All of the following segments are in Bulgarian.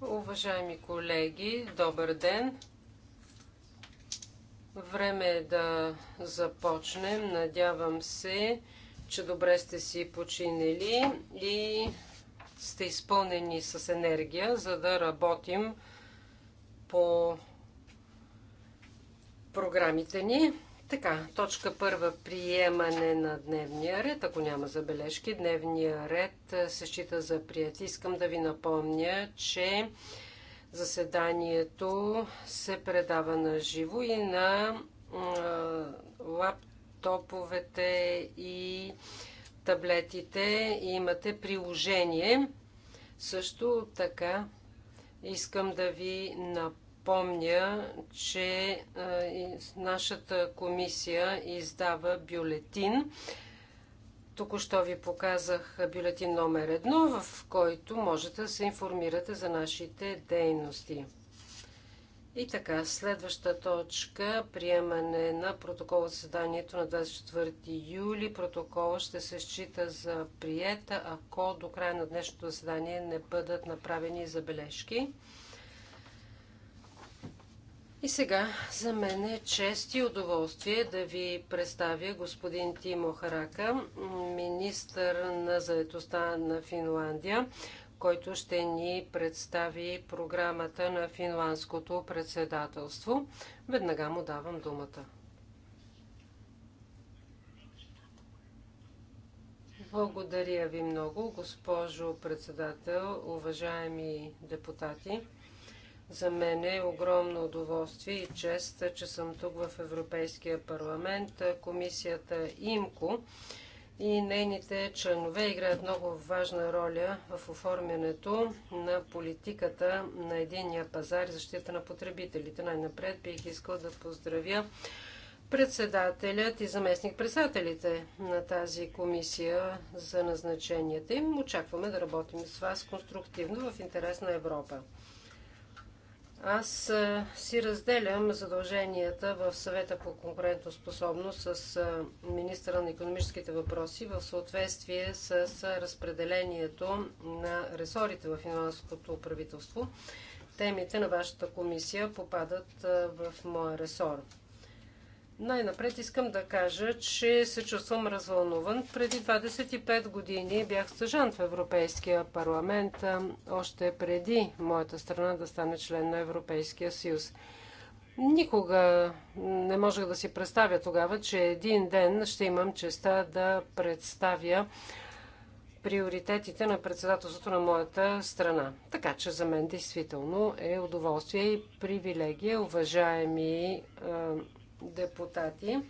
Уважаеми колеги, добър ден! Време е да започнем. Надявам се, че добре сте си починили и сте изпълнени с енергия, за да работим по програмите ни. Така, точка първа приемане на дневния ред. Ако няма забележки, дневния ред се счита за прият. Искам да ви напомня, че заседанието се предава на живо и на лаптоповете и таблетите. Имате приложение. Също така искам да ви напомня, припомня, че нашата комисия издава бюлетин. Току-що ви показах бюлетин номер едно, в който можете да се информирате за нашите дейности. И така, следваща точка приемане на протокол от заседанието на 24 юли. Протокола ще се счита за приета, ако до края на днешното заседание не бъдат направени забележки. И сега за мен е чест и удоволствие да ви представя господин Тимо Харака, министър на заедостта на Финландия, който ще ни представи програмата на финландското председателство. Веднага му давам думата. Благодаря ви много, госпожо председател, уважаеми депутати. За мен е огромно удоволствие и чест, че съм тук в Европейския парламент. Комисията ИМКО и нейните членове играят много важна роля в оформянето на политиката на единния пазар и защита на потребителите. Най-напред бих искал да поздравя председателят и заместник-председателите на тази комисия за назначенията им. Очакваме да работим с вас конструктивно в интерес на Европа. Аз си разделям задълженията в съвета по конкурентоспособност с министра на економическите въпроси в съответствие с разпределението на ресорите в финансовото правителство. Темите на вашата комисия попадат в моя ресор. Най-напред искам да кажа, че се чувствам развълнуван. Преди 25 години бях стъжант в Европейския парламент, още преди моята страна да стане член на Европейския съюз. Никога не можех да си представя тогава, че един ден ще имам честа да представя приоритетите на председателството на моята страна. Така че за мен действително е удоволствие и привилегия, уважаеми депутати. Е,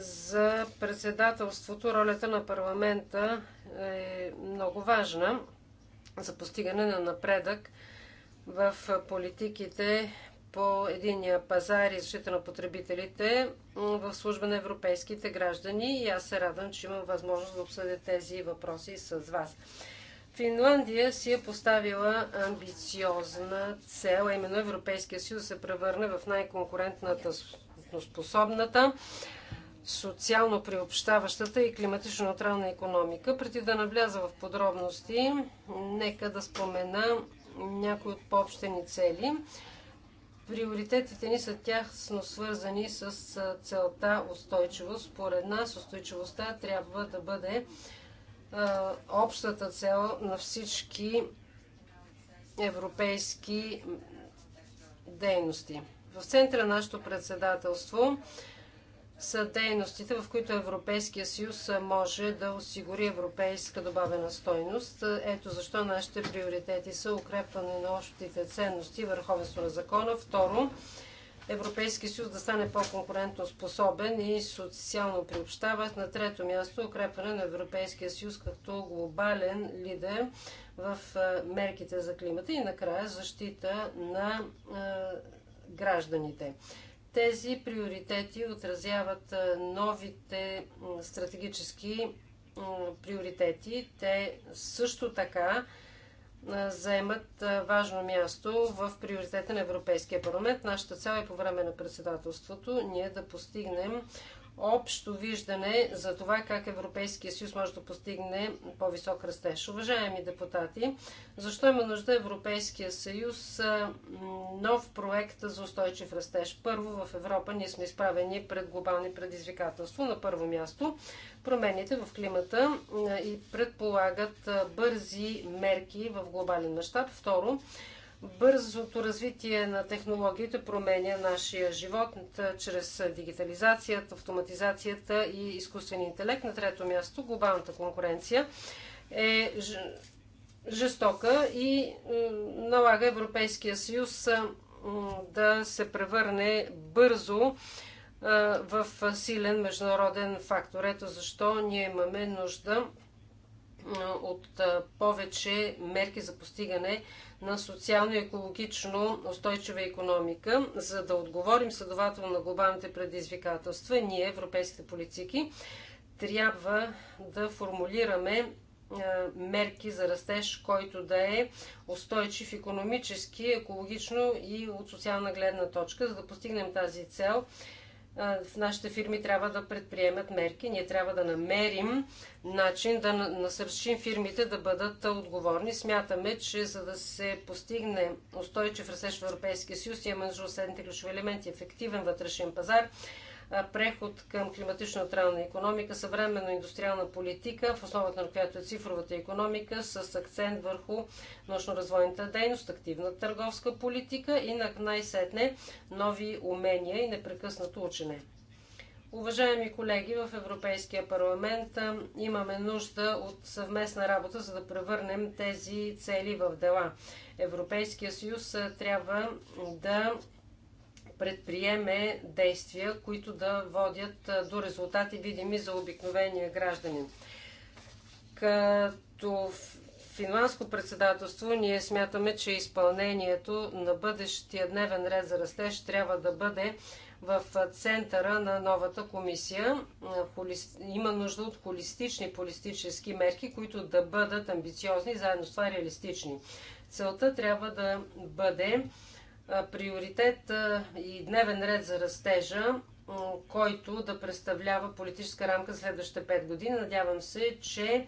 за председателството ролята на парламента е много важна за постигане на напредък в политиките по единия пазар и защита на потребителите в служба на европейските граждани и аз се радвам, че имам възможност да обсъдя тези въпроси с вас. Финландия си е поставила амбициозна цел, а именно Европейския съюз се превърне в най-конкурентната способната, социално приобщаващата и климатично неутрална економика. Преди да навляза в подробности, нека да спомена някои от по-общени цели. Приоритетите ни са тясно свързани с целта устойчивост. Според нас устойчивостта трябва да бъде общата цел на всички европейски дейности. В центъра на нашето председателство са дейностите, в които Европейския съюз може да осигури европейска добавена стойност. Ето защо нашите приоритети са укрепване на общите ценности, върховенство на закона. Второ, Европейския съюз да стане по-конкурентно способен и социално приобщаващ. На трето място укрепване на Европейския съюз като глобален лидер в мерките за климата и накрая защита на гражданите. Тези приоритети отразяват новите стратегически приоритети. Те също така заемат важно място в приоритета на Европейския парламент. Нашата цяло е по време на председателството ние да постигнем общо виждане за това как Европейския съюз може да постигне по-висок растеж. Уважаеми депутати, защо има нужда Европейския съюз нов проект за устойчив растеж? Първо, в Европа ние сме изправени пред глобални предизвикателства. На първо място, промените в климата и предполагат бързи мерки в глобален мащаб. Второ, Бързото развитие на технологиите променя нашия живот чрез дигитализацията, автоматизацията и изкуствения интелект. На трето място, глобалната конкуренция е жестока и налага Европейския съюз да се превърне бързо в силен международен фактор. Ето защо ние имаме нужда от повече мерки за постигане на социално-екологично устойчива економика. За да отговорим следователно на глобалните предизвикателства, ние, европейските политики, трябва да формулираме мерки за растеж, който да е устойчив економически, екологично и от социална гледна точка. За да постигнем тази цел, с нашите фирми трябва да предприемат мерки. Ние трябва да намерим начин да насърчим фирмите да бъдат отговорни. Смятаме, че за да се постигне устойчив растеж в Европейския съюз, имаме нужда от следните ключови елементи. Ефективен вътрешен пазар, преход към климатично неутрална економика, съвременна индустриална политика, в основата на която е цифровата економика, с акцент върху научно-развойната дейност, активна търговска политика и на най-сетне нови умения и непрекъснато учене. Уважаеми колеги, в Европейския парламент имаме нужда от съвместна работа, за да превърнем тези цели в дела. Европейския съюз трябва да предприеме действия, които да водят до резултати видими за обикновения гражданин. Като финландско председателство ние смятаме, че изпълнението на бъдещия дневен ред за растеж трябва да бъде в центъра на новата комисия. Има нужда от холистични политически мерки, които да бъдат амбициозни, заедно с това реалистични. Целта трябва да бъде приоритет и дневен ред за растежа, който да представлява политическа рамка за следващите 5 години. Надявам се, че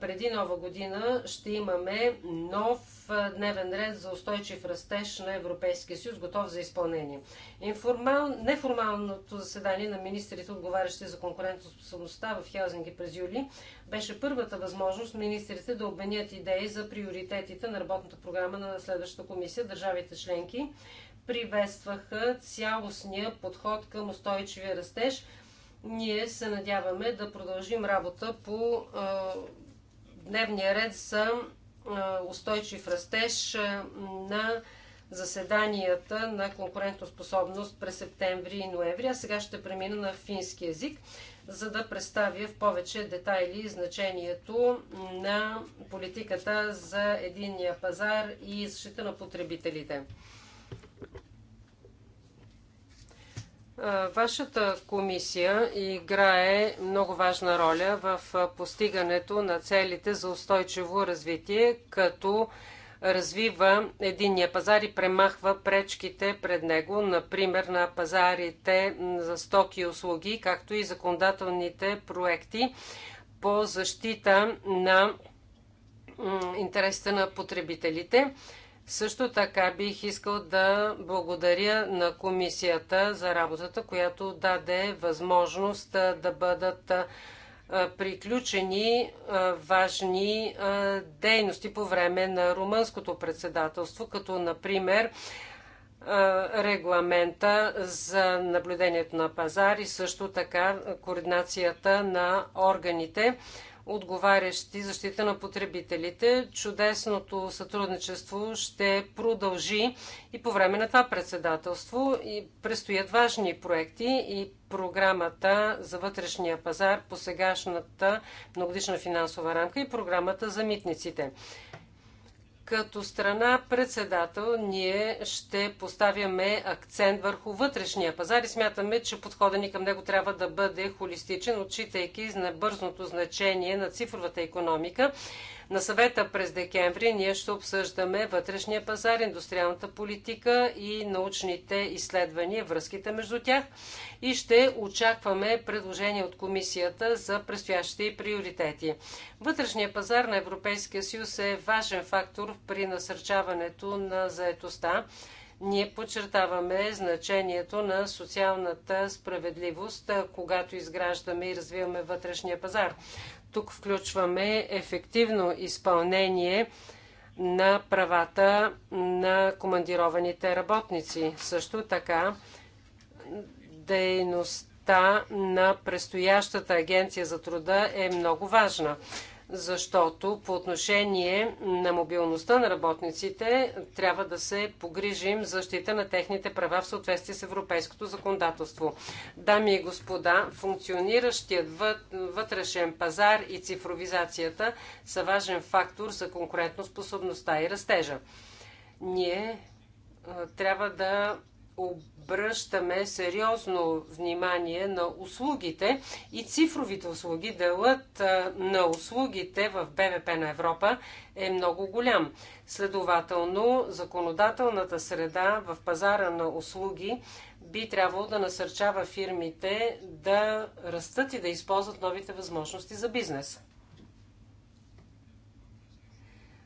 преди нова година ще имаме нов дневен ред за устойчив растеж на Европейския съюз, готов за изпълнение. Информал... Неформалното заседание на министрите, отговарящи за конкурентоспособността в Хелзинки през юли, беше първата възможност министрите да обменят идеи за приоритетите на работната програма на следващата комисия. Държавите членки приветстваха цялостния подход към устойчивия растеж – ние се надяваме да продължим работа по дневния ред за устойчив растеж на заседанията на конкурентоспособност през септември и ноември. А сега ще премина на фински язик, за да представя в повече детайли значението на политиката за единния пазар и защита на потребителите. Вашата комисия играе много важна роля в постигането на целите за устойчиво развитие, като развива единния пазар и премахва пречките пред него, например на пазарите за стоки и услуги, както и законодателните проекти по защита на интересите на потребителите. Също така бих искал да благодаря на комисията за работата, която даде възможност да бъдат приключени важни дейности по време на румънското председателство, като например регламента за наблюдението на пазари, също така координацията на органите отговарящи защита на потребителите. Чудесното сътрудничество ще продължи и по време на това председателство. И предстоят важни проекти и програмата за вътрешния пазар по сегашната многодишна финансова рамка и програмата за митниците. Като страна председател ние ще поставяме акцент върху вътрешния пазар и смятаме, че подхода ни към него трябва да бъде холистичен, отчитайки на бързното значение на цифровата економика на съвета през декември ние ще обсъждаме вътрешния пазар, индустриалната политика и научните изследвания, връзките между тях и ще очакваме предложения от комисията за предстоящите приоритети. Вътрешния пазар на Европейския съюз е важен фактор при насърчаването на заетостта ние подчертаваме значението на социалната справедливост, когато изграждаме и развиваме вътрешния пазар. Тук включваме ефективно изпълнение на правата на командированите работници. Също така дейността на предстоящата агенция за труда е много важна защото по отношение на мобилността на работниците трябва да се погрижим защита на техните права в съответствие с европейското законодателство. Дами и господа, функциониращият вътрешен пазар и цифровизацията са важен фактор за конкурентоспособността и растежа. Ние трябва да обръщаме сериозно внимание на услугите и цифровите услуги. Делът на услугите в БВП на Европа е много голям. Следователно, законодателната среда в пазара на услуги би трябвало да насърчава фирмите да растат и да използват новите възможности за бизнес.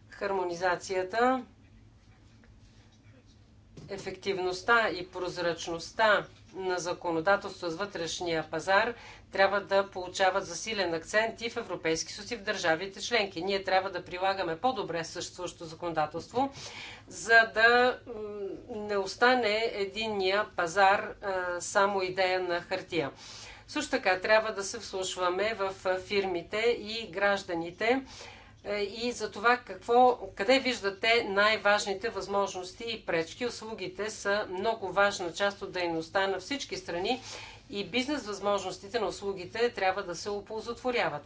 Хармонизацията ефективността и прозрачността на законодателство с вътрешния пазар трябва да получават засилен акцент и в Европейски съюз и в държавите членки. Ние трябва да прилагаме по-добре съществуващото законодателство, за да не остане единния пазар само идея на хартия. Също така трябва да се вслушваме в фирмите и гражданите е, и за това какво, къде виждате най-важните възможности и пречки. Услугите са много важна част от дейността на всички страни и бизнес възможностите на услугите трябва да се оползотворяват.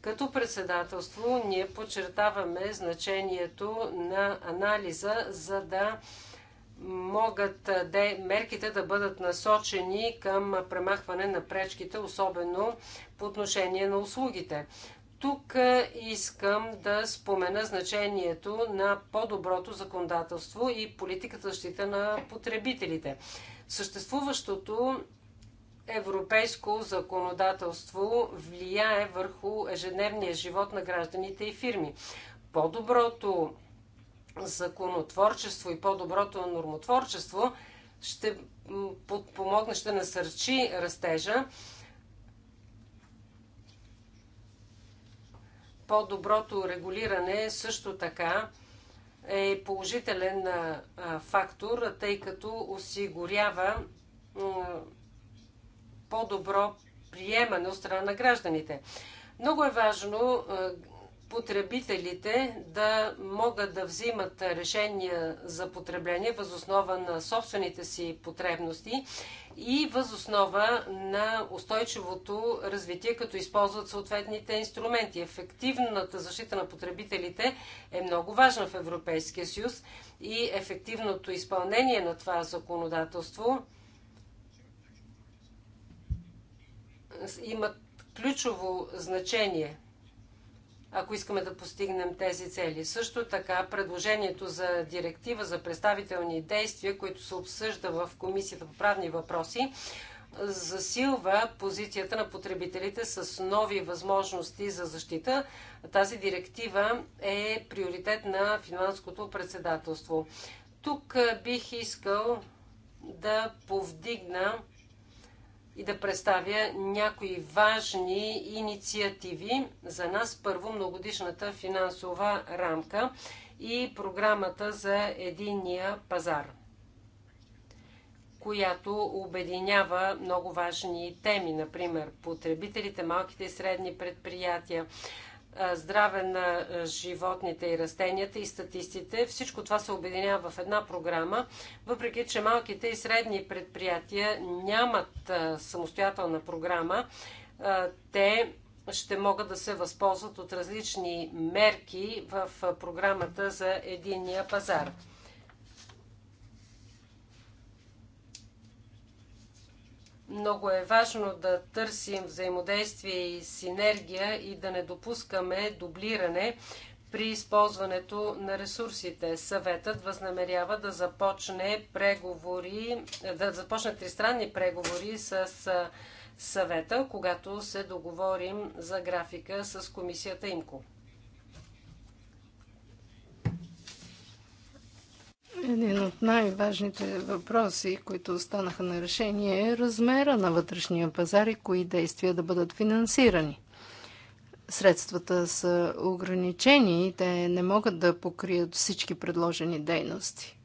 Като председателство ние подчертаваме значението на анализа, за да могат де, мерките да бъдат насочени към премахване на пречките, особено по отношение на услугите. Тук е, искам да спомена значението на по-доброто законодателство и политиката защита на потребителите. Съществуващото европейско законодателство влияе върху ежедневния живот на гражданите и фирми. По-доброто законотворчество и по-доброто нормотворчество ще подпомогне, ще насърчи растежа по-доброто регулиране също така е положителен фактор, тъй като осигурява по-добро приемане от страна на гражданите. Много е важно потребителите да могат да взимат решения за потребление възоснова на собствените си потребности и възоснова на устойчивото развитие, като използват съответните инструменти. Ефективната защита на потребителите е много важна в Европейския съюз и ефективното изпълнение на това законодателство имат ключово значение – ако искаме да постигнем тези цели. Също така, предложението за директива за представителни действия, които се обсъжда в Комисията по правни въпроси, засилва позицията на потребителите с нови възможности за защита. Тази директива е приоритет на финландското председателство. Тук бих искал да повдигна и да представя някои важни инициативи за нас. Първо, многодишната финансова рамка и програмата за единия пазар, която обединява много важни теми, например потребителите, малките и средни предприятия, здраве на животните и растенията и статистите. Всичко това се объединява в една програма, въпреки че малките и средни предприятия нямат самостоятелна програма. Те ще могат да се възползват от различни мерки в програмата за единния пазар. Много е важно да търсим взаимодействие и синергия и да не допускаме дублиране при използването на ресурсите. Съветът възнамерява да започне преговори, да започне тристранни преговори с съвета, когато се договорим за графика с комисията ИМКО. Един от най-важните въпроси, които останаха на решение е размера на вътрешния пазар и кои действия да бъдат финансирани. Средствата са ограничени и те не могат да покрият всички предложени дейности.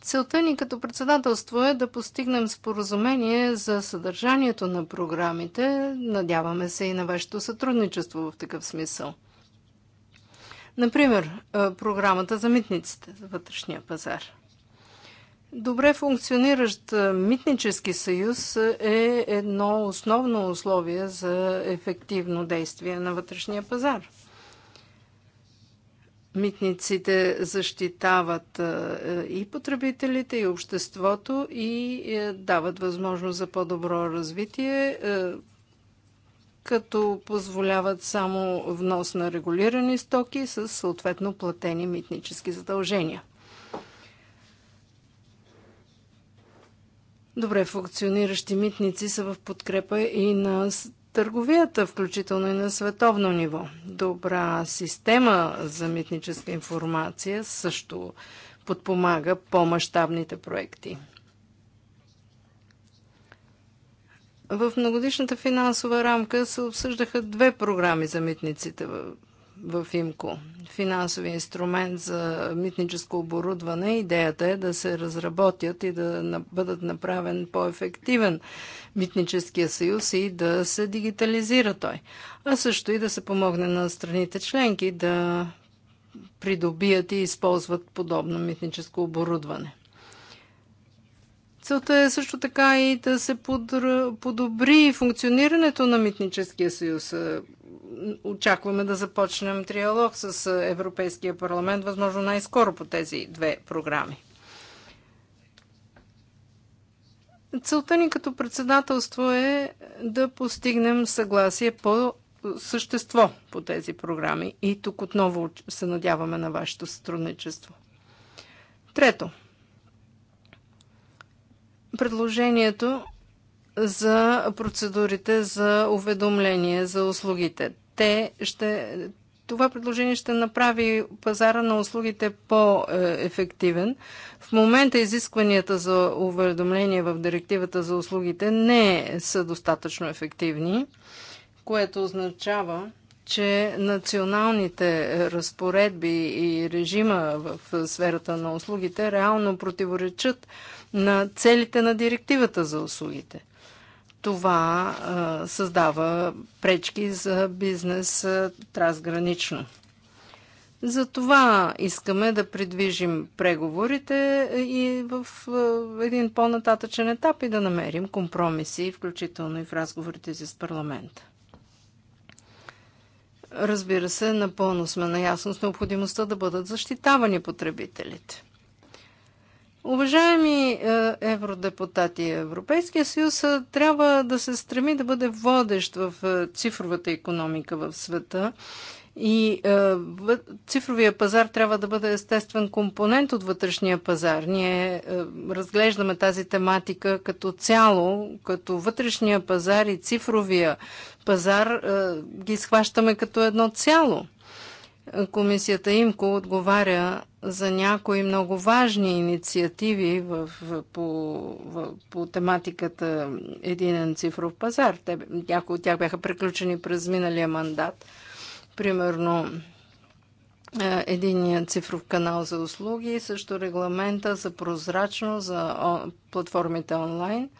Целта ни като председателство е да постигнем споразумение за съдържанието на програмите. Надяваме се и на вашето сътрудничество в такъв смисъл. Например, е, програмата за митниците, за вътрешния пазар. Добре функциониращ е, митнически съюз е едно основно условие за ефективно действие на вътрешния пазар. Митниците защитават е, и потребителите, и обществото и дават възможност за по-добро развитие, като позволяват само внос на регулирани стоки с съответно платени митнически задължения. Добре функциониращи митници са в подкрепа и на търговията, включително и на световно ниво. Добра система за митническа информация също подпомага по-масштабните проекти. В многодишната финансова рамка се обсъждаха две програми за митниците в ИМКО. Финансови инструмент за митническо оборудване. Идеята е да се разработят и да бъдат направен по-ефективен митническия съюз и да се дигитализира той. А също и да се помогне на страните членки да придобият и използват подобно митническо оборудване. Целта е също така и да се подобри функционирането на Митническия съюз. Е, очакваме да започнем триалог с е, Европейския парламент, възможно най-скоро по тези две програми. Целта ни като председателство е да постигнем съгласие по същество по тези програми. И тук отново се надяваме на вашето сътрудничество. Трето – предложението за процедурите за уведомление за услугите. Те ще, това предложение ще направи пазара на услугите по-ефективен. В момента изискванията за уведомление в директивата за услугите не са достатъчно ефективни, което означава, че националните разпоредби и режима в сферата на услугите реално противоречат на целите на директивата за услугите. Това а, създава пречки за бизнес а, трансгранично. Затова искаме да придвижим преговорите и в един по-нататъчен етап и да намерим компромиси, включително и в разговорите си с парламента. Разбира се, напълно сме наясно с необходимостта да бъдат защитавани потребителите. Уважаеми е, евродепутати, Европейския съюз е, трябва да се стреми да бъде водещ в е, цифровата економика в света. И е, цифровия пазар трябва да бъде естествен компонент от вътрешния пазар. Ние е, разглеждаме тази тематика като цяло, като вътрешния пазар и цифровия пазар е, ги схващаме като едно цяло. Комисията ИМКО отговаря за някои много важни инициативи в, в, по, в, по тематиката Единен цифров пазар. Те, някои от тях бяха приключени през миналия мандат. Примерно е, единия цифров канал за услуги, също регламента за прозрачно за платформите онлайн –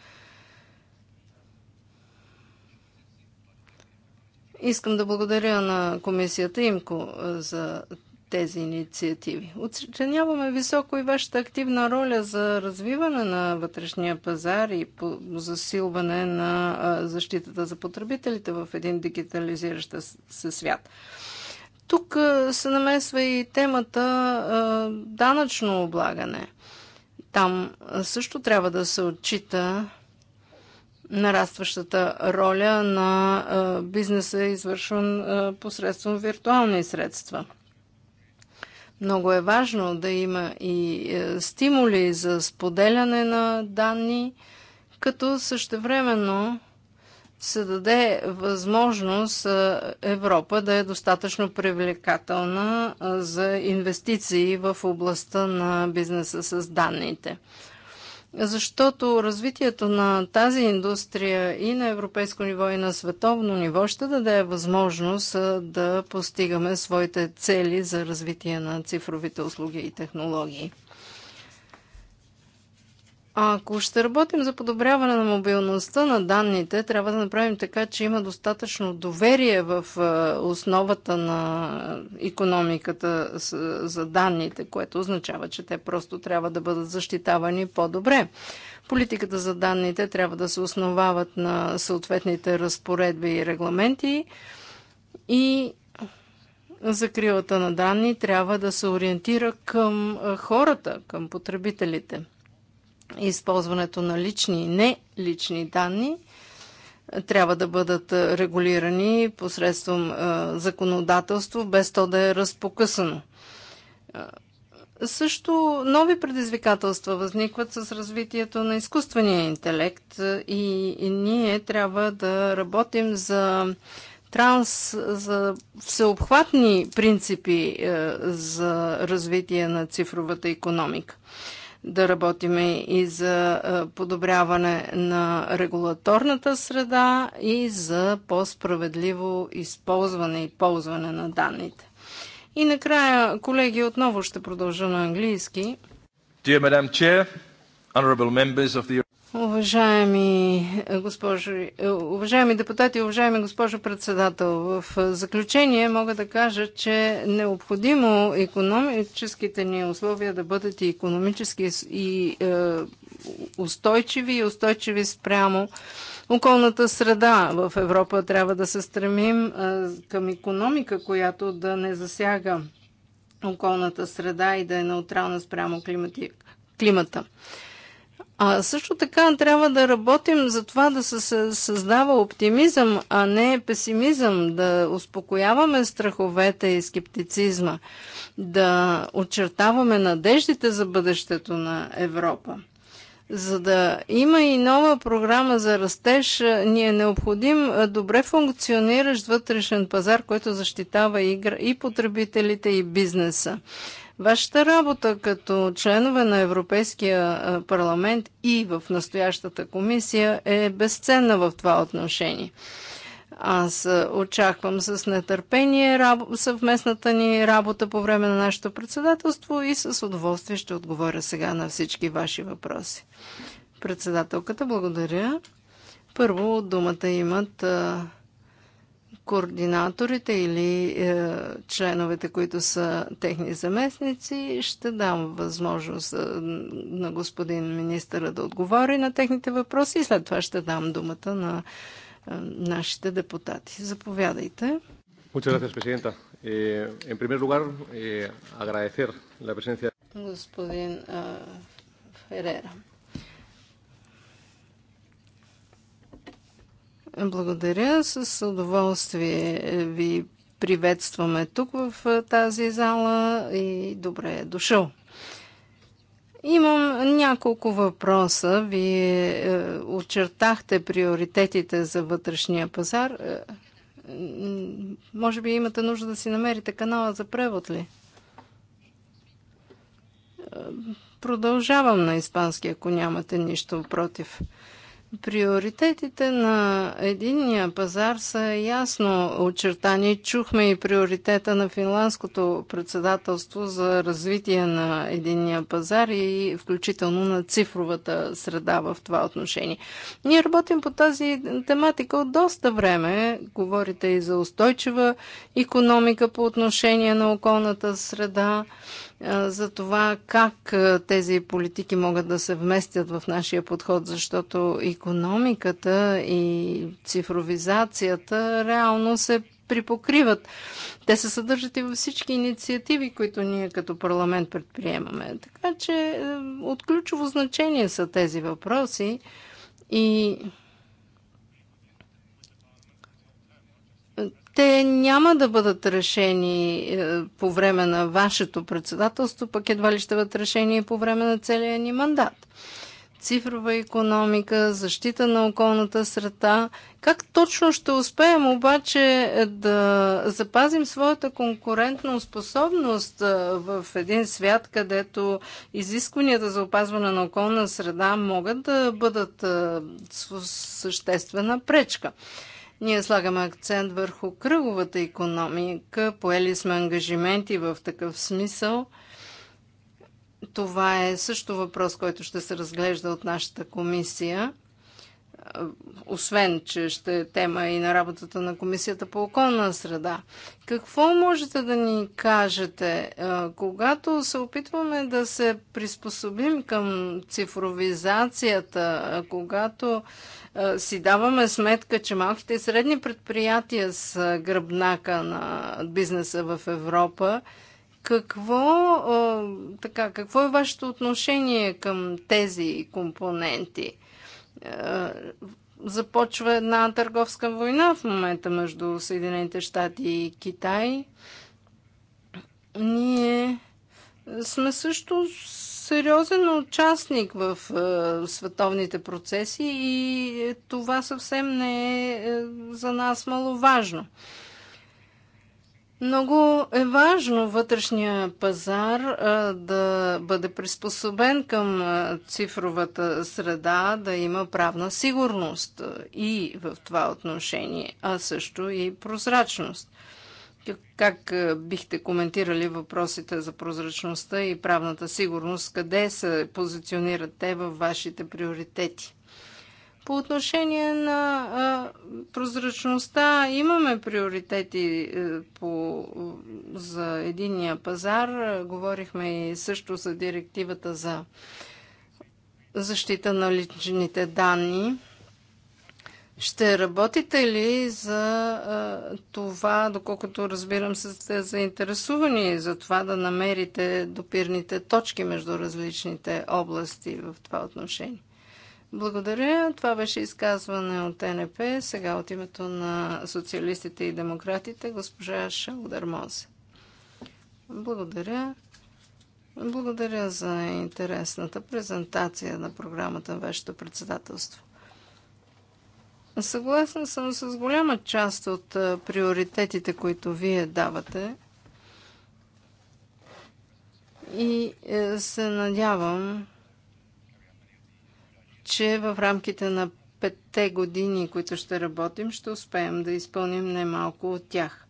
Искам да благодаря на комисията ИМКО за тези инициативи. Оценяваме високо и вашата активна роля за развиване на вътрешния пазар и засилване на защитата за потребителите в един дигитализиращ се свят. Тук се намесва и темата данъчно облагане. Там също трябва да се отчита нарастващата роля на бизнеса, извършван посредством виртуални средства. Много е важно да има и е, стимули за споделяне на данни, като същевременно се даде възможност е, Европа да е достатъчно привлекателна е, за инвестиции в областта на бизнеса с данните защото развитието на тази индустрия и на европейско ниво и на световно ниво ще даде възможност да постигаме своите цели за развитие на цифровите услуги и технологии. Ако ще работим за подобряване на мобилността на данните, трябва да направим така, че има достатъчно доверие в е, основата на економиката за данните, което означава, че те просто трябва да бъдат защитавани по-добре. Политиката за данните трябва да се основават на съответните разпоредби и регламенти и закрилата на данни трябва да се ориентира към е, хората, към потребителите използването на лични и не лични данни трябва да бъдат регулирани посредством законодателство, без то да е разпокъсано. Също нови предизвикателства възникват с развитието на изкуствения интелект и, и ние трябва да работим за транс, за всеобхватни принципи за развитие на цифровата економика да работим и за подобряване на регулаторната среда и за по-справедливо използване и ползване на данните. И накрая, колеги, отново ще продължа на английски. Dear Madam Chair, honorable members of the Уважаеми, е, госпожи, е, уважаеми депутати, уважаеми госпожо председател, в е, заключение мога да кажа, че необходимо економическите ни условия да бъдат и економически и е, устойчиви и устойчиви спрямо околната среда. В Европа трябва да се стремим е, към економика, която да не засяга околната среда и да е неутрална спрямо климати, климата. А също така трябва да работим за това да се създава оптимизъм, а не песимизъм, да успокояваме страховете и скептицизма, да очертаваме надеждите за бъдещето на Европа. За да има и нова програма за растеж, ни е необходим добре функциониращ вътрешен пазар, който защитава и потребителите, и бизнеса. Вашата работа като членове на Европейския парламент и в настоящата комисия е безценна в това отношение. Аз очаквам с нетърпение съвместната ни работа по време на нашето председателство и с удоволствие ще отговоря сега на всички ваши въпроси. Председателката, благодаря. Първо думата имат координаторите или е, членовете, които са техни заместници. Ще дам възможност е, на господин министъра да отговори на техните въпроси и след това ще дам думата на е, нашите депутати. Заповядайте. Eh, eh, господин е, Ферера. Благодаря. С удоволствие ви приветстваме тук в тази зала и добре е дошъл. Имам няколко въпроса. Вие е, очертахте приоритетите за вътрешния пазар. Е, може би имате нужда да си намерите канала за превод ли? Е, продължавам на испански, ако нямате нищо против. Приоритетите на единния пазар са ясно очертани. Чухме и приоритета на финландското председателство за развитие на единния пазар и включително на цифровата среда в това отношение. Ние работим по тази тематика от доста време. Говорите и за устойчива економика по отношение на околната среда за това как тези политики могат да се вместят в нашия подход, защото економиката и цифровизацията реално се припокриват. Те се съдържат и във всички инициативи, които ние като парламент предприемаме. Така че е, от ключово значение са тези въпроси и те няма да бъдат решени е, по време на вашето председателство, пък едва ли ще бъдат решени по време на целия ни мандат. Цифрова економика, защита на околната среда. Как точно ще успеем обаче е, да запазим своята конкурентна способност е, в един свят, където изискванията за опазване на околна среда могат да бъдат съществена пречка? Ние слагаме акцент върху кръговата економика, поели сме ангажименти в такъв смисъл. Това е също въпрос, който ще се разглежда от нашата комисия освен, че ще е тема и на работата на Комисията по околна среда. Какво можете да ни кажете, когато се опитваме да се приспособим към цифровизацията, когато си даваме сметка, че малките и средни предприятия са гръбнака на бизнеса в Европа, какво, така, какво е вашето отношение към тези компоненти? Е, започва една търговска война в момента между Съединените щати и Китай. Ние сме също сериозен участник в е, световните процеси и това съвсем не е, е за нас маловажно. важно. Много е важно вътрешния пазар а, да бъде приспособен към а, цифровата среда, да има правна сигурност а, и в това отношение, а също и прозрачност. Как бихте коментирали въпросите за прозрачността и правната сигурност? Къде се позиционират те във вашите приоритети? По отношение на а, прозрачността имаме приоритети а, е, по, за единния пазар. Говорихме и също за директивата за защита на личните данни. Ще работите ли за а, това, доколкото разбирам се сте заинтересувани за това да намерите допирните точки между различните области в това отношение? Благодаря. Това беше изказване от НП. Сега от името на социалистите и демократите, госпожа Шалдермоз. Благодаря. Благодаря за интересната презентация на програмата на вашето председателство. Съгласна съм с голяма част от приоритетите, които вие давате. И е, се надявам, че в рамките на петте години, които ще работим, ще успеем да изпълним немалко от тях.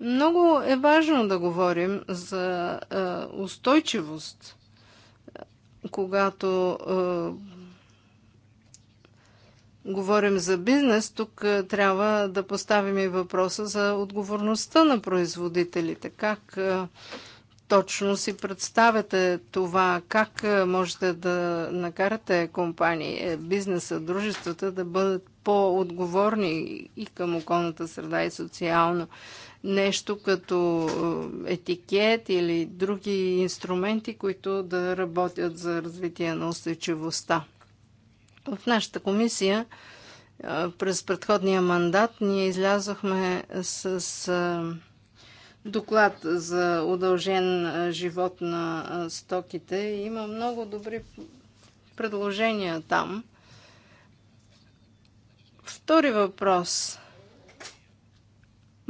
Много е важно да говорим за устойчивост, когато говорим за бизнес, тук трябва да поставим и въпроса за отговорността на производителите. Как точно си представяте това? Как е, можете да накарате компании, е, бизнеса, дружествата да бъдат по-отговорни и към околната среда и социално? Нещо като е, етикет или други инструменти, които да работят за развитие на устойчивостта. В нашата комисия през предходния мандат ние излязохме с доклад за удължен живот на стоките. Има много добри предложения там. Втори въпрос.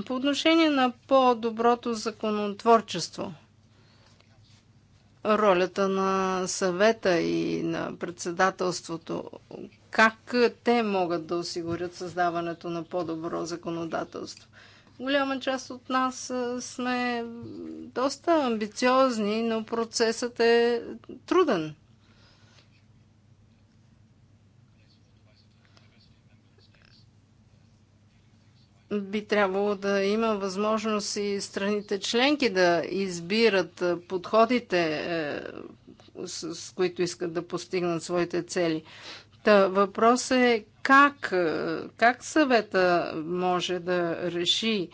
По отношение на по-доброто законотворчество, ролята на съвета и на председателството, как те могат да осигурят създаването на по-добро законодателство? Голяма част от нас сме доста амбициозни, но процесът е труден. би трябвало да има възможност и страните членки да избират подходите, е, с които искат да постигнат своите цели. Та въпрос е как, как съвета може да реши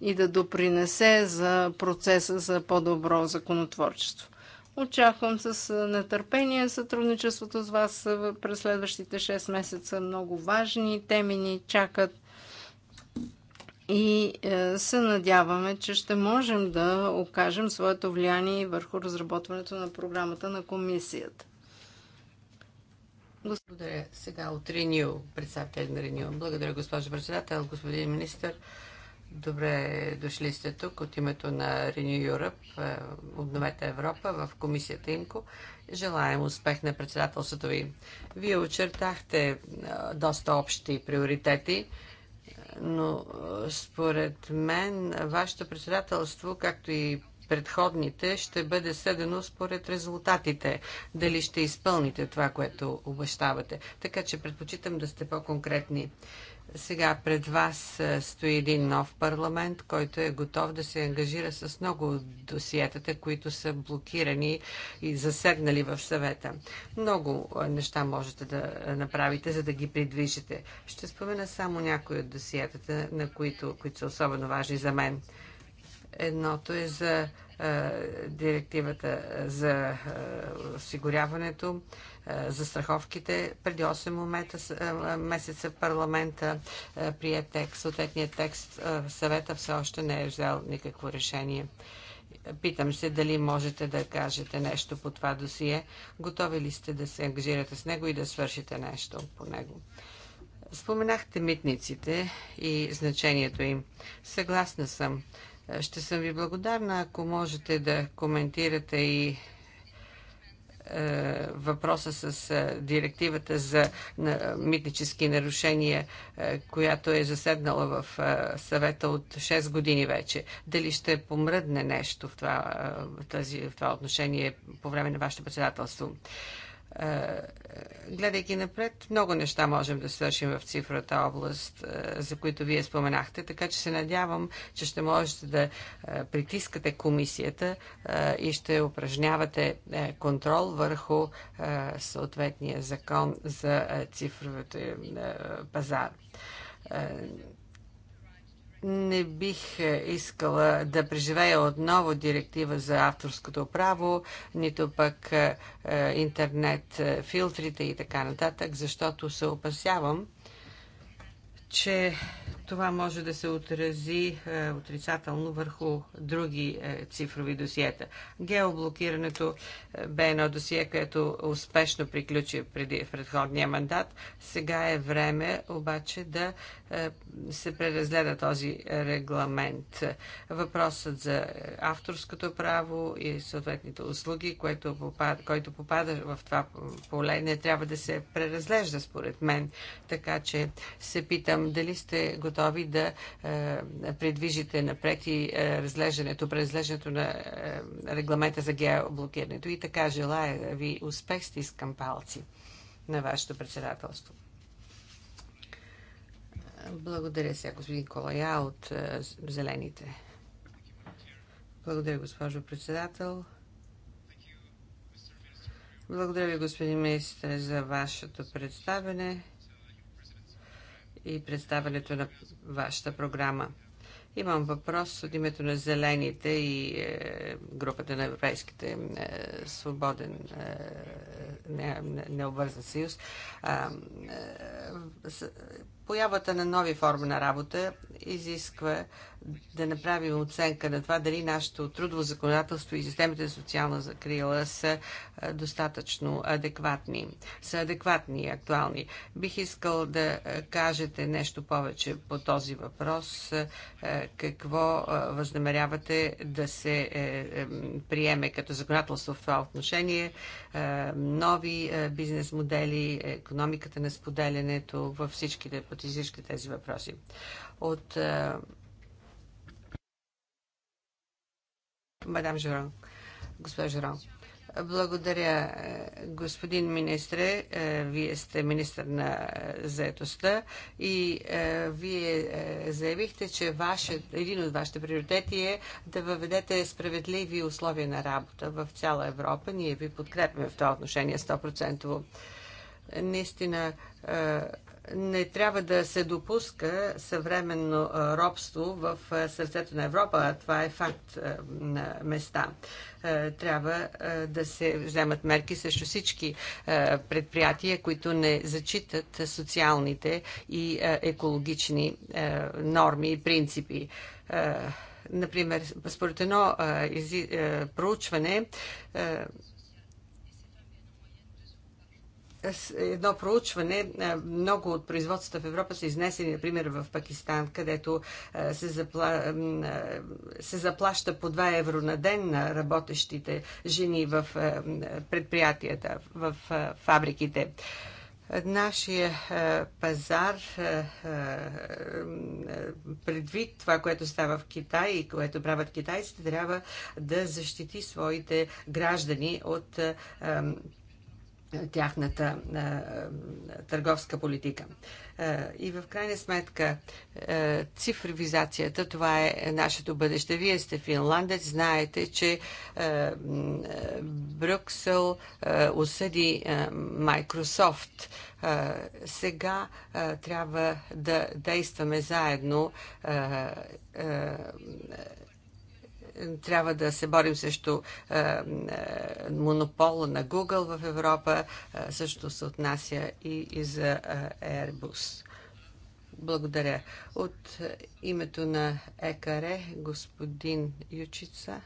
и да допринесе за процеса за по-добро законотворчество. Очаквам с нетърпение сътрудничеството с вас през следващите 6 месеца. Много важни теми ни чакат и е, се надяваме, че ще можем да окажем своето влияние върху разработването на програмата на комисията. Благодаря. Сега от Реню, представител на Реню. Благодаря, госпожо председател, господин министр. Добре дошли сте тук от името на Renew Europe, е, Обновете Европа в комисията ИМКО. Желаем успех на председателството ви. Вие очертахте е, доста общи приоритети, е, но според мен вашето председателство, както и предходните ще бъде съдено според резултатите. Дали ще изпълните това, което обещавате. Така че предпочитам да сте по-конкретни. Сега пред вас е, стои един нов парламент, който е готов да се ангажира с много досиетата, които са блокирани и засегнали в съвета. Много е, неща можете да направите, за да ги придвижите. Ще спомена само някои от досиетата, на които, които са особено важни за мен. Едното е за директивата за осигуряването, за страховките. Преди 8 момента, месеца парламента прие текст, съответният текст. Съвета все още не е взел никакво решение. Питам се дали можете да кажете нещо по това досие. Готови ли сте да се ангажирате с него и да свършите нещо по него? Споменахте митниците и значението им. Съгласна съм. Ще съм ви благодарна, ако можете да коментирате и е, въпроса с е, директивата за митнически нарушения, е, която е заседнала в съвета от 6 години вече. Дали ще помръдне нещо в това, тази, в това отношение по време на вашето председателство? Е, гледайки напред, много неща можем да свършим в цифрата област, е, за които вие споменахте, така че се надявам, че ще можете да е, притискате комисията и ще упражнявате контрол върху съответния закон за цифровата пазар не бих е, искала да преживея отново директива за авторското право, нито пък е, е, интернет филтрите и така нататък, защото се опасявам, че това може да се отрази е, отрицателно върху други е, цифрови досиета. Геоблокирането е, бе едно досие, което успешно приключи преди предходния мандат. Сега е време обаче да е, се преразгледа този регламент. Въпросът за авторското право и съответните услуги, което попада, който попада в това поле, не трябва да се преразглежда според мен. Така че се питам дали сте готови готови да е, предвижите напред и е, разглеждането, преразглеждането на е, регламента за геоблокирането. И така желая ви успех, стискам палци на вашето председателство. Благодаря сега, господин Колая от Зелените. Благодаря, госпожо председател. Благодаря ви, господин министр, за вашето представене и представянето на вашата програма. Имам въпрос от името на Зелените и е, групата на Европейските е, свободен е, необвързан не съюз. Е, Появата на нови форми на работа изисква да направим оценка на това дали нашето трудово законодателство и системите за социална закрила са достатъчно адекватни, са адекватни и актуални. Бих искал да кажете нещо повече по този въпрос. Какво възнамерявате да се е, е, приеме като законодателство в това отношение? Нови бизнес модели, економиката на споделянето във всичките работи всички тези въпроси. От е, мадам Жорон, госпожа Жорон. Благодаря, е, господин министре. Е, вие сте министр на заетостта и вие заявихте, че ваше, един от вашите приоритети е да въведете справедливи условия на работа в цяла Европа. Ние ви подкрепяме в това отношение 100%. Наистина не трябва да се допуска съвременно робство в сърцето на Европа. а Това е факт на места. Трябва да се вземат мерки срещу всички предприятия, които не зачитат социалните и екологични норми и принципи например, според едно проучване, едно проучване. Много от производствата в Европа са изнесени, например, в Пакистан, където се, запла... се заплаща по 2 евро на ден на работещите жени в предприятията, в фабриките. Нашия пазар, предвид това, което става в Китай и което правят китайците, трябва да защити своите граждани от е, тяхната а, е, търговска политика. А, е, и в крайна сметка а, цифровизацията, това е нашето бъдеще. Вие сте финландец, знаете, че а, Брюксел а, осъди а, Microsoft. А, сега а, трябва да действаме заедно. А, а, трябва да се борим срещу е, е, монопола на Google в Европа. Е, също се отнася и, и за Airbus. Благодаря. От името на ЕКАРЕ, господин Ючица.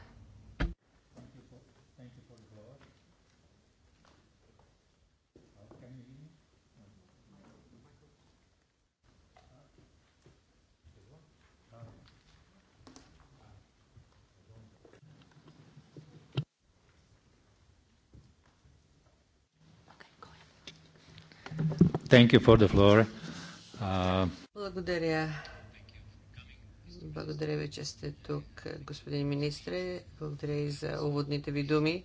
Thank you for the floor. Uh, Благодаря. Благодаря ви, че сте тук, господин министре. Благодаря и за уводните ви думи.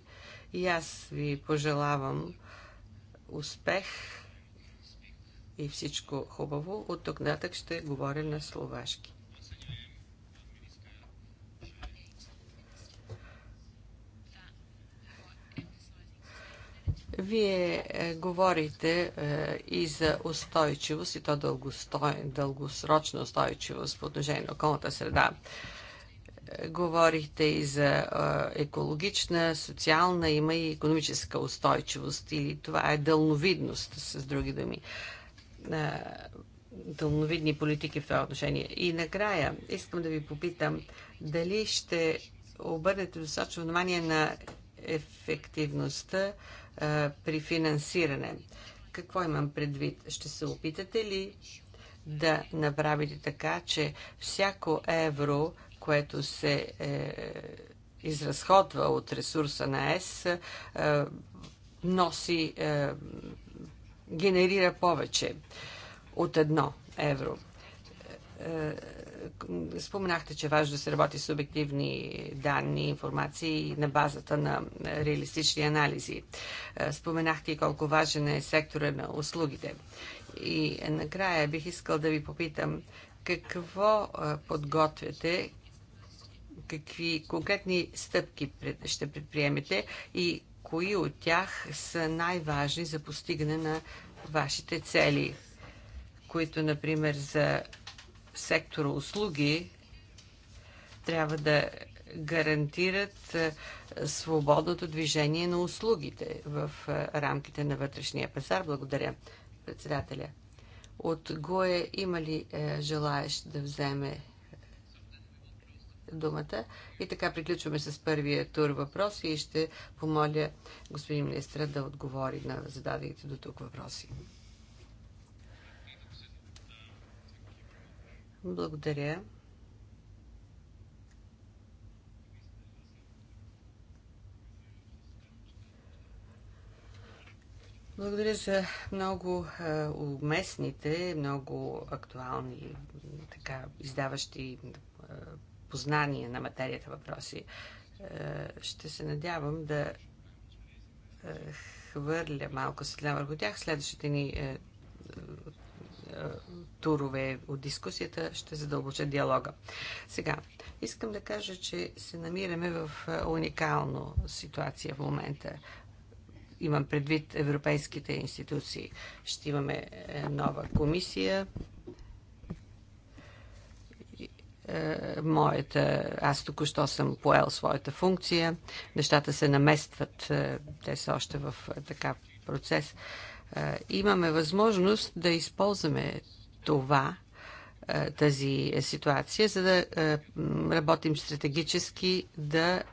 И аз ви пожелавам успех и всичко хубаво. От тук нататък ще говоря на словашки. Вие е, говорите е, и за устойчивост, и то дългостой, дългосрочна устойчивост по отношение на околната среда. Е, говорихте и за е, екологична, социална, има и економическа устойчивост. Или това е дълновидност, с други думи. Е, дълновидни политики в това отношение. И накрая искам да ви попитам дали ще обърнете достатъчно внимание на ефективността при финансиране. Какво имам предвид? Ще се опитате ли да направите така, че всяко евро, което се е, изразходва от ресурса на ЕС, е, носи, е, генерира повече от едно евро. Е, Споменахте, че е важно да се работи с обективни данни, информации на базата на реалистични анализи. Е, споменахте и колко важен е сектора на услугите. И накрая бих искал да ви попитам какво е, подготвяте, какви конкретни стъпки ще предприемете и кои от тях са най-важни за постигане на вашите цели, които, например, за сектора услуги трябва да гарантират свободното движение на услугите в рамките на вътрешния пазар. Благодаря, председателя. От ГОЕ има ли желаещ да вземе думата? И така приключваме с първия тур въпроси и ще помоля господин министра да отговори на зададените до тук въпроси. Благодаря. Благодаря за много е, уместните, много актуални, така, издаващи е, познания на материята въпроси. Е, ще се надявам да е, хвърля малко светля върху тях. Следващите ни е, е, турове от дискусията ще задълбоча диалога. Сега, искам да кажа, че се намираме в е, уникална ситуация в момента. Имам предвид европейските институции. Ще имаме е, нова комисия, моята, аз току-що съм поел своята функция, нещата се наместват, те са още в така процес. Е, имаме възможност да използваме това, е, тази ситуация, за да е, работим стратегически, да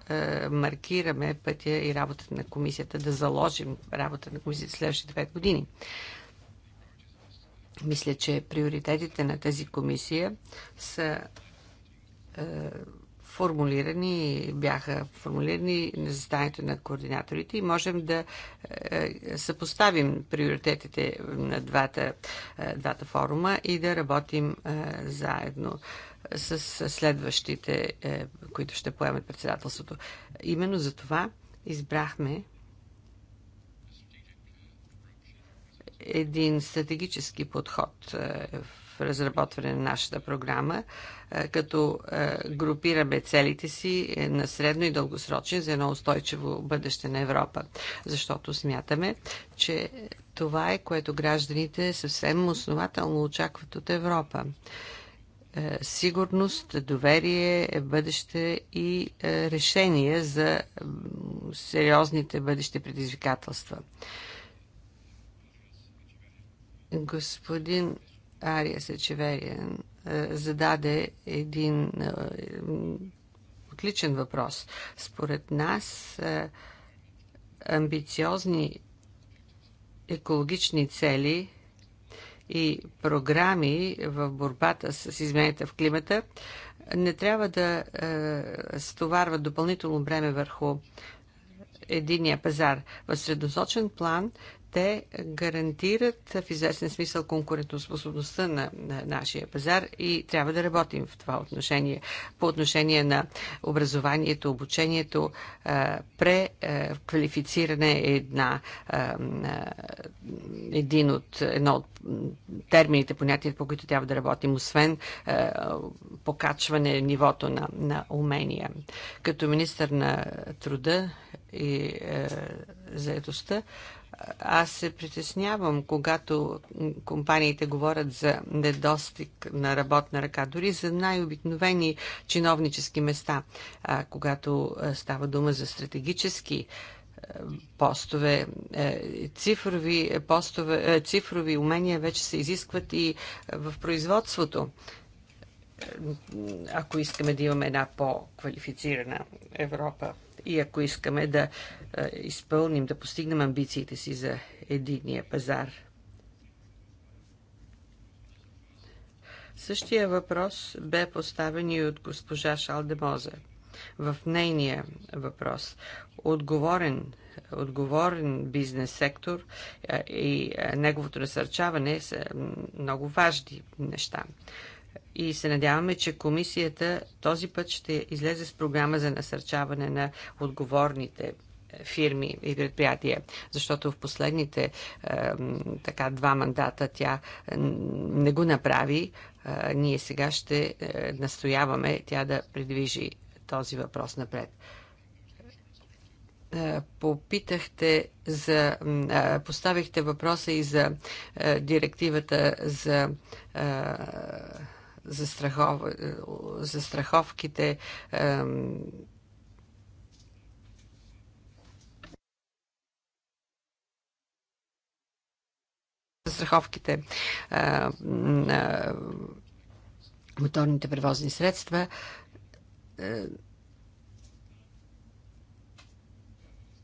маркираме пътя и работата на комисията, да заложим работата на комисията следващите две години. Мисля, че приоритетите на тази комисия са формулирани, бяха формулирани на заседанието на координаторите и можем да е, е, съпоставим приоритетите на двата, е, двата форума и да работим заедно с следващите, които ще поемат председателството. Именно за това избрахме един стратегически подход в разработване на нашата програма, е, като е, групираме целите си е, на средно и дългосрочен за едно устойчиво бъдеще на Европа. Защото смятаме, че това е което гражданите съвсем основателно очакват от Европа сигурност, доверие, бъдеще и решение за сериозните бъдещи предизвикателства. Господин Ария Сечеверия зададе един отличен въпрос. Според нас амбициозни екологични цели и програми в борбата с изменята в климата не трябва да стоварват допълнително бреме върху единия пазар. В средносочен план те гарантират в известен смисъл конкурентоспособността на, на нашия пазар и трябва да работим в това отношение. По отношение на образованието, обучението, преквалифициране е една, един от, едно от термините, понятията, по които трябва да работим, освен покачване нивото на, на умения. Като министър на труда и заедостта, аз се притеснявам, когато компаниите говорят за недостиг на работна ръка, дори за най-обикновени чиновнически места, а, когато става дума за стратегически постове, е, цифрови, постове, е, цифрови умения вече се изискват и в производството ако искаме да имаме една по-квалифицирана Европа и ако искаме да е, изпълним, да постигнем амбициите си за единия пазар. Същия въпрос бе поставен и от госпожа Шалдемоза. В нейния въпрос отговорен, отговорен бизнес сектор е, и е, неговото насърчаване са много важни неща и се надяваме, че комисията този път ще излезе с програма за насърчаване на отговорните е, фирми и предприятия, защото в последните е, така два мандата тя не го направи. Е, ние сега ще е, настояваме тя да придвижи този въпрос напред. Е, попитахте за. Е, поставихте въпроса и за директивата за застрахов... Е, застраховките. Застраховките на е, е, моторните превозни средства.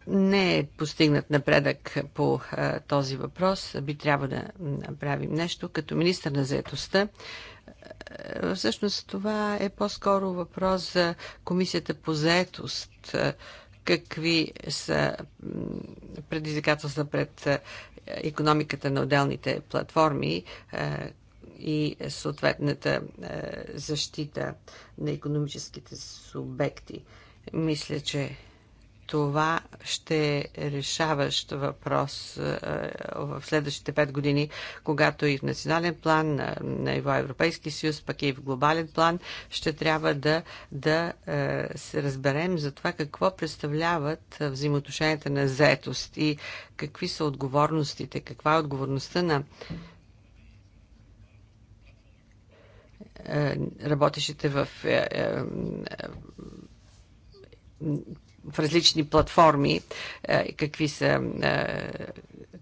не е постигнат напредък по а, този въпрос. Би трябва да направим нещо. Като министр на заедостта Всъщност това е по-скоро въпрос за комисията по заетост. Какви са предизвикателства пред економиката на отделните платформи е, и съответната е, защита на економическите субекти? Мисля, че това ще е решаващ въпрос е, е, в следващите пет години, когато и в национален план, е, на ниво Европейски съюз, пък и в глобален план, ще трябва да, да се разберем за това какво представляват взаимоотношенията на заетост и какви са отговорностите, каква е отговорността на работещите в в различни платформи, е, какви са, е,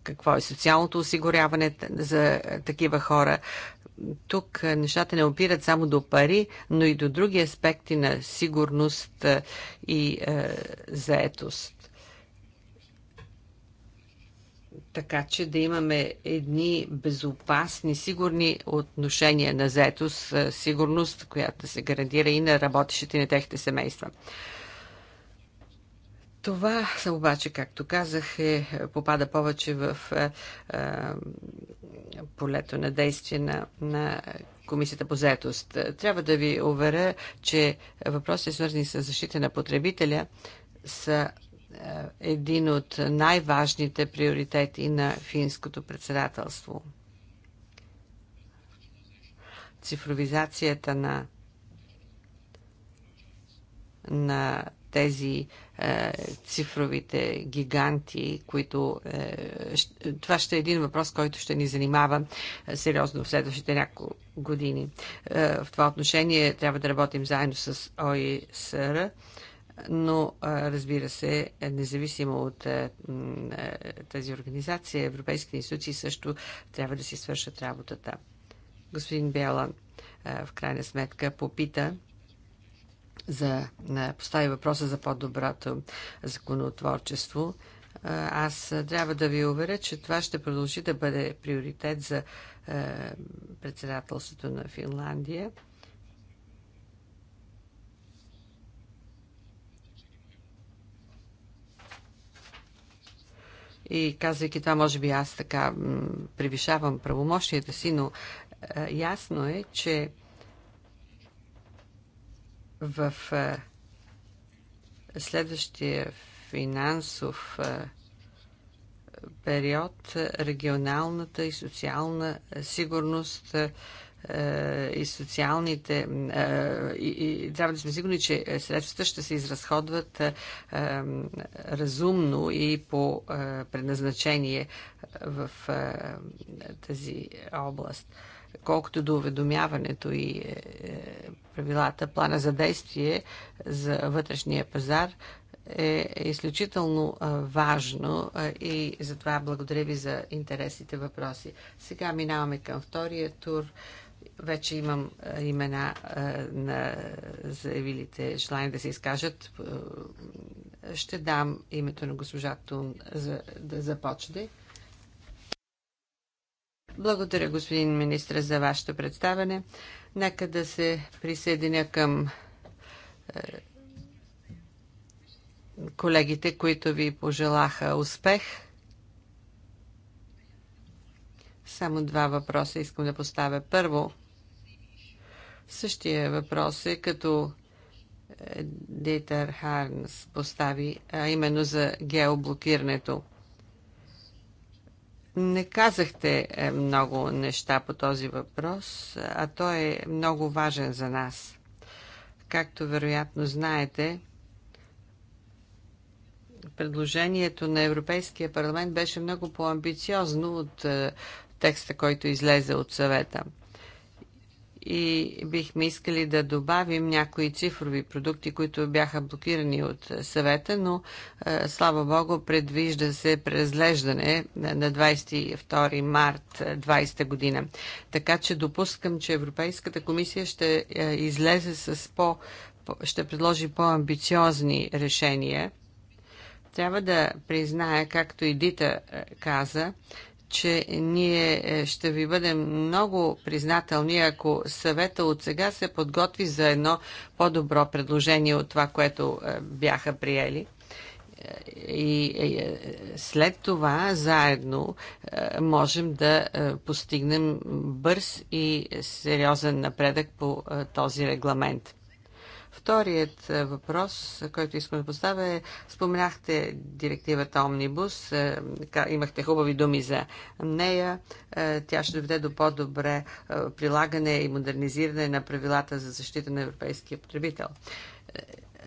какво е социалното осигуряване за такива хора. Тук е, нещата не опират само до пари, но и до други аспекти на сигурност и заетост. така че да имаме едни безопасни, сигурни отношения на заетост, сигурност, която се гарантира и на работещите и на техните семейства. Това обаче, както казах, е, попада повече в е, е, полето на действие на, на Комисията по заетост. Трябва да ви уверя, че въпросите, свързани с защита на потребителя, са е, един от най-важните приоритети на финското председателство. Цифровизацията на на тези е, цифровите гиганти, които... Е, това ще е един въпрос, който ще ни занимава е, сериозно в следващите няколко години. Е, в това отношение трябва да работим заедно с ОИСР, но е, разбира се, независимо от е, е, тази организация, европейските институции също трябва да си свършат работата. Господин Белан е, в крайна сметка попита за, постави въпроса за по-доброто законотворчество. Аз трябва да ви уверя, че това ще продължи да бъде приоритет за е, председателството на Финландия. И казвайки това, може би аз така превишавам правомощията си, но е, ясно е, че в е, следващия финансов е, период регионалната и социална сигурност е, и социалните... И, и, трябва да сме сигурни, че средствата ще се изразходват разумно и по предназначение в тази област. Колкото до уведомяването и правилата, плана за действие за вътрешния пазар е изключително важно и затова благодаря ви за интересите въпроси. Сега минаваме към втория тур. Вече имам имена на заявилите желание да се изкажат. Ще дам името на госпожа Тун за да започне. Благодаря, господин министр, за вашето представене. Нека да се присъединя към е, колегите, които ви пожелаха успех. Само два въпроса искам да поставя. Първо, същия въпрос е като е, Дейтер Харнс постави, а именно за геоблокирането – не казахте е, много неща по този въпрос, а той е много важен за нас. Както вероятно знаете, предложението на Европейския парламент беше много по-амбициозно от е, текста, който излезе от съвета – и бихме искали да добавим някои цифрови продукти, които бяха блокирани от съвета, но е, слава Богу предвижда се преразглеждане на 22 март 2020 е, година. Така че допускам, че Европейската комисия ще е, излезе с по ще предложи по-амбициозни решения. Трябва да призная, както и Дита каза, че ние е, ще ви бъдем много признателни, ако съвета от сега се подготви за едно по-добро предложение от това, което е, бяха приели е, и след това заедно можем да постигнем бърз и сериозен напредък по този регламент. Вторият е, въпрос, който искам да поставя е, споменахте директивата Омнибус, е, имахте хубави думи за нея. Е, тя ще доведе до по-добре прилагане и модернизиране на правилата за защита на европейския потребител.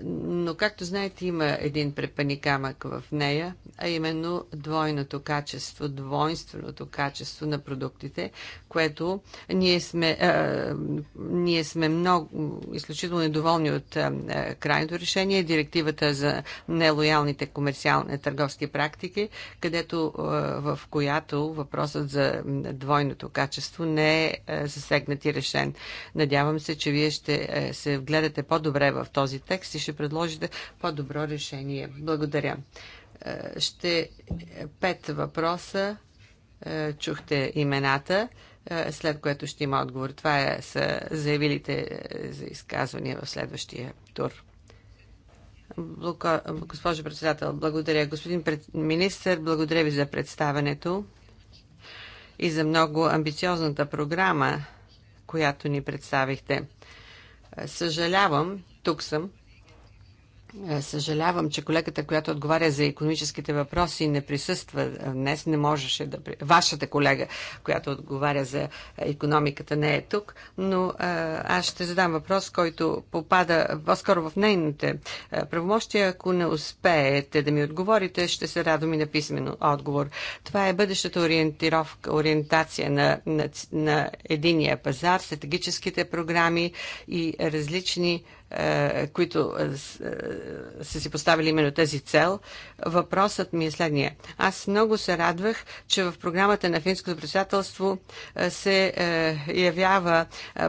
Но, както знаете, има един препани камък в нея, а именно двойното качество, двойственото качество на продуктите, което ние сме, а, ние сме много, изключително недоволни от а, крайното решение, директивата за нелоялните комерциални търговски практики, където а, в която въпросът за двойното качество не е засегнат и решен. Надявам се, че вие ще се вгледате по-добре в този текст и ще предложите по-добро решение. Благодаря. Е, ще пет въпроса. Е, чухте имената, е, след което ще има отговор. Това е, са заявилите за изказвания в следващия тур. Госпожо председател, благодаря. Господин министр, благодаря ви за представенето и за много амбициозната програма, която ни представихте. Съжалявам, тук съм, е, съжалявам, че колегата, която отговаря за економическите въпроси, не присъства днес, не можеше да... Вашата колега, която отговаря за економиката, не е тук, но е, аз ще задам въпрос, който попада по-скоро в нейните е, правомощия. Ако не успеете да ми отговорите, ще се радвам и на писмен отговор. Това е бъдещата ориентировка, ориентация на, на, на единия пазар, стратегическите програми и различни е, които е, е, са си поставили именно тази цел. Въпросът ми е следния. Аз много се радвах, че в програмата на финското председателство се явява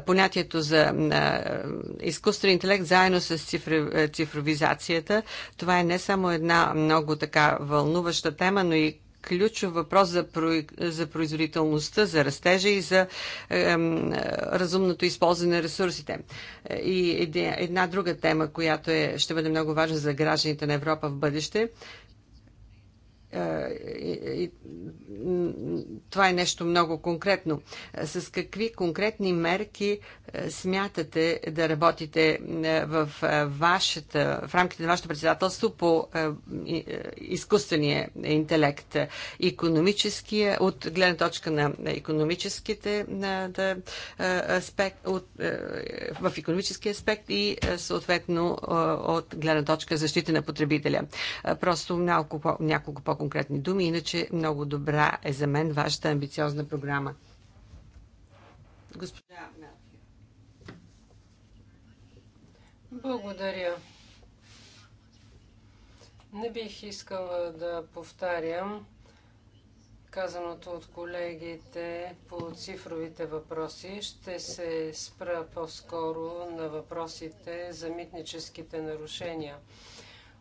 понятието за изкуствен интелект заедно с цифровизацията. Това е не само една много така вълнуваща тема, но и ключов въпрос за, про... за производителността, за растежа и за ем, разумното използване на ресурсите. И една друга тема, която е, ще бъде много важна за гражданите на Европа в бъдеще, е, това е нещо много конкретно. Е, с какви конкретни мерки е, смятате да работите в, вашата, в рамките на вашето председателство по изкуствения интелект? Економическия, от гледна точка на економическите на, да, аспект, от, в економически аспект и съответно от гледна точка защита на потребителя. Просто няколко, няколко по конкретни думи, иначе много добра е за мен вашата амбициозна програма. Госпожа Мелкия. Благодаря. Не бих искала да повтарям казаното от колегите по цифровите въпроси. Ще се спра по-скоро на въпросите за митническите нарушения.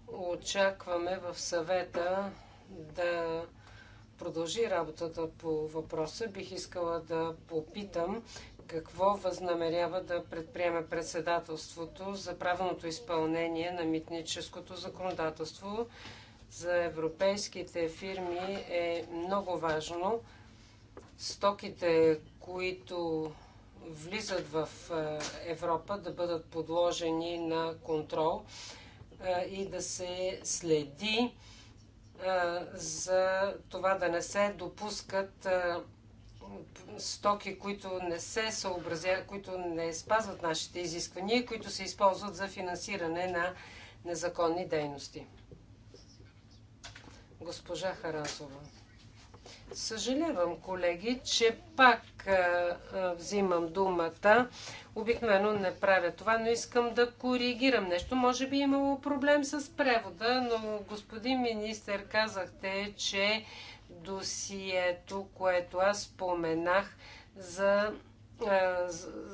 Очакваме в съвета да продължи работата по въпроса, бих искала да попитам какво възнамерява да предприеме председателството за правилното изпълнение на митническото законодателство. За европейските фирми е много важно стоките, които влизат в е, Европа, да бъдат подложени на контрол е, и да се следи за това да не се допускат стоки, които не се съобразяват, които не спазват нашите изисквания, които се използват за финансиране на незаконни дейности. Госпожа Харасова. Съжалявам, колеги, че пак взимам думата. Обикновено не правя това, но искам да коригирам нещо. Може би е имало проблем с превода, но господин министр казахте, че досието, което аз споменах за е,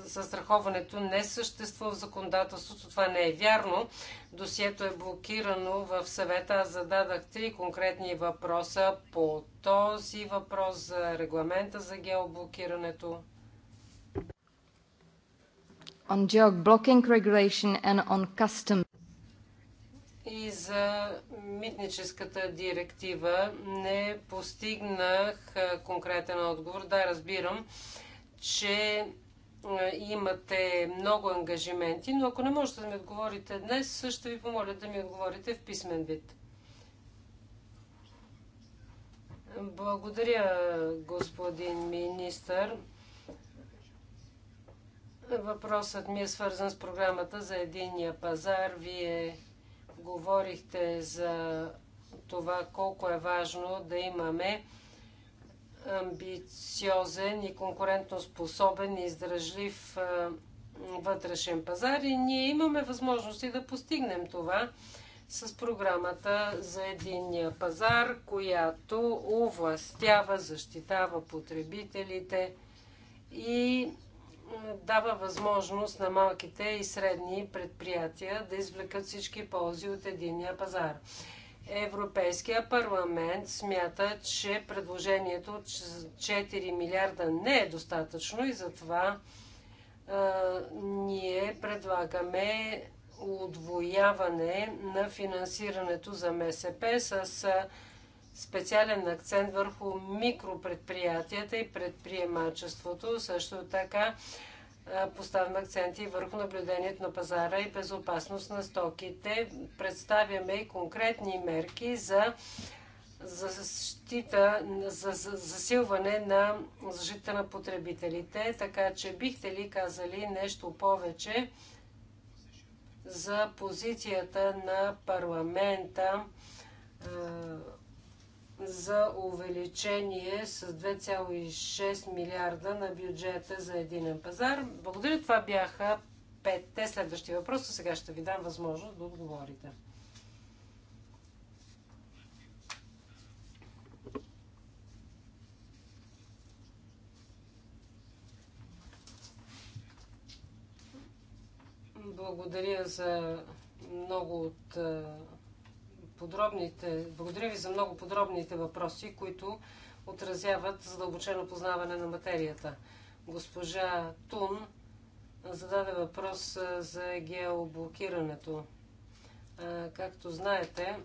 застраховането не съществува в законодателството. Това не е вярно. Досието е блокирано в съвета. Аз зададах три конкретни въпроса по този въпрос за регламента за геоблокирането. On geoblocking regulation and on custom и за митническата директива не постигнах е, конкретен отговор. Да, разбирам че е, имате много ангажименти, но ако не можете да ми отговорите днес, ще ви помоля да ми отговорите в писмен вид. Благодаря, господин министър. Въпросът ми е свързан с програмата за единния пазар. Вие говорихте за това колко е важно да имаме амбициозен и конкурентоспособен и издръжлив вътрешен пазар и ние имаме възможности да постигнем това с програмата за единния пазар, която овластява, защитава потребителите и дава възможност на малките и средни предприятия да извлекат всички ползи от единния пазар. Европейския парламент смята, че предложението от 4 милиарда не е достатъчно и затова ние предлагаме удвояване на финансирането за МСП с специален акцент върху микропредприятията и предприемачеството. Също така Поставяме акценти върху наблюдението на пазара и безопасност на стоките. Представяме и конкретни мерки за защита, за засилване на защита на потребителите, така че бихте ли казали нещо повече за позицията на парламента за увеличение с 2,6 милиарда на бюджета за единен пазар. Благодаря, това бяха петте следващи въпроса. Сега ще ви дам възможност да отговорите. Благодаря за много от подробните, благодаря ви за много подробните въпроси, които отразяват задълбочено познаване на материята. Госпожа Тун зададе въпрос за геоблокирането. Както знаете,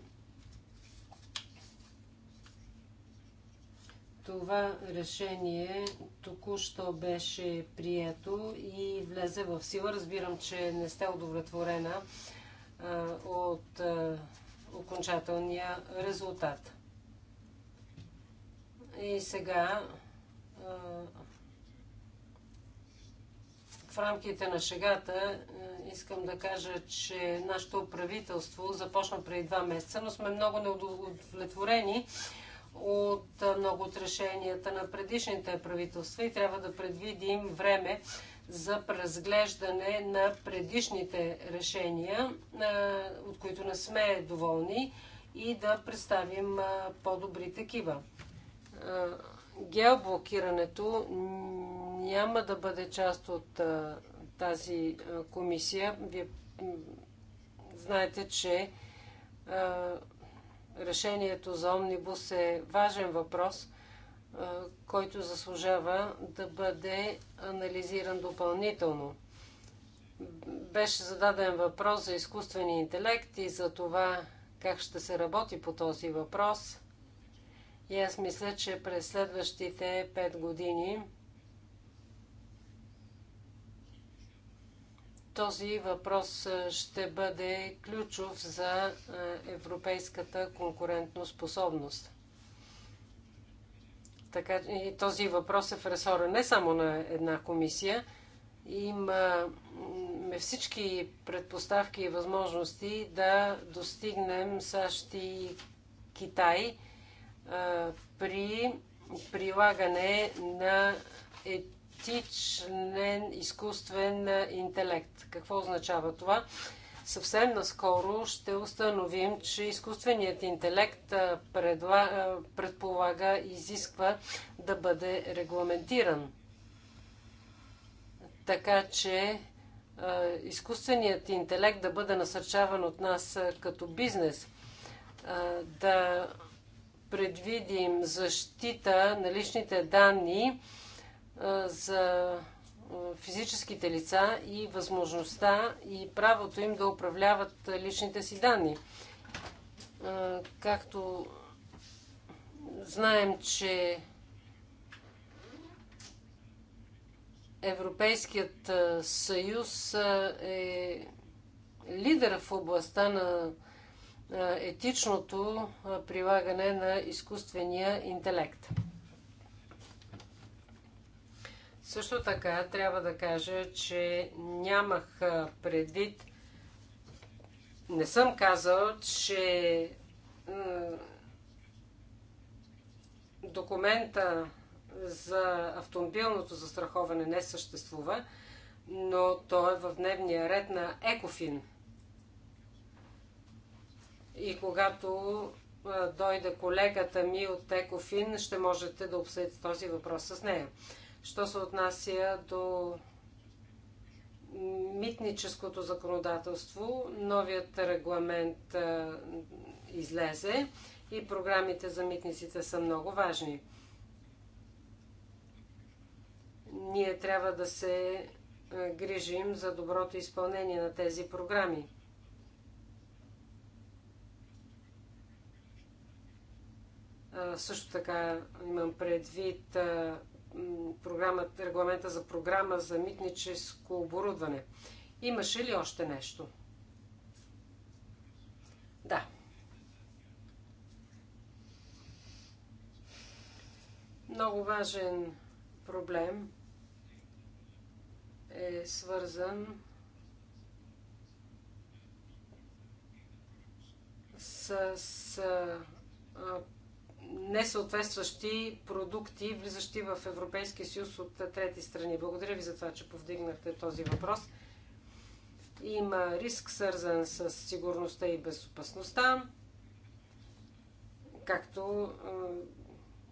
това решение току-що беше прието и влезе в сила. Разбирам, че не сте удовлетворена от окончателния резултат. И сега в рамките на шегата искам да кажа, че нашето правителство започна преди два месеца, но сме много неудовлетворени от много от решенията на предишните правителства и трябва да предвидим време за преразглеждане на предишните решения, от които не сме доволни и да представим по-добри такива. Геоблокирането няма да бъде част от тази комисия. Вие знаете, че решението за омнибус е важен въпрос – който заслужава да бъде анализиран допълнително. Беше зададен въпрос за изкуствения интелект и за това как ще се работи по този въпрос. И аз мисля, че през следващите 5 години този въпрос ще бъде ключов за европейската конкурентоспособност. Така и този въпрос е в ресора не само на една комисия. Има е всички предпоставки и възможности да достигнем САЩ и Китай при прилагане на етичен изкуствен интелект. Какво означава това? Съвсем наскоро ще установим, че изкуственият интелект предполага и изисква да бъде регламентиран. Така че изкуственият интелект да бъде насърчаван от нас като бизнес, да предвидим защита на личните данни за е, физическите лица и възможността и правото им да управляват личните си данни. Е, както знаем, че Европейският е, съюз е лидер в областта на етичното прилагане на изкуствения интелект. Също така трябва да кажа, че нямах предвид, не съм казал, че документа за автомобилното застраховане не съществува, но той е в дневния ред на Екофин. И когато дойде колегата ми от Екофин, ще можете да обсъдите този въпрос с нея. Що се отнася до митническото законодателство, новият регламент излезе и програмите за митниците са много важни. Ние трябва да се грижим за доброто изпълнение на тези програми. Също така имам предвид програмата, регламента за програма за митническо оборудване. Имаше ли още нещо? Да. Много важен проблем е свързан с, с несъответстващи продукти, влизащи в Европейския съюз от трети страни. Благодаря ви за това, че повдигнахте този въпрос. Има риск, свързан с сигурността и безопасността, както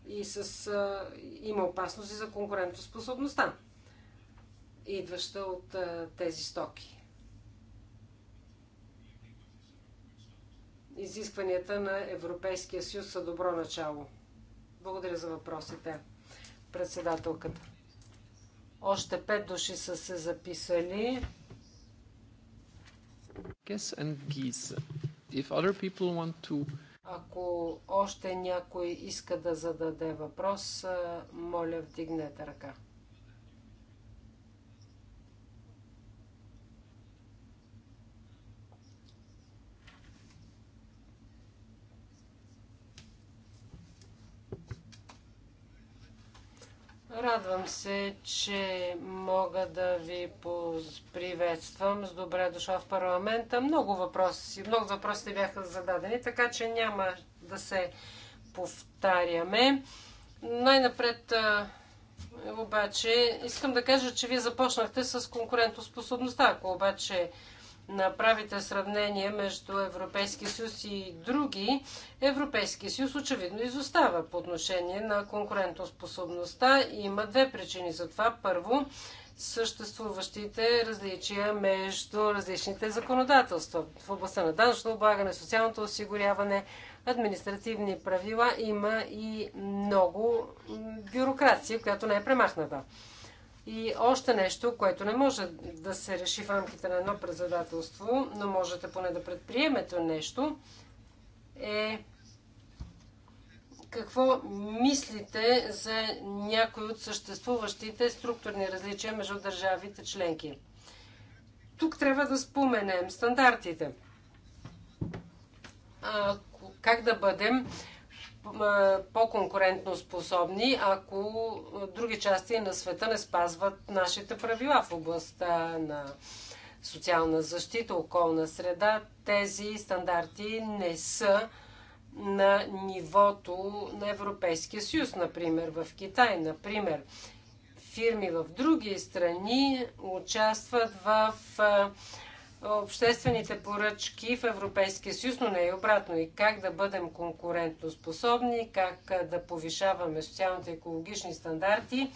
и с, има опасности за конкурентоспособността, идваща от тези стоки. изискванията на Европейския съюз са добро начало? Благодаря за въпросите, председателката. Още пет души са се записали. and If other people want to... Ако още някой иска да зададе въпрос, моля вдигнете ръка. Радвам се, че мога да ви приветствам с добре дошла в парламента. Много въпроси, много въпроси бяха зададени, така че няма да се повтаряме. Най-напред обаче искам да кажа, че вие започнахте с конкурентоспособността. Ако обаче направите сравнение между Европейски съюз и други, Европейски съюз очевидно изостава по отношение на конкурентоспособността. Има две причини за това. Първо, съществуващите различия между различните законодателства в областта на данъчно облагане, социалното осигуряване, административни правила. Има и много бюрокрация, която не е премахната. И още нещо, което не може да се реши в рамките на едно председателство, но можете поне да предприемете нещо, е какво мислите за някои от съществуващите структурни различия между държавите членки? Тук трябва да споменем стандартите. А, как да бъдем по-конкурентно способни, ако други части на света не спазват нашите правила в областта на социална защита, околна среда. Тези стандарти не са на нивото на Европейския съюз, например в Китай, например фирми в други страни участват в обществените поръчки в Европейския съюз, но не и обратно. И как да бъдем конкурентоспособни, как да повишаваме социалните и екологични стандарти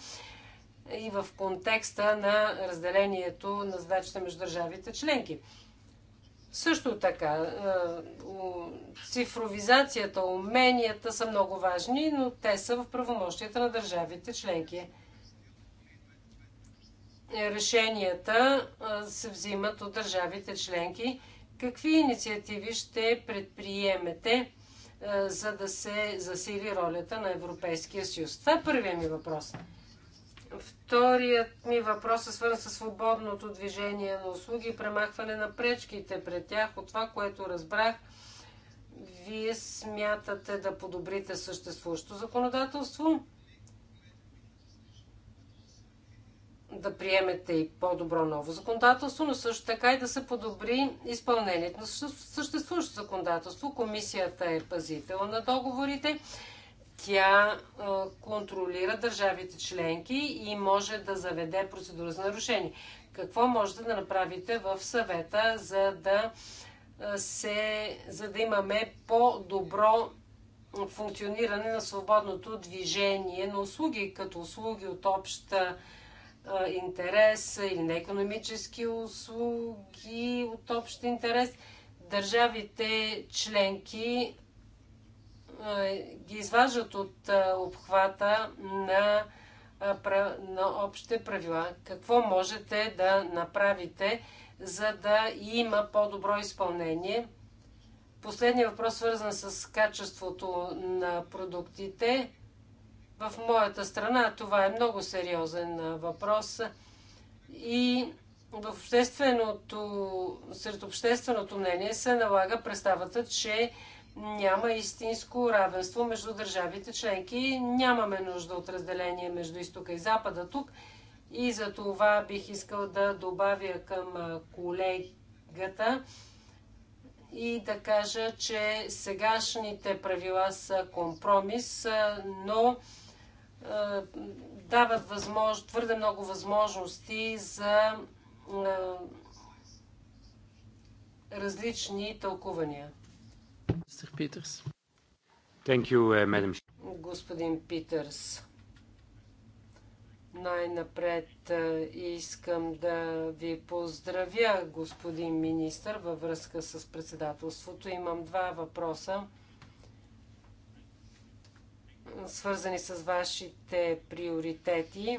и в контекста на разделението на задачите между държавите членки. Също така, цифровизацията, уменията са много важни, но те са в правомощията на държавите членки решенията се взимат от държавите членки. Какви инициативи ще предприемете, за да се засили ролята на Европейския съюз? Това е първият ми въпрос. Вторият ми въпрос е свързан с свободното движение на услуги и премахване на пречките пред тях. От това, което разбрах, вие смятате да подобрите съществуващото законодателство? да приемете и по-добро ново законодателство, но също така и да се подобри изпълнението на съществуващо законодателство. Комисията е пазител на договорите. Тя контролира държавите членки и може да заведе процедура за нарушение. Какво можете да направите в съвета, за да, се, за да имаме по-добро функциониране на свободното движение на услуги, като услуги от обща интерес или на економически услуги от общ интерес, държавите членки ги изваждат от обхвата на, на общите правила. Какво можете да направите, за да има по-добро изпълнение? Последният въпрос, свързан с качеството на продуктите. В моята страна това е много сериозен въпрос и в общественото, сред общественото мнение се налага представата, че няма истинско равенство между държавите членки. Нямаме нужда от разделение между изтока и запада тук. И за това бих искал да добавя към колегата и да кажа, че сегашните правила са компромис, но е, дават възмож... твърде много възможности за е, различни тълкувания. Питърс. Thank you, madam. Е, господин Питърс, най-напред искам да ви поздравя, господин министр, във връзка с председателството. Имам два въпроса свързани с вашите приоритети.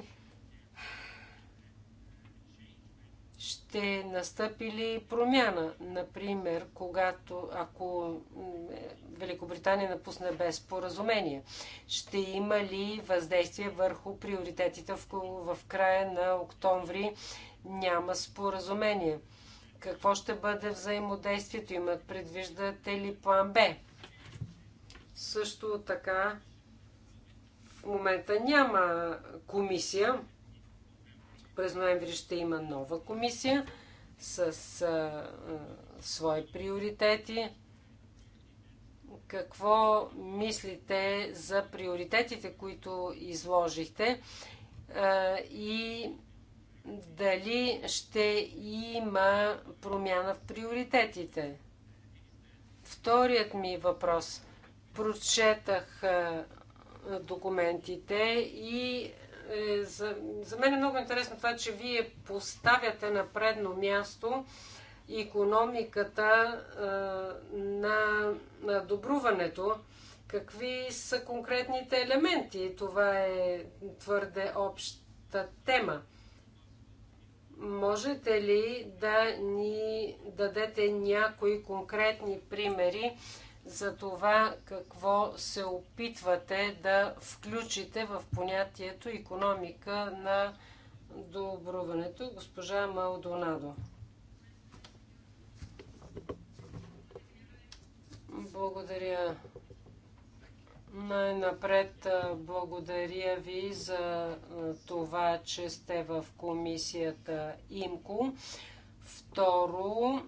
Ще настъпи ли промяна? Например, когато, ако Великобритания напусне без споразумение, ще има ли въздействие върху приоритетите в, в края на октомври? Няма споразумение. Какво ще бъде взаимодействието? Имат предвиждате ли план Б? Също така в момента няма комисия. През ноември ще има нова комисия с а, свои приоритети. Какво мислите за приоритетите, които изложихте а, и дали ще има промяна в приоритетите? Вторият ми въпрос. Прочетах а, документите и е, за, за мен е много интересно това, че вие поставяте на предно място економиката е, на, на добруването. Какви са конкретните елементи? Това е твърде обща тема. Можете ли да ни дадете някои конкретни примери за това какво се опитвате да включите в понятието економика на добруването. Госпожа Малдонадо. Благодаря. Най-напред благодаря ви за това, че сте в комисията ИМКО. Второ,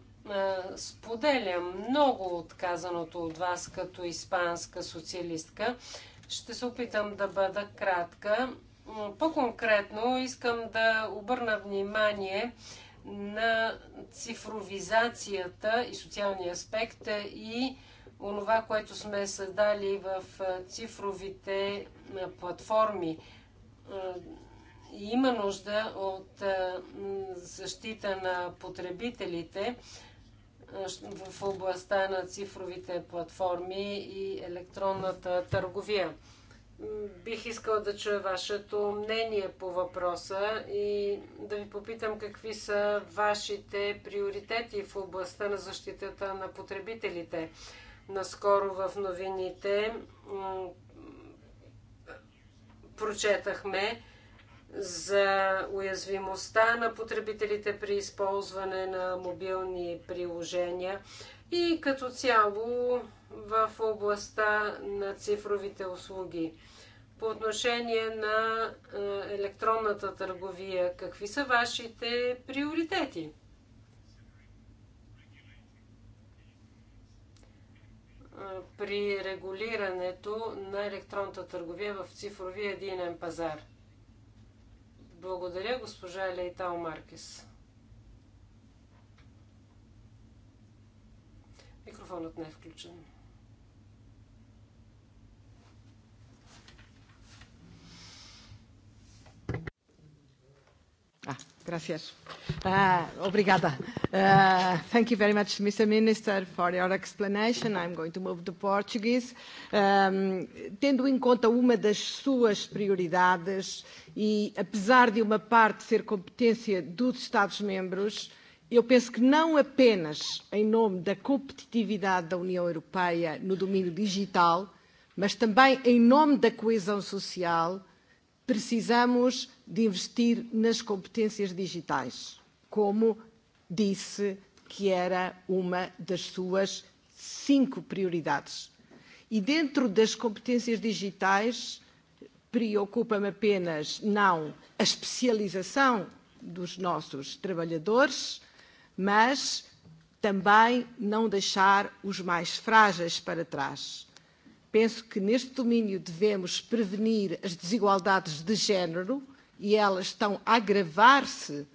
Споделям много отказаното от вас като испанска социалистка. Ще се опитам да бъда кратка. По-конкретно искам да обърна внимание на цифровизацията и социалния аспект е и онова, което сме създали в цифровите платформи. Има нужда от защита на потребителите в областта на цифровите платформи и електронната търговия. Бих искала да чуя вашето мнение по въпроса и да ви попитам какви са вашите приоритети в областта на защитата на потребителите. Наскоро в новините прочетахме, за уязвимостта на потребителите при използване на мобилни приложения и като цяло в областта на цифровите услуги. По отношение на е, електронната търговия, какви са вашите приоритети? Е, при регулирането на електронната търговия в цифровия единен пазар. Благодаря, госпожа Лейтал Маркис. Микрофонът не е включен. Ah, gracias. Uh, obrigada. Uh, thank you very much, Mr. Minister, for your explanation. I'm going to move to Portuguese. Um, tendo em conta uma das suas prioridades e, apesar de uma parte ser competência dos Estados-membros, eu penso que não apenas em nome da competitividade da União Europeia no domínio digital, mas também em nome da coesão social, precisamos de investir nas competências digitais, como disse que era uma das suas cinco prioridades. E dentro das competências digitais, preocupa-me apenas não a especialização dos nossos trabalhadores, mas também não deixar os mais frágeis para trás. Penso que neste domínio devemos prevenir as desigualdades de género e elas estão a agravar-se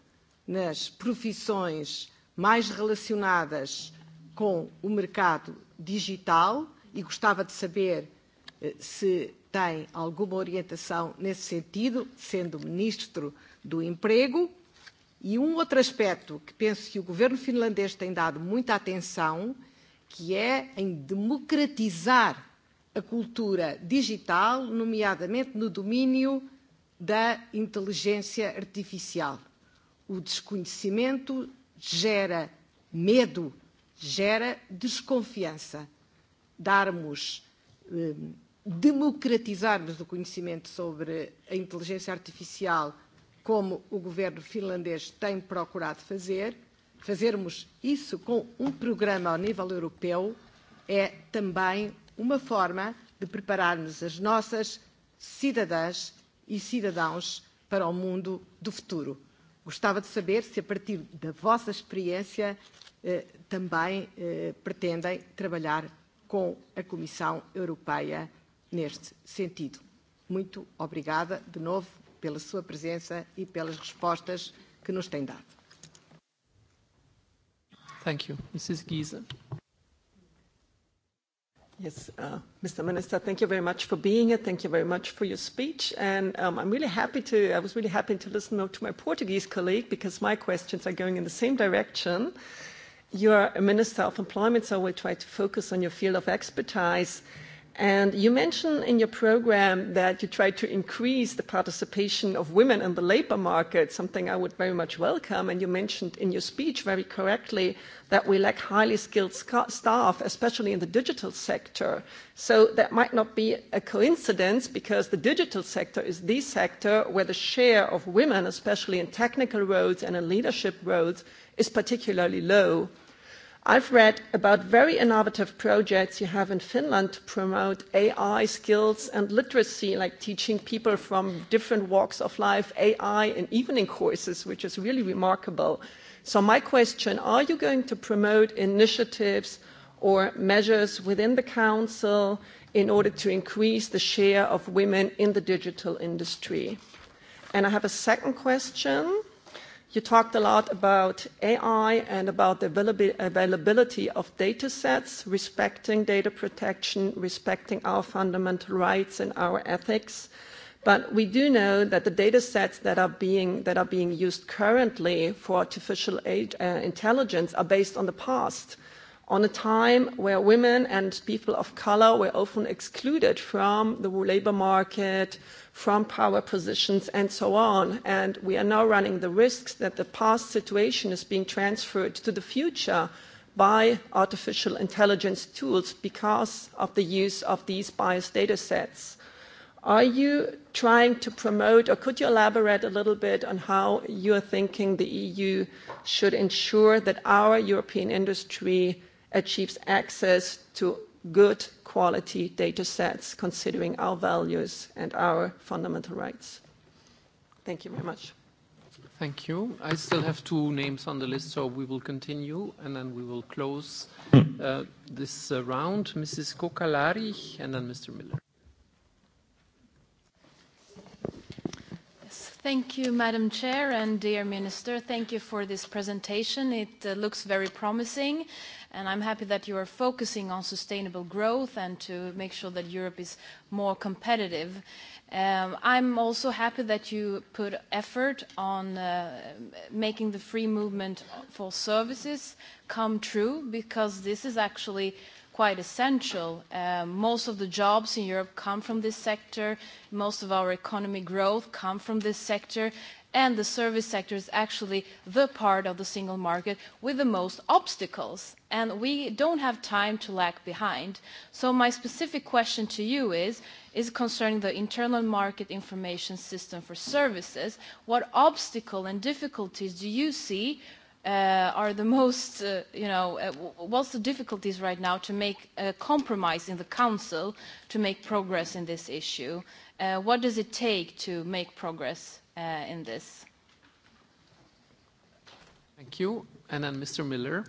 nas profissões mais relacionadas com o mercado digital e gostava de saber se tem alguma orientação nesse sentido, sendo Ministro do Emprego. E um outro aspecto que penso que o governo finlandês tem dado muita atenção, que é em democratizar a cultura digital, nomeadamente no domínio da inteligência artificial. O desconhecimento gera medo, gera desconfiança. Darmos, democratizarmos o conhecimento sobre a inteligência artificial, como o governo finlandês tem procurado fazer, fazermos isso com um programa ao nível europeu é também uma forma de prepararmos as nossas cidadãs e cidadãos para o mundo do futuro. Gostava de saber se, a partir da vossa experiência, também pretendem trabalhar com a Comissão Europeia neste sentido. Muito obrigada de novo pela sua presença e pelas respostas que nos tem dado. Thank you. Mrs. Giza. Yes, uh, Mr. Minister, thank you very much for being here. Thank you very much for your speech. And um, I'm really happy to, I was really happy to listen to my Portuguese colleague because my questions are going in the same direction. You are a Minister of Employment, so I will try to focus on your field of expertise. And you mentioned in your program that you try to increase the participation of women in the labor market, something I would very much welcome. And you mentioned in your speech very correctly that we lack highly skilled staff, especially in the digital sector. So that might not be a coincidence because the digital sector is the sector where the share of women, especially in technical roles and in leadership roles, is particularly low. I've read about very innovative projects you have in Finland to promote AI skills and literacy, like teaching people from different walks of life AI in evening courses, which is really remarkable. So my question, are you going to promote initiatives or measures within the council in order to increase the share of women in the digital industry? And I have a second question You talked a lot about AI and about the availability of data sets, respecting data protection, respecting our fundamental rights and our ethics. But we do know that the data sets that are being, that are being used currently for artificial age, uh, intelligence are based on the past, on a time where women and people of color were often excluded from the labor market, from power positions and so on. And we are now running the risks that the past situation is being transferred to the future by artificial intelligence tools because of the use of these biased data sets. Are you trying to promote, or could you elaborate a little bit on how you are thinking the EU should ensure that our European industry achieves access to good quality data sets considering our values and our fundamental rights. Thank you very much. Thank you. I still have two names on the list, so we will continue, and then we will close uh, this uh, round. Mrs. Kokalari, and then Mr. Miller. thank you, Madam Chair and dear Minister. Thank you for this presentation. It uh, looks very promising And I'm happy that you are focusing on sustainable growth and to make sure that Europe is more competitive. Um, I'm also happy that you put effort on uh, making the free movement for services come true because this is actually quite essential. most of the jobs in Europe come from this sector. Most of our economy growth come from this sector and the service sector is actually the part of the single market with the most obstacles. And we don't have time to lag behind. So my specific question to you is, is concerning the internal market information system for services. What obstacle and difficulties do you see uh, are the most, uh, you know, uh, what's the difficulties right now to make a compromise in the Council to make progress in this issue? Uh, what does it take to make progress? uh, in this. Thank you. And then Mr. Miller.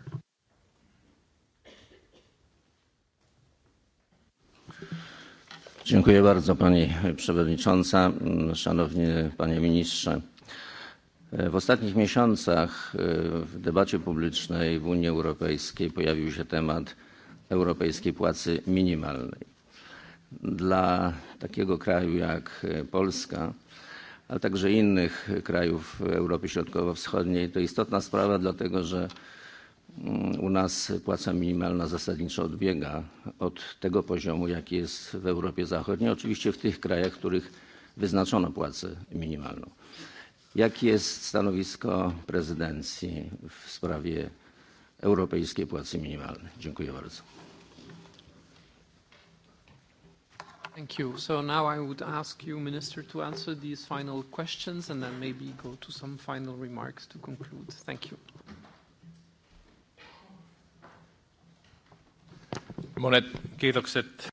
Dziękuję bardzo Pani Przewodnicząca, Szanowny Panie Ministrze. W ostatnich miesiącach w debacie publicznej w Unii Europejskiej pojawił się temat europejskiej płacy minimalnej. Dla takiego kraju jak Polska a także innych krajów Europy Środkowo-Wschodniej. To istotna sprawa, dlatego że u nas płaca minimalna zasadniczo odbiega od tego poziomu, jaki jest w Europie Zachodniej, oczywiście w tych krajach, w których wyznaczono płacę minimalną. Jakie jest stanowisko prezydencji w sprawie europejskiej płacy minimalnej? Dziękuję bardzo. Thank you. So now I would ask you, Minister, to answer these final questions and then maybe go to some final remarks to conclude. Thank you. Monet kiitokset.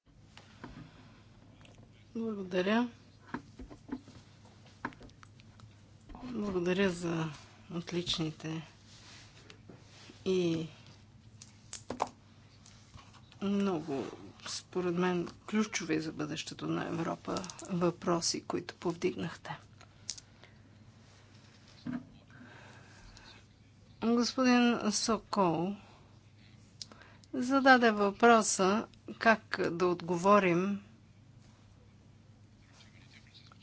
Благодаря. Благодаря за отличните и много според мен, ключови за бъдещето на Европа въпроси, които повдигнахте. Господин Сокол зададе въпроса как да отговорим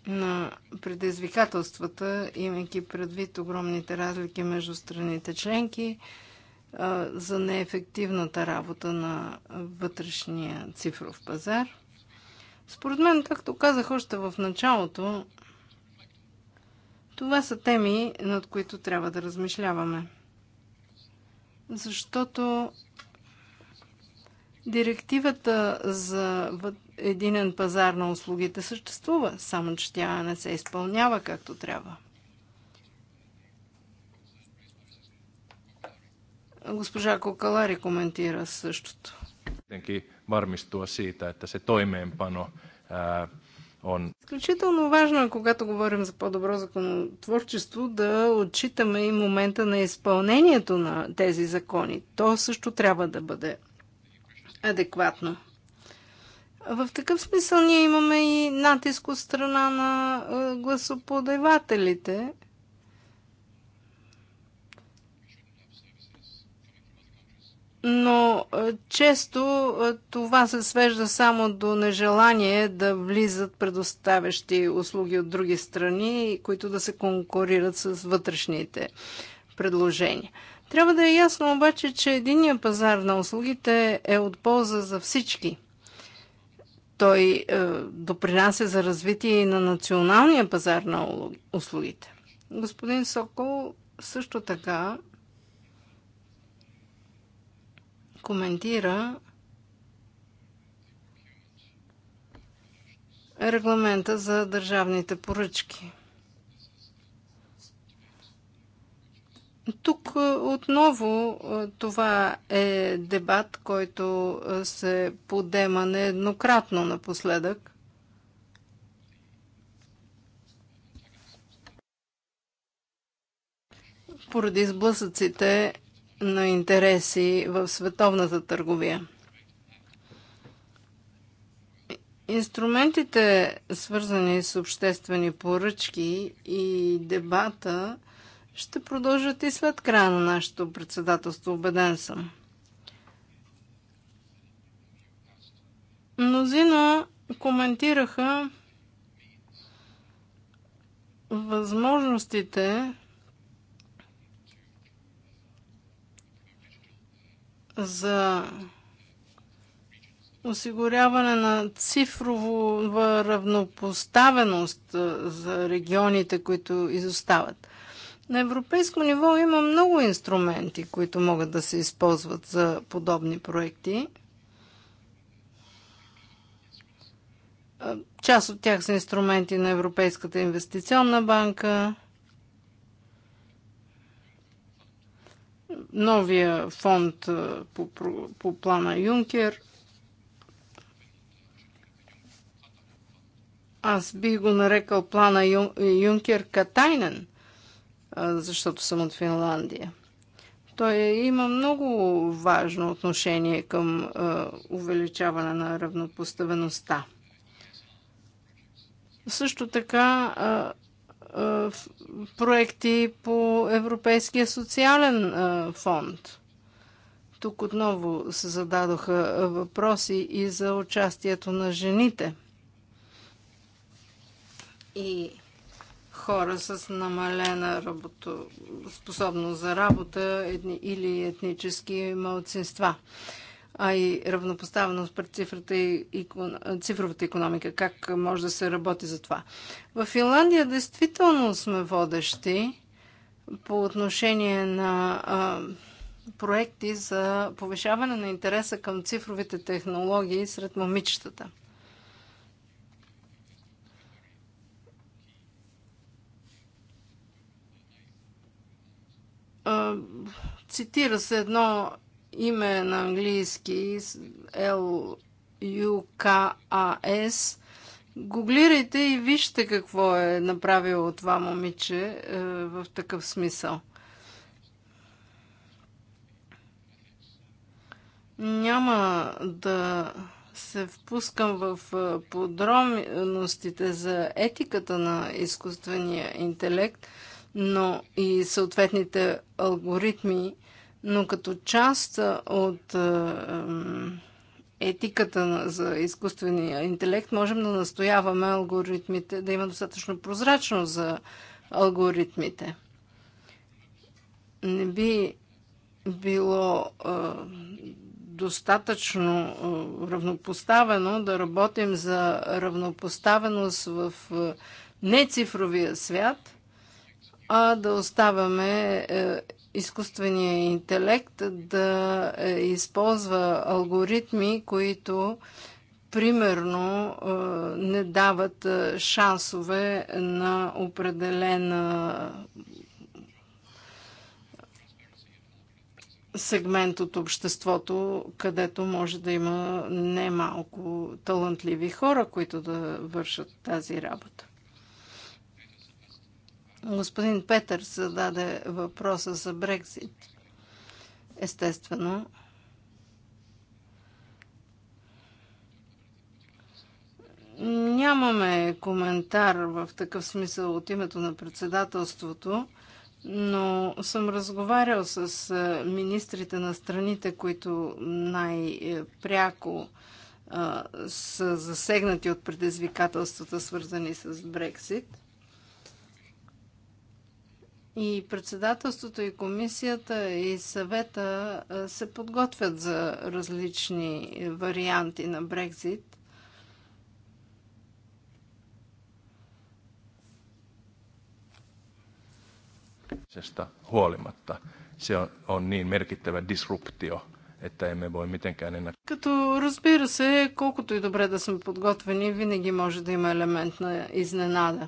на предизвикателствата, имайки предвид огромните разлики между страните членки – за неефективната работа на вътрешния цифров пазар. Според мен, както казах още в началото, това са теми, над които трябва да размишляваме. Защото директивата за единен пазар на услугите съществува, само че тя не се изпълнява както трябва. Госпожа Кокалари коментира същото. On. Изключително важно е, когато говорим за по-добро законотворчество, да отчитаме и момента на изпълнението на тези закони. То също трябва да бъде адекватно. В такъв смисъл ние имаме и натиск от страна на гласоподавателите – но често това се свежда само до нежелание да влизат предоставящи услуги от други страни, които да се конкурират с вътрешните предложения. Трябва да е ясно обаче, че единият пазар на услугите е от полза за всички. Той е, допринася за развитие и на националния пазар на услугите. Господин Сокол също така коментира регламента за държавните поръчки. Тук е, отново е, това е дебат, който е, се подема нееднократно напоследък. Поради сблъсъците на интереси в световната търговия. Инструментите, свързани с обществени поръчки и дебата, ще продължат и след края на нашето председателство, убеден съм. Мнозина коментираха възможностите за осигуряване на цифрова равнопоставеност за регионите, които изостават. На европейско ниво има много инструменти, които могат да се използват за подобни проекти. Част от тях са инструменти на Европейската инвестиционна банка – новия фонд по, по плана Юнкер. Аз бих го нарекал плана Юнкер Катайнен, защото съм от Финландия. Той има много важно отношение към увеличаване на равнопоставеността. Също така проекти по Европейския социален фонд. Тук отново се зададоха въпроси и за участието на жените и хора с намалена работоспособност за работа или етнически малцинства а и равнопоставеност пред цифрата и цифровата економика. Как може да се работи за това? В Финландия действително сме водещи по отношение на а, проекти за повишаване на интереса към цифровите технологии сред момичетата. Цитира се едно име на английски L-U-K-A-S. Гуглирайте и вижте какво е направило това момиче е, в такъв смисъл. Няма да се впускам в е, подробностите за етиката на изкуствения интелект, но и съответните алгоритми – но като част от етиката за изкуствения интелект можем да настояваме алгоритмите да има достатъчно прозрачност за алгоритмите. Не би било достатъчно равнопоставено да работим за равнопоставеност в нецифровия свят, а да оставяме е, изкуствения интелект да е, използва алгоритми, които примерно е, не дават е, шансове на определена сегмент от обществото, където може да има немалко талантливи хора, които да вършат тази работа. Господин Петър зададе въпроса за Брекзит. Естествено, Нямаме коментар в такъв смисъл от името на председателството, но съм разговарял с министрите на страните, които най-пряко са засегнати от предизвикателствата, свързани с Брексит. И председателството, и комисията, и съвета се подготвят за различни варианти на Брекзит. huolimatta. Se on, on niin merkittävä disruptio, että emme voi mitenkään Като разбира се, колкото и добре да сме подготвени, винаги може да има елемент на изненада.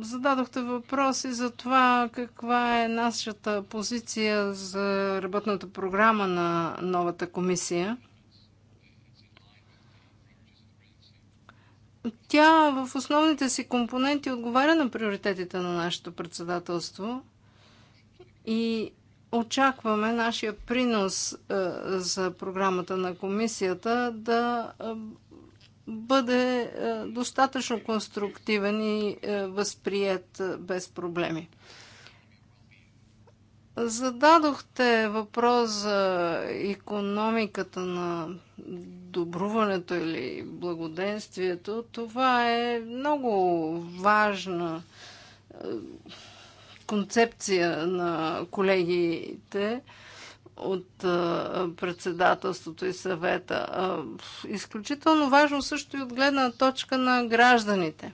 зададохте въпроси за това каква е нашата позиция за работната програма на новата комисия. Тя в основните си компоненти отговаря на приоритетите на нашето председателство и очакваме нашия принос е, за програмата на комисията да е, бъде е, достатъчно конструктивен и е, възприят е, без проблеми. Зададохте въпрос за економиката на добруването или благоденствието. Това е много важна концепция на колегите от председателството и съвета. Изключително важно също и от гледна точка на гражданите.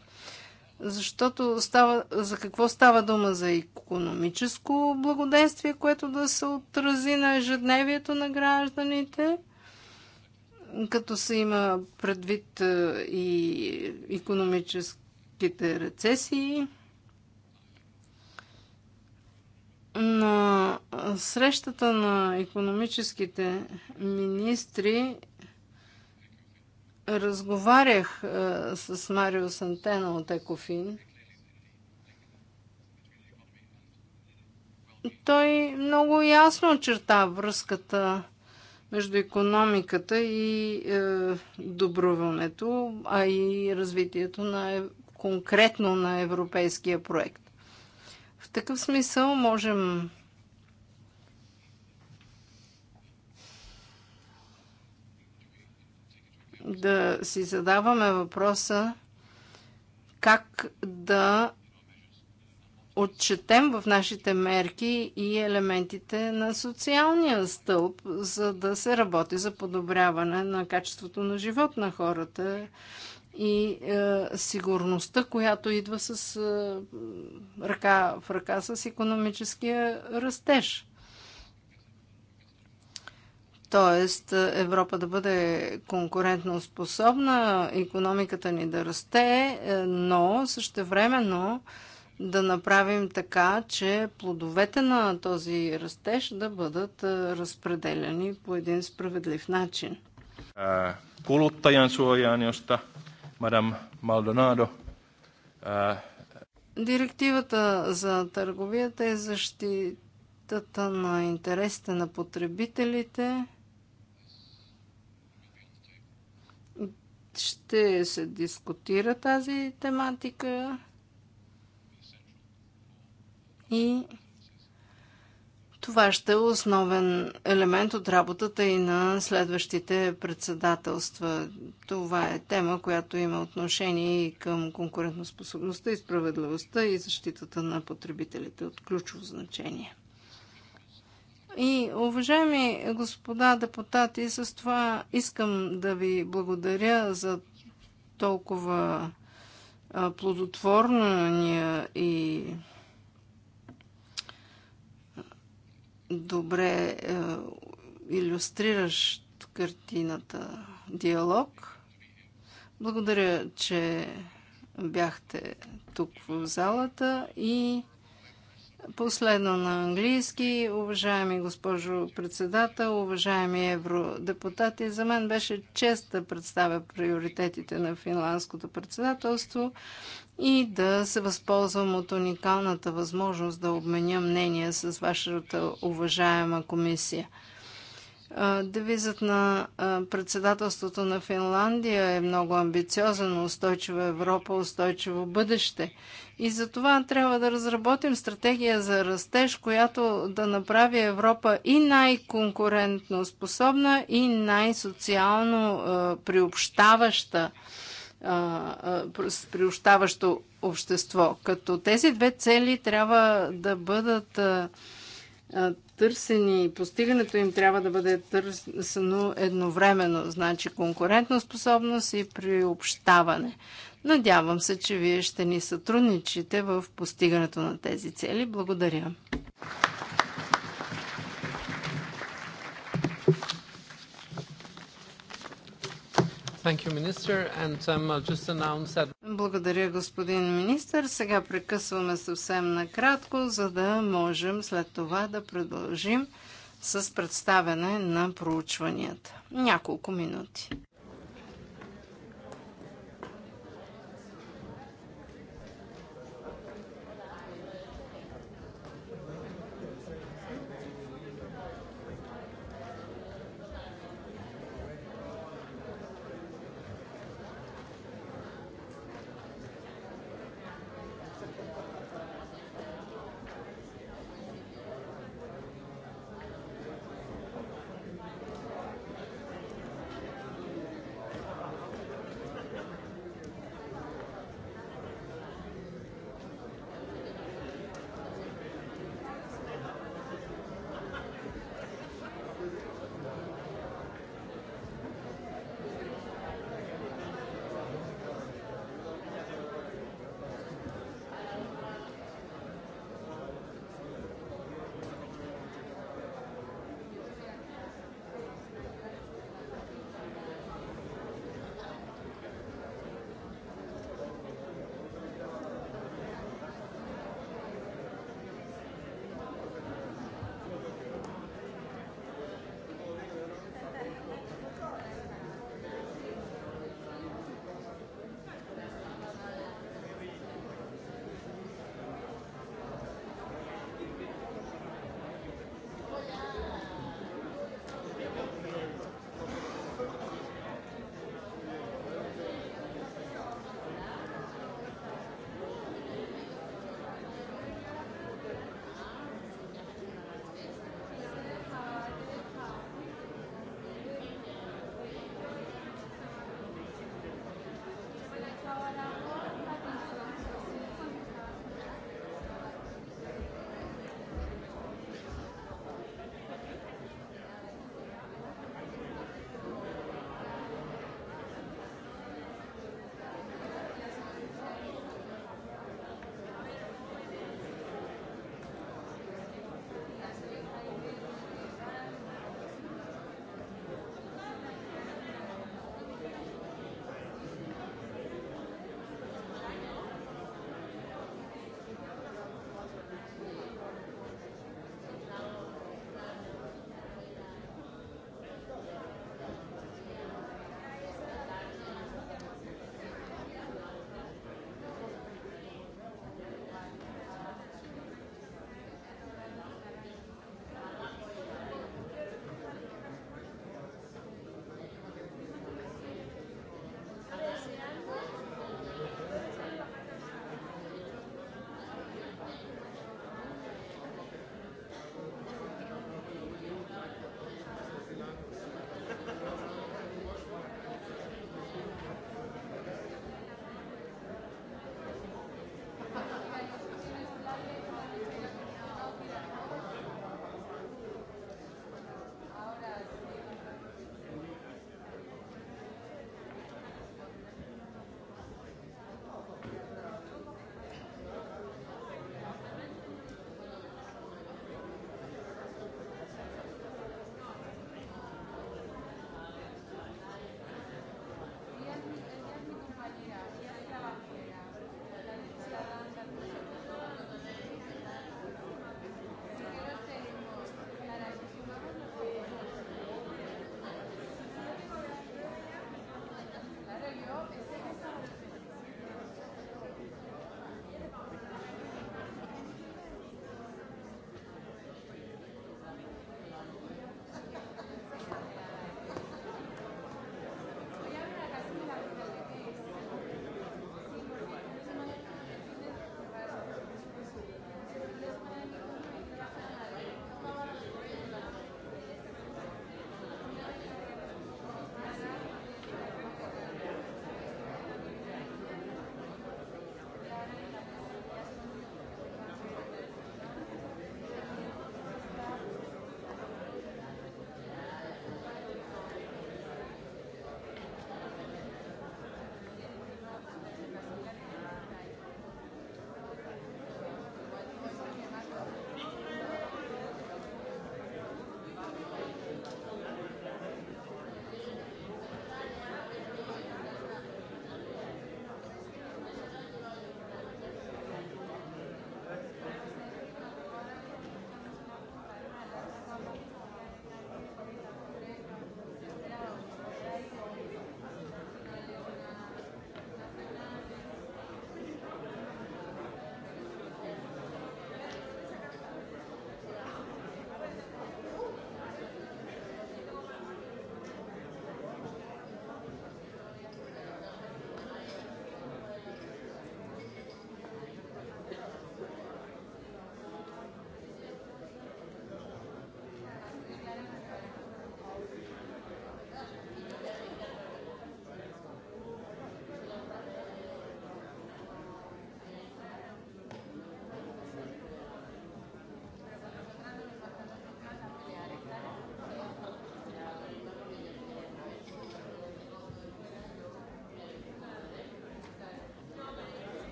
Защото става, за какво става дума? За економическо благоденствие, което да се отрази на ежедневието на гражданите, като се има предвид и економическите рецесии. На срещата на економическите министри разговарях е, с Марио Сантена от Екофин. Той много ясно очерта връзката между економиката и е, добруването, а и развитието на, конкретно на европейския проект. В такъв смисъл можем да си задаваме въпроса как да отчетем в нашите мерки и елементите на социалния стълб, за да се работи за подобряване на качеството на живот на хората и е, сигурността, която идва с е, ръка в ръка с економическия растеж. Тоест, е, Европа да бъде конкурентно способна, економиката ни да расте, е, но същевременно да направим така, че плодовете на този растеж да бъдат е, разпределени по един справедлив начин. Kuluttajan suojaan, josta мадам Малдонадо. Директивата за търговията е защитата на интересите на потребителите. Ще се дискутира тази тематика и това ще е основен елемент от работата и на следващите председателства. Това е тема, която има отношение и към конкурентоспособността и справедливостта и защитата на потребителите от ключово значение. И, уважаеми господа депутати, с това искам да ви благодаря за толкова плодотворния и добре е, картината диалог. Благодаря, че бяхте тук в залата и Последно на английски. Уважаеми госпожо председател, уважаеми евродепутати, за мен беше чест да представя приоритетите на финландското председателство и да се възползвам от уникалната възможност да обменя мнение с вашата уважаема комисия. Девизът на председателството на Финландия е много амбициозен. Устойчива Европа, устойчиво бъдеще. И за това трябва да разработим стратегия за растеж, която да направи Европа и най-конкурентно способна, и най-социално приобщаваща приощаващо общество. Като тези две цели трябва да бъдат търсени, постигането им трябва да бъде търсено едновременно, значи конкурентна способност и приобщаване. Надявам се, че вие ще ни сътрудничите в постигането на тези цели. Благодаря. Um, Благодаря, господин министр. Сега прекъсваме съвсем накратко, за да можем след това да продължим с представяне на проучванията. Няколко минути.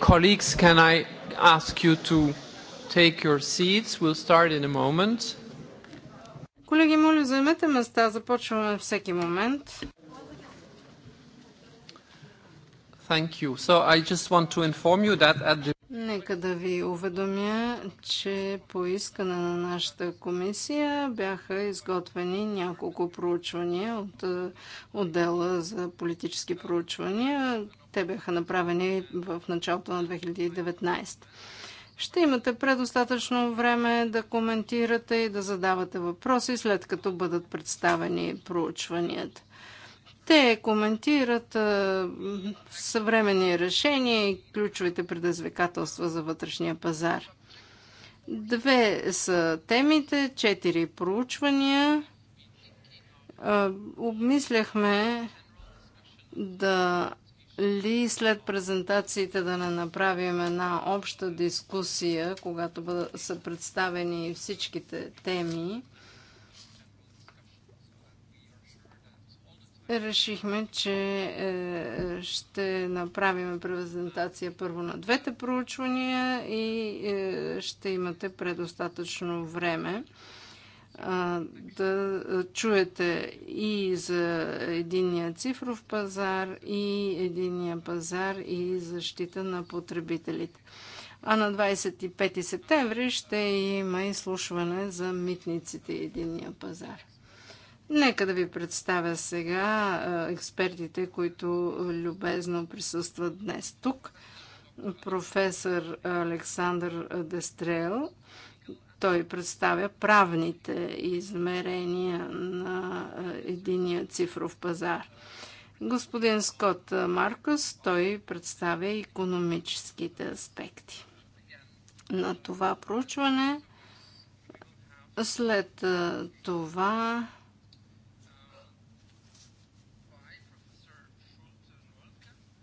Colleagues, can I ask you to take your seats? We'll start in a moment. Колеги, моля, займете места. Започваме всеки момент. Thank you. So I just want to inform you that at the Нека да ви уведомя, че по искане на нашата комисия бяха изготвени няколко проучвания от е, отдела за политически проучвания. Те бяха направени в началото на 2019. Ще имате предостатъчно време да коментирате и да задавате въпроси, след като бъдат представени проучванията. Те коментират съвременни решения и ключовите предизвикателства за вътрешния пазар. Две са темите, четири проучвания. Обмисляхме да ли след презентациите да не направим една обща дискусия, когато са представени всичките теми? решихме, че е, ще направим презентация първо на двете проучвания и е, ще имате предостатъчно време да чуете и за единия цифров пазар, и единия пазар, и защита на потребителите. А на 25 септември ще има изслушване за митниците и единия пазар. Нека да ви представя сега експертите, които любезно присъстват днес тук. Професор Александър Дестрел – той представя правните измерения на е, единия цифров пазар. Господин Скот Маркос, той представя економическите аспекти на това проучване. След е, това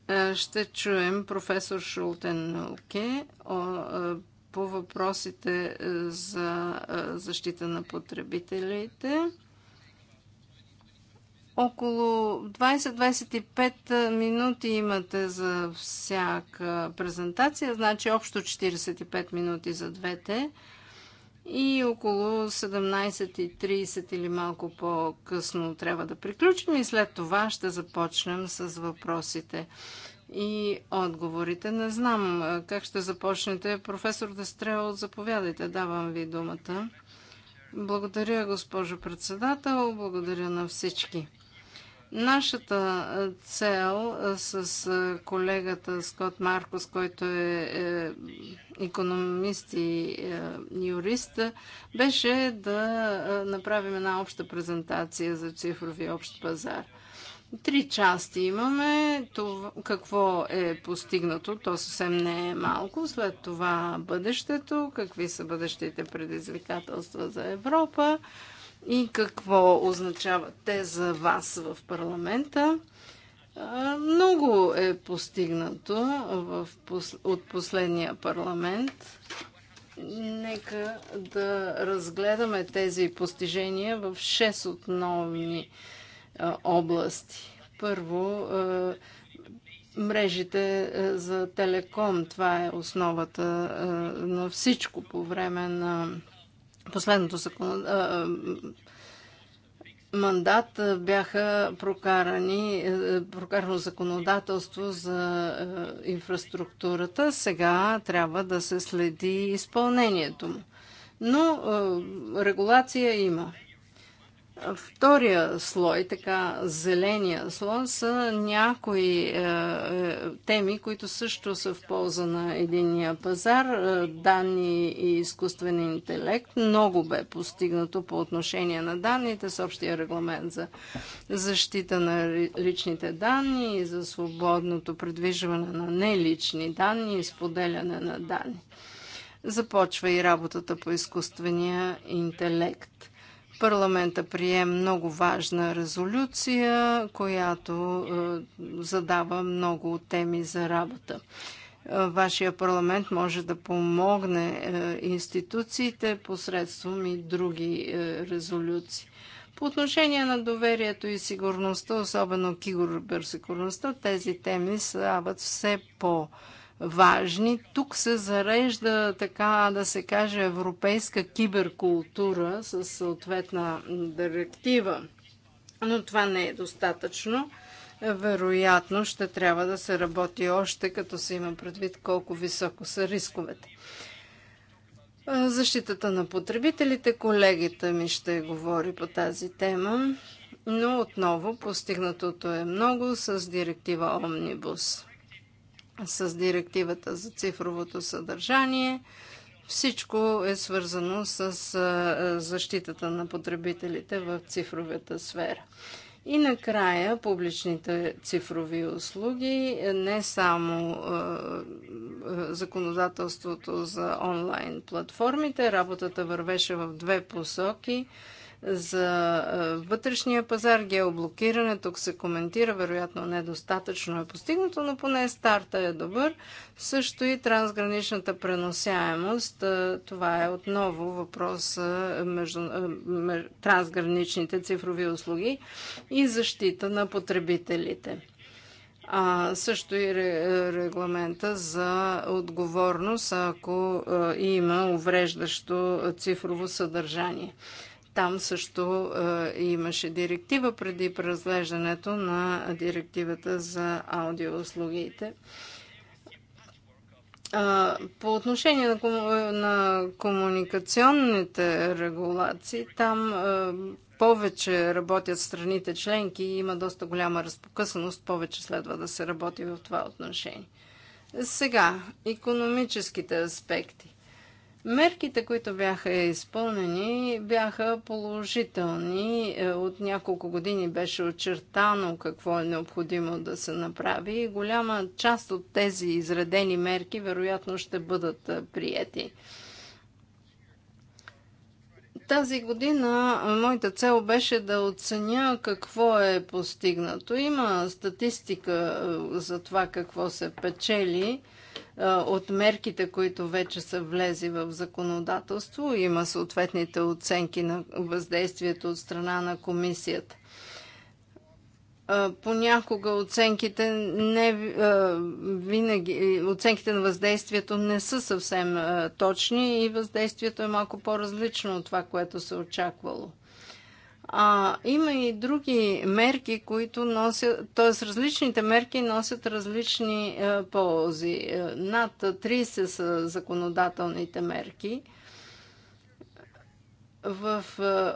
е, ще чуем професор Шултен Науке, по въпросите е, за е, защита на потребителите. Около 20-25 е, минути имате за всяка презентация, значи общо 45 минути за двете и около 17.30 или малко по-късно трябва да приключим и след това ще започнем с въпросите и отговорите. Не знам как ще започнете. Професор Дестрел, заповядайте, давам ви думата. Благодаря, госпожо председател, благодаря на всички. Нашата цел с колегата Скот Маркос, който е економист и е, юрист, беше да направим една обща презентация за цифрови общ пазар – Три части имаме. Това, какво е постигнато, то съвсем не е малко. След това бъдещето, какви са бъдещите предизвикателства за Европа и какво означават те за вас в парламента. Много е постигнато в, от последния парламент. Нека да разгледаме тези постижения в 6 основни области. Първо, мрежите за телеком. Това е основата на всичко по време на последното мандат бяха прокарани, прокарано законодателство за инфраструктурата. Сега трябва да се следи изпълнението му. Но регулация има. Втория слой, така зеления слой, са някои е, е, теми, които също са в полза на единния пазар. Е, данни и изкуствен интелект. Много бе постигнато по отношение на данните с общия регламент за защита на личните данни и за свободното предвижване на нелични данни и споделяне на данни. Започва и работата по изкуствения интелект Парламента прие много важна резолюция, която е, задава много теми за работа. Е, вашия парламент може да помогне е, институциите посредством и други резолюции. По отношение на доверието и сигурността, особено киберсигурността, тези теми стават все по-важни важни. Тук се зарежда, така да се каже, европейска киберкултура с съответна директива. Но това не е достатъчно. Вероятно ще трябва да се работи още, като се има предвид колко високо са рисковете. Защитата на потребителите, колегите ми ще говори по тази тема, но отново постигнатото е много с директива Омнибус с директивата за цифровото съдържание. Всичко е свързано с защитата на потребителите в цифровата сфера. И накрая публичните цифрови услуги, не само е, законодателството за онлайн платформите, работата вървеше в две посоки – за вътрешния пазар, геоблокиране, тук се коментира, вероятно недостатъчно е постигнато, но поне старта е добър. Също и трансграничната преносяемост. Това е отново въпрос между трансграничните цифрови услуги и защита на потребителите а, също и регламента за отговорност, ако има увреждащо цифрово съдържание. Там също е, имаше директива преди преразглеждането на директивата за аудиоуслугите. Е, по отношение е, на, комуникационните регулации, там е, повече работят страните членки и има доста голяма разпокъсаност, повече следва да се работи в това отношение. Сега, економическите аспекти. Мерките, които бяха изпълнени, бяха положителни. Е, от няколко години беше очертано какво е необходимо да се направи и голяма част от тези изредени мерки вероятно ще бъдат е, приети. Тази година е, моята цел беше да оценя какво е постигнато. Има статистика за това какво се печели е, от мерките, които вече са влезли в законодателство. Има съответните оценки на въздействието от страна на комисията. Е, понякога оценките не е, винаги, оценките на въздействието не са съвсем точни и въздействието е малко по-различно от това, което се очаквало. А, има и други мерки, които носят, т.е. различните мерки носят различни е, ползи. Е, над 30 са законодателните мерки. В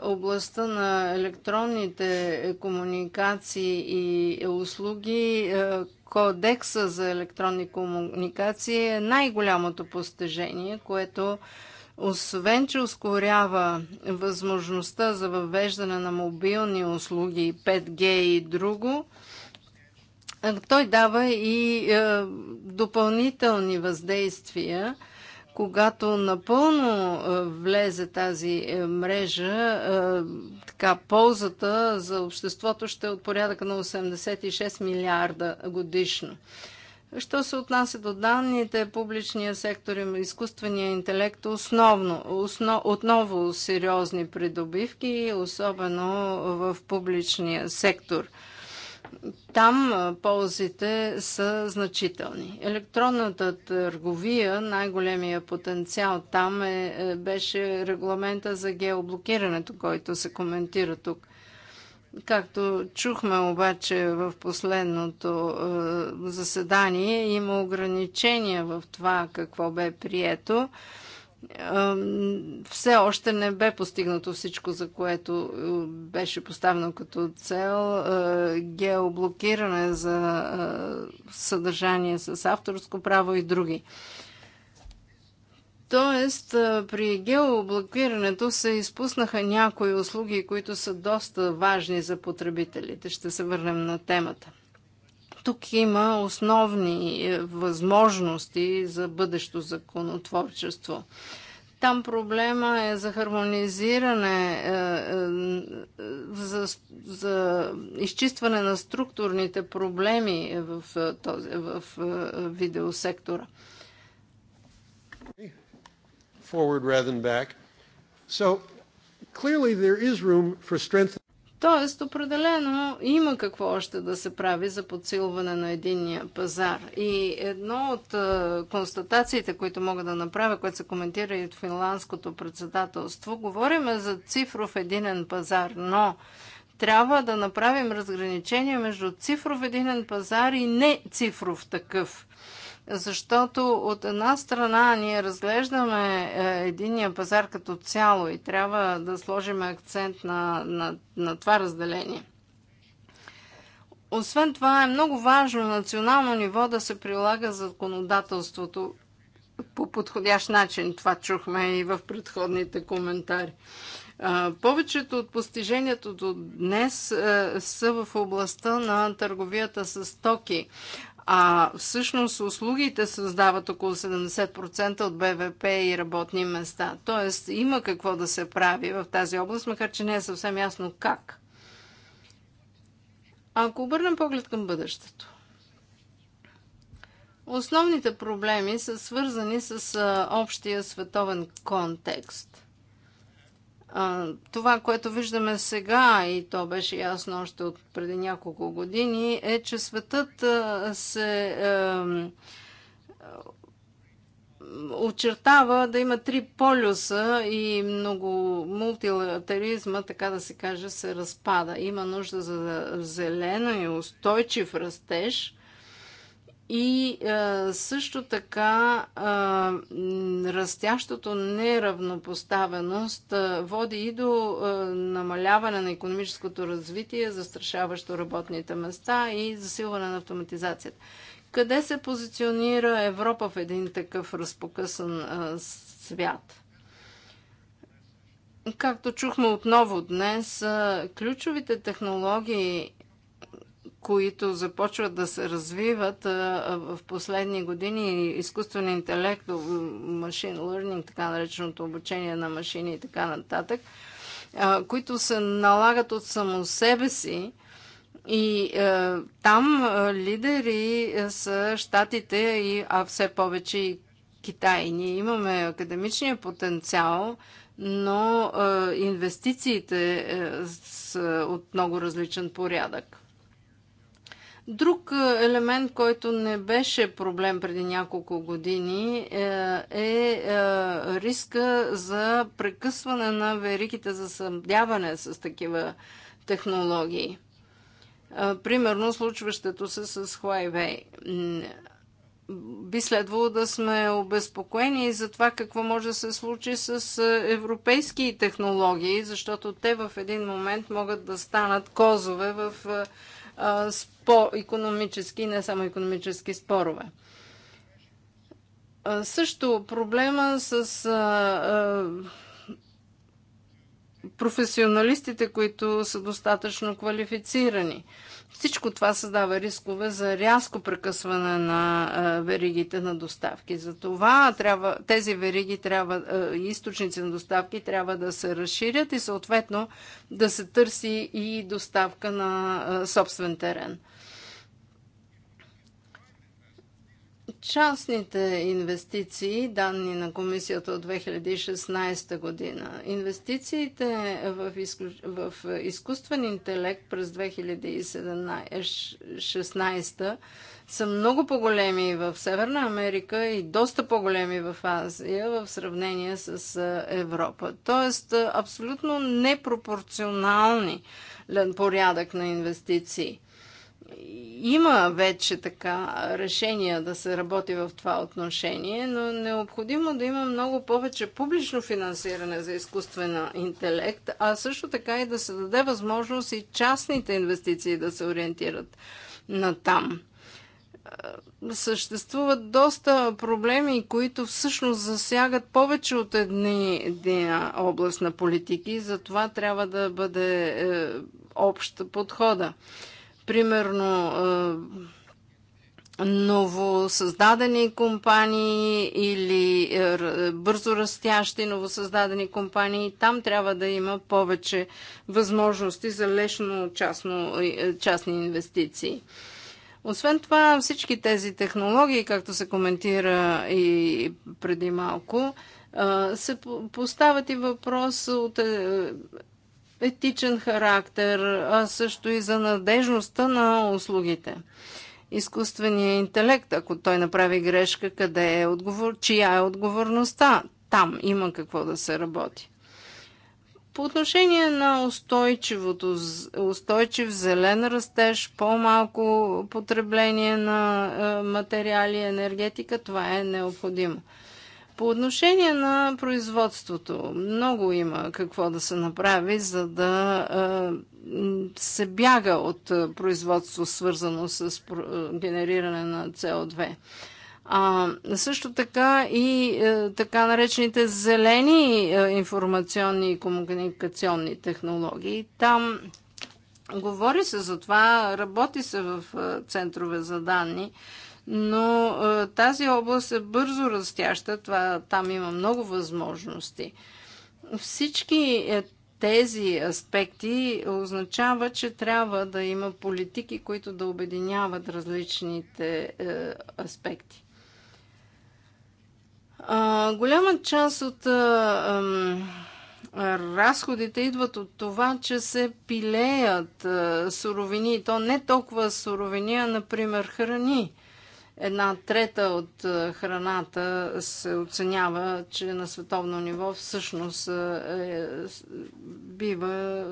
е, областта на електронните комуникации и услуги е, Кодекса за електронни комуникации е най-голямото постижение, което е, освен, че ускорява възможността за въвеждане на мобилни услуги 5G и друго, той дава и е, допълнителни въздействия. Когато напълно е, влезе тази е, мрежа, така ползата за обществото ще е от порядъка на 86 милиарда годишно. Що се отнася до данните, публичния сектор и изкуствения интелект основно, основ, отново сериозни придобивки, особено в публичния сектор. Там ползите са значителни. Електронната търговия, най-големия потенциал там е, е беше регламента за геоблокирането, който се коментира тук. Както чухме обаче в последното е, заседание, има ограничения в това какво бе прието. Е, все още не бе постигнато всичко, за което е, беше поставено като цел. Геоблокиране за съдържание с авторско право и други. Тоест, при геоблокирането се изпуснаха някои услуги, които са доста важни за потребителите. Ще се върнем на темата. Тук има основни е, възможности за бъдещо законотворчество. Там проблема е за хармонизиране, е, е, за, за изчистване на структурните проблеми в, този, в видеосектора forward rather than back. So clearly there is room for strength. Тоест, определено има какво още да се прави за подсилване на единния пазар. И едно от е, констатациите, които мога да направя, което се коментира и от финландското председателство, говорим за цифров единен пазар, но трябва да направим разграничение между цифров единен пазар и не цифров такъв защото от една страна ние разглеждаме е, единия пазар като цяло и трябва да сложим акцент на, на, на това разделение. Освен това е много важно национално ниво да се прилага законодателството по подходящ начин. Това чухме и в предходните коментари. Повечето от постиженията до днес е, са в областта на търговията с токи. А всъщност услугите създават около 70% от БВП и работни места. Тоест има какво да се прави в тази област, макар че не е съвсем ясно как. Ако обърнем поглед към бъдещето, основните проблеми са свързани с общия световен контекст това, което виждаме сега, и то беше ясно още от преди няколко години, е, че светът се очертава да има три полюса и много мултилатеризма, така да се каже, се разпада. Има нужда за зелено и устойчив растеж – и е, също така е, растящото неравнопоставеност е, води и до е, намаляване на економическото развитие, застрашаващо работните места и засилване на автоматизацията. Къде се позиционира Европа в един такъв разпокъсан свят? Както чухме отново днес, ключовите технологии които започват да се развиват в последни години, изкуствен интелект, машин learning, така нареченото обучение на машини и така нататък, които се налагат от само себе си. И е, там лидери са щатите, и, а все повече и Китай. Ние имаме академичния потенциал, но е, инвестициите е, са от много различен порядък. Друг е, елемент, който не беше проблем преди няколко години, е, е, е риска за прекъсване на вериките за съмдяване с такива технологии. Примерно случващото се с Huawei. Би следвало да сме обезпокоени за това какво може да се случи с европейски технологии, защото те в един момент могат да станат козове в по економически не само економически спорове. Също проблема с професионалистите, които са достатъчно квалифицирани. Всичко това създава рискове за рязко прекъсване на веригите на доставки. Затова трябва, тези вериги трябва, източници на доставки трябва да се разширят и съответно да се търси и доставка на собствен терен. Частните инвестиции, данни на комисията от 2016 година, инвестициите в, изку... в изкуствен интелект през 2016 са много по-големи в Северна Америка и доста по-големи в Азия в сравнение с Европа. Тоест, абсолютно непропорционални порядък на инвестиции – има вече така решения да се работи в това отношение, но необходимо да има много повече публично финансиране за изкуствена интелект, а също така и да се даде възможност и частните инвестиции да се ориентират на там. Съществуват доста проблеми, които всъщност засягат повече от една област на политики, затова трябва да бъде е, общ подхода примерно новосъздадени компании или бързо растящи новосъздадени компании. Там трябва да има повече възможности за лешно частно, частни инвестиции. Освен това, всички тези технологии, както се коментира и преди малко, се поставят и въпрос от етичен характер, а също и за надежността на услугите. Изкуственият интелект, ако той направи грешка, къде е отговор, чия е отговорността? Там има какво да се работи. По отношение на устойчивото, устойчив зелен растеж, по-малко потребление на е, материали, енергетика, това е необходимо. По отношение на производството, много има какво да се направи, за да се бяга от производство, свързано с генериране на CO2. А, също така и е, така наречените зелени е, информационни и комуникационни технологии. Там говори се за това, работи се в е, центрове за данни но е, тази област е бързо растяща, това, там има много възможности. Всички е, тези аспекти означава, че трябва да има политики, които да обединяват различните е, аспекти. А, голяма част от а, е, а, разходите идват от това, че се пилеят а, суровини. То не толкова суровини, а, например, храни една трета от е, храната се оценява, че на световно ниво всъщност е, бива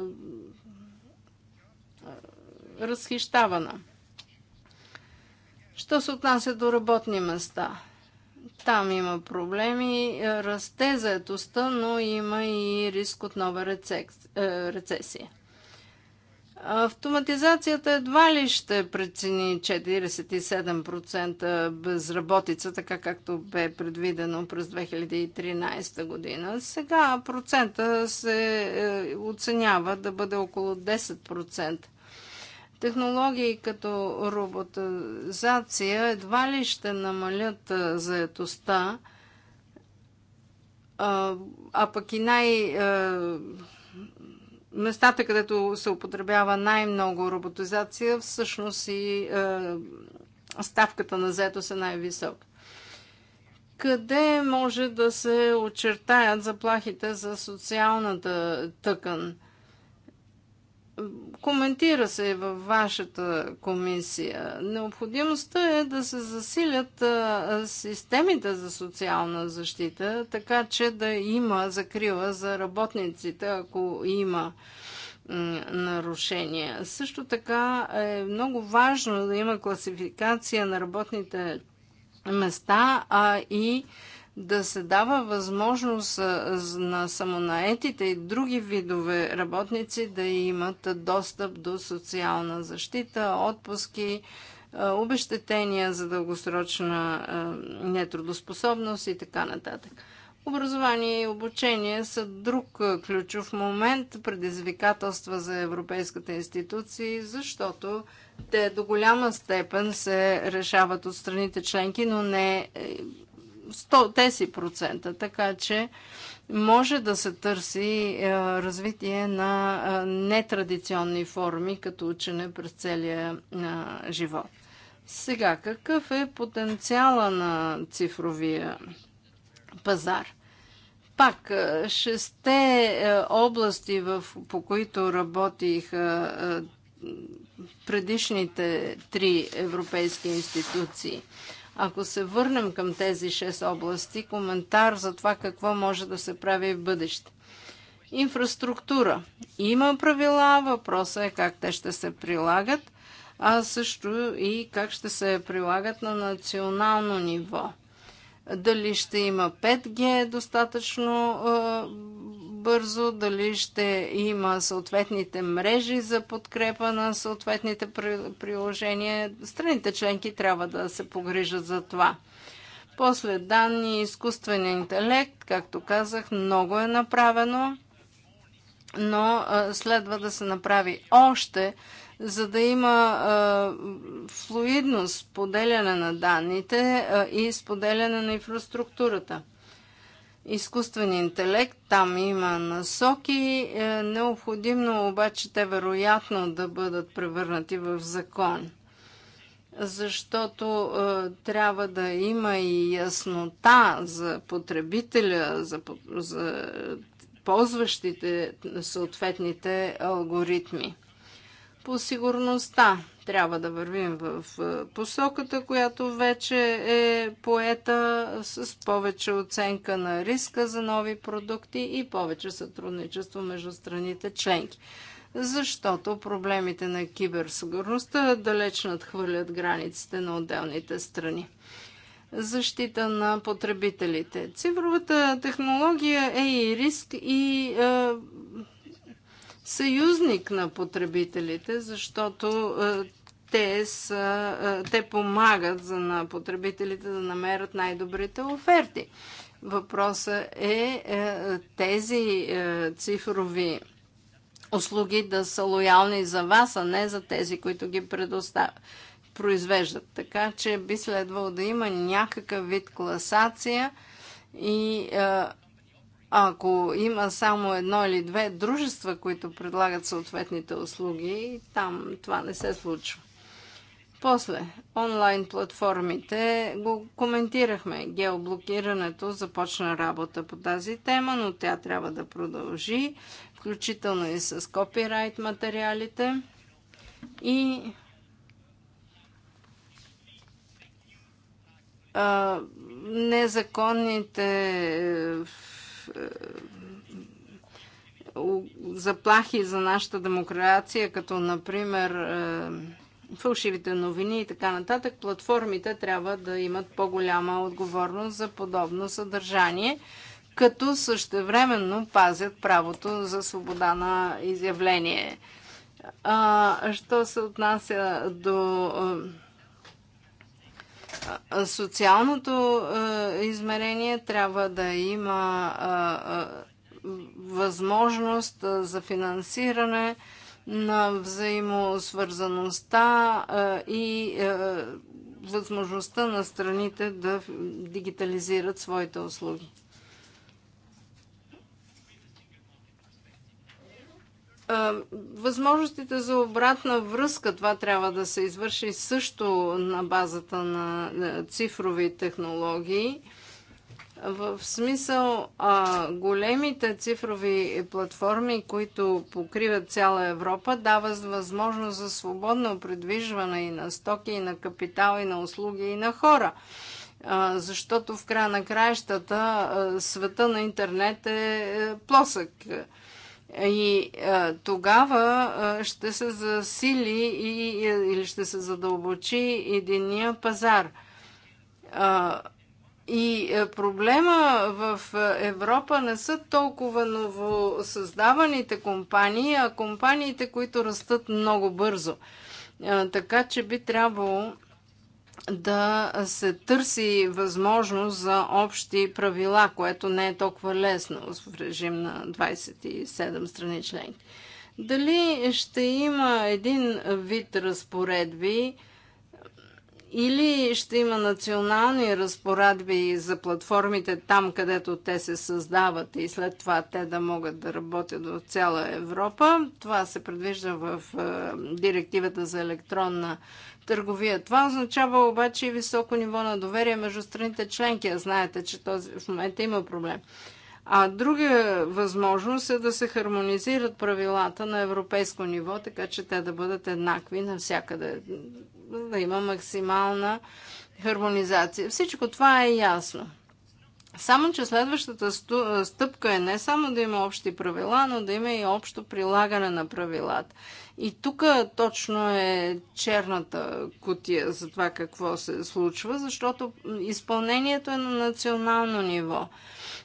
е, разхищавана. Що се отнася до работни места? Там има проблеми, е, расте заетостта, но има и риск от нова рецесия. Автоматизацията едва ли ще прецени 47% безработица, така както бе предвидено през 2013 година. Сега процента се е, оценява да бъде около 10%. Технологии като роботизация едва ли ще намалят е, заетостта, е, а пък и най- местата, където се употребява най-много роботизация, всъщност и е, ставката на заетост е най-висока. Къде може да се очертаят заплахите за социалната тъкан? Коментира се във вашата комисия. Необходимостта е да се засилят системите за социална защита, така че да има закрила за работниците, ако има нарушения. Също така е много важно да има класификация на работните места, а и да се дава възможност на самонаетите и други видове работници да имат достъп до социална защита, отпуски, обещетения за дългосрочна нетрудоспособност и така нататък. Образование и обучение са друг ключов момент, предизвикателства за Европейската институция, защото те до голяма степен се решават от страните членки, но не е, 10%, така че може да се търси е, развитие на е, нетрадиционни форми, като учене през целия е, живот. Сега, какъв е потенциала на цифровия пазар? Пак, шесте области, в, по които работих предишните три европейски институции – ако се върнем към тези 6 области, коментар за това какво може да се прави в бъдеще. Инфраструктура. Има правила, въпросът е как те ще се прилагат, а също и как ще се прилагат на национално ниво. Дали ще има 5G е достатъчно бързо, дали ще има съответните мрежи за подкрепа на съответните приложения. Страните членки трябва да се погрижат за това. После данни, изкуствен интелект, както казах, много е направено, но следва да се направи още, за да има флуидност, поделяне на данните и споделяне на инфраструктурата – изкуствен интелект. Там има насоки, е необходимо обаче те вероятно да бъдат превърнати в закон. Защото е, трябва да има и яснота за потребителя, за, за ползващите съответните алгоритми. По сигурността трябва да вървим в посоката, която вече е поета с повече оценка на риска за нови продукти и повече сътрудничество между страните членки. Защото проблемите на киберсигурността далеч надхвърлят границите на отделните страни защита на потребителите. Цифровата технология е и риск, и е, съюзник на потребителите, защото е, те, са, те помагат за на потребителите да намерят най-добрите оферти. Въпросът е, е тези е, цифрови услуги да са лоялни за вас, а не за тези, които ги предоставят произвеждат. Така че би следвало да има някакъв вид класация и е, ако има само едно или две дружества, които предлагат съответните услуги, там това не се случва. После, онлайн платформите го коментирахме. Геоблокирането започна работа по тази тема, но тя трябва да продължи, включително и с копирайт материалите. И а, незаконните е, заплахи за нашата демокрация, като например е, фалшивите новини и така нататък, платформите трябва да имат по-голяма отговорност за подобно съдържание, като същевременно пазят правото за свобода на изявление. А, що се отнася до а, социалното а, измерение, трябва да има а, възможност за финансиране на взаимосвързаността и възможността на страните да дигитализират своите услуги. Възможностите за обратна връзка, това трябва да се извърши също на базата на цифрови технологии в смисъл, а, големите цифрови платформи, които покриват цяла Европа, дават възможност за свободно придвижване и на стоки, и на капитал, и на услуги, и на хора. А, защото в края на краищата а, света на интернет е, е плосък. И а, тогава а, ще се засили и, или ще се задълбочи единия пазар. А, и е, проблема в е, Европа не са толкова новосъздаваните компании, а компаниите, които растат много бързо. Е, така че би трябвало да се търси възможност за общи правила, което не е толкова лесно в режим на 27 страни членки. Дали ще има един вид разпоредби, или ще има национални разпоредби за платформите там, където те се създават и след това те да могат да работят в цяла Европа. Това се предвижда в е, директивата за електронна търговия. Това означава обаче и високо ниво на доверие между страните членки. А знаете, че този, в момента има проблем. А друга възможност е да се хармонизират правилата на европейско ниво, така че те да бъдат еднакви навсякъде да има максимална хармонизация. Всичко това е ясно. Само, че следващата стъпка е не само да има общи правила, но да има и общо прилагане на правилата. И тук точно е черната кутия за това какво се случва, защото изпълнението е на национално ниво.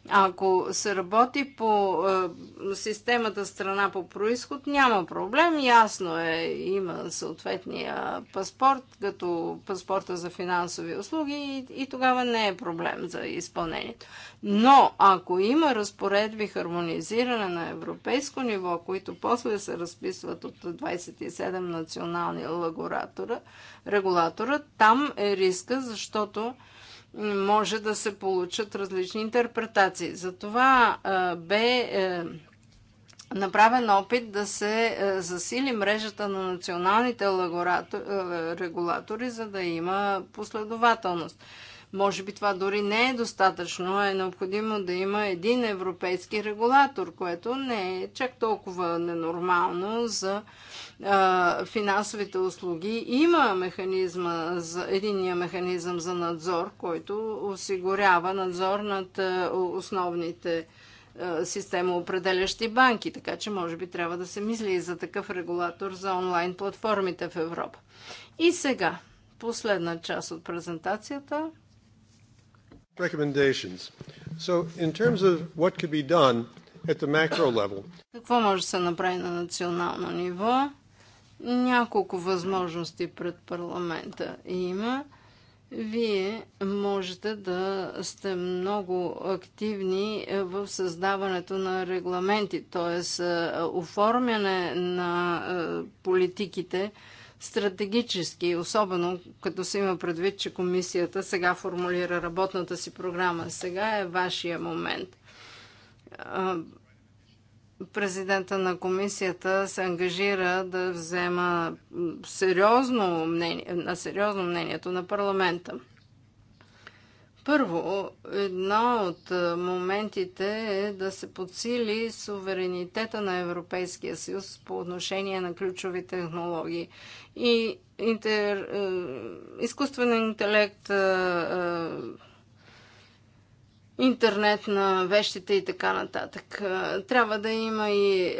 Ако се работи по е, системата страна по происход, няма проблем. Ясно е, има съответния паспорт, като паспорта за финансови услуги и, и тогава не е проблем за изпълнението. Но ако има разпоредби хармонизиране на европейско ниво, които после се разписват от 27 национални регулатора там е риска, защото може да се получат различни интерпретации. Затова бе е, направен опит да се е, засили мрежата на националните е, регулатори, за да има последователност. Може би това дори не е достатъчно, е необходимо да има един европейски регулатор, което не е чак толкова ненормално за финансовите услуги. Има механизма, единия механизъм за надзор, който осигурява надзор над основните система определящи банки, така че може би трябва да се мисли и за такъв регулатор за онлайн платформите в Европа. И сега, последна част от презентацията. Recommendations. So in terms of what could be done at the macro level. Какво може да се направи на национално ниво? Няколко възможности пред парламента има. Вие можете да сте много активни е, в създаването на регламенти, т.е. Е, оформяне на е, политиките стратегически, особено като се има предвид, че комисията сега формулира работната си програма. Сега е вашия момент. Президента на комисията се ангажира да взема сериозно мнение, на сериозно мнението на парламента. Първо, едно от моментите е да се подсили суверенитета на Европейския съюз по отношение на ключови технологии. И интер, е, изкуствен интелект, е, интернет на вещите и така нататък. Е, трябва да има и е,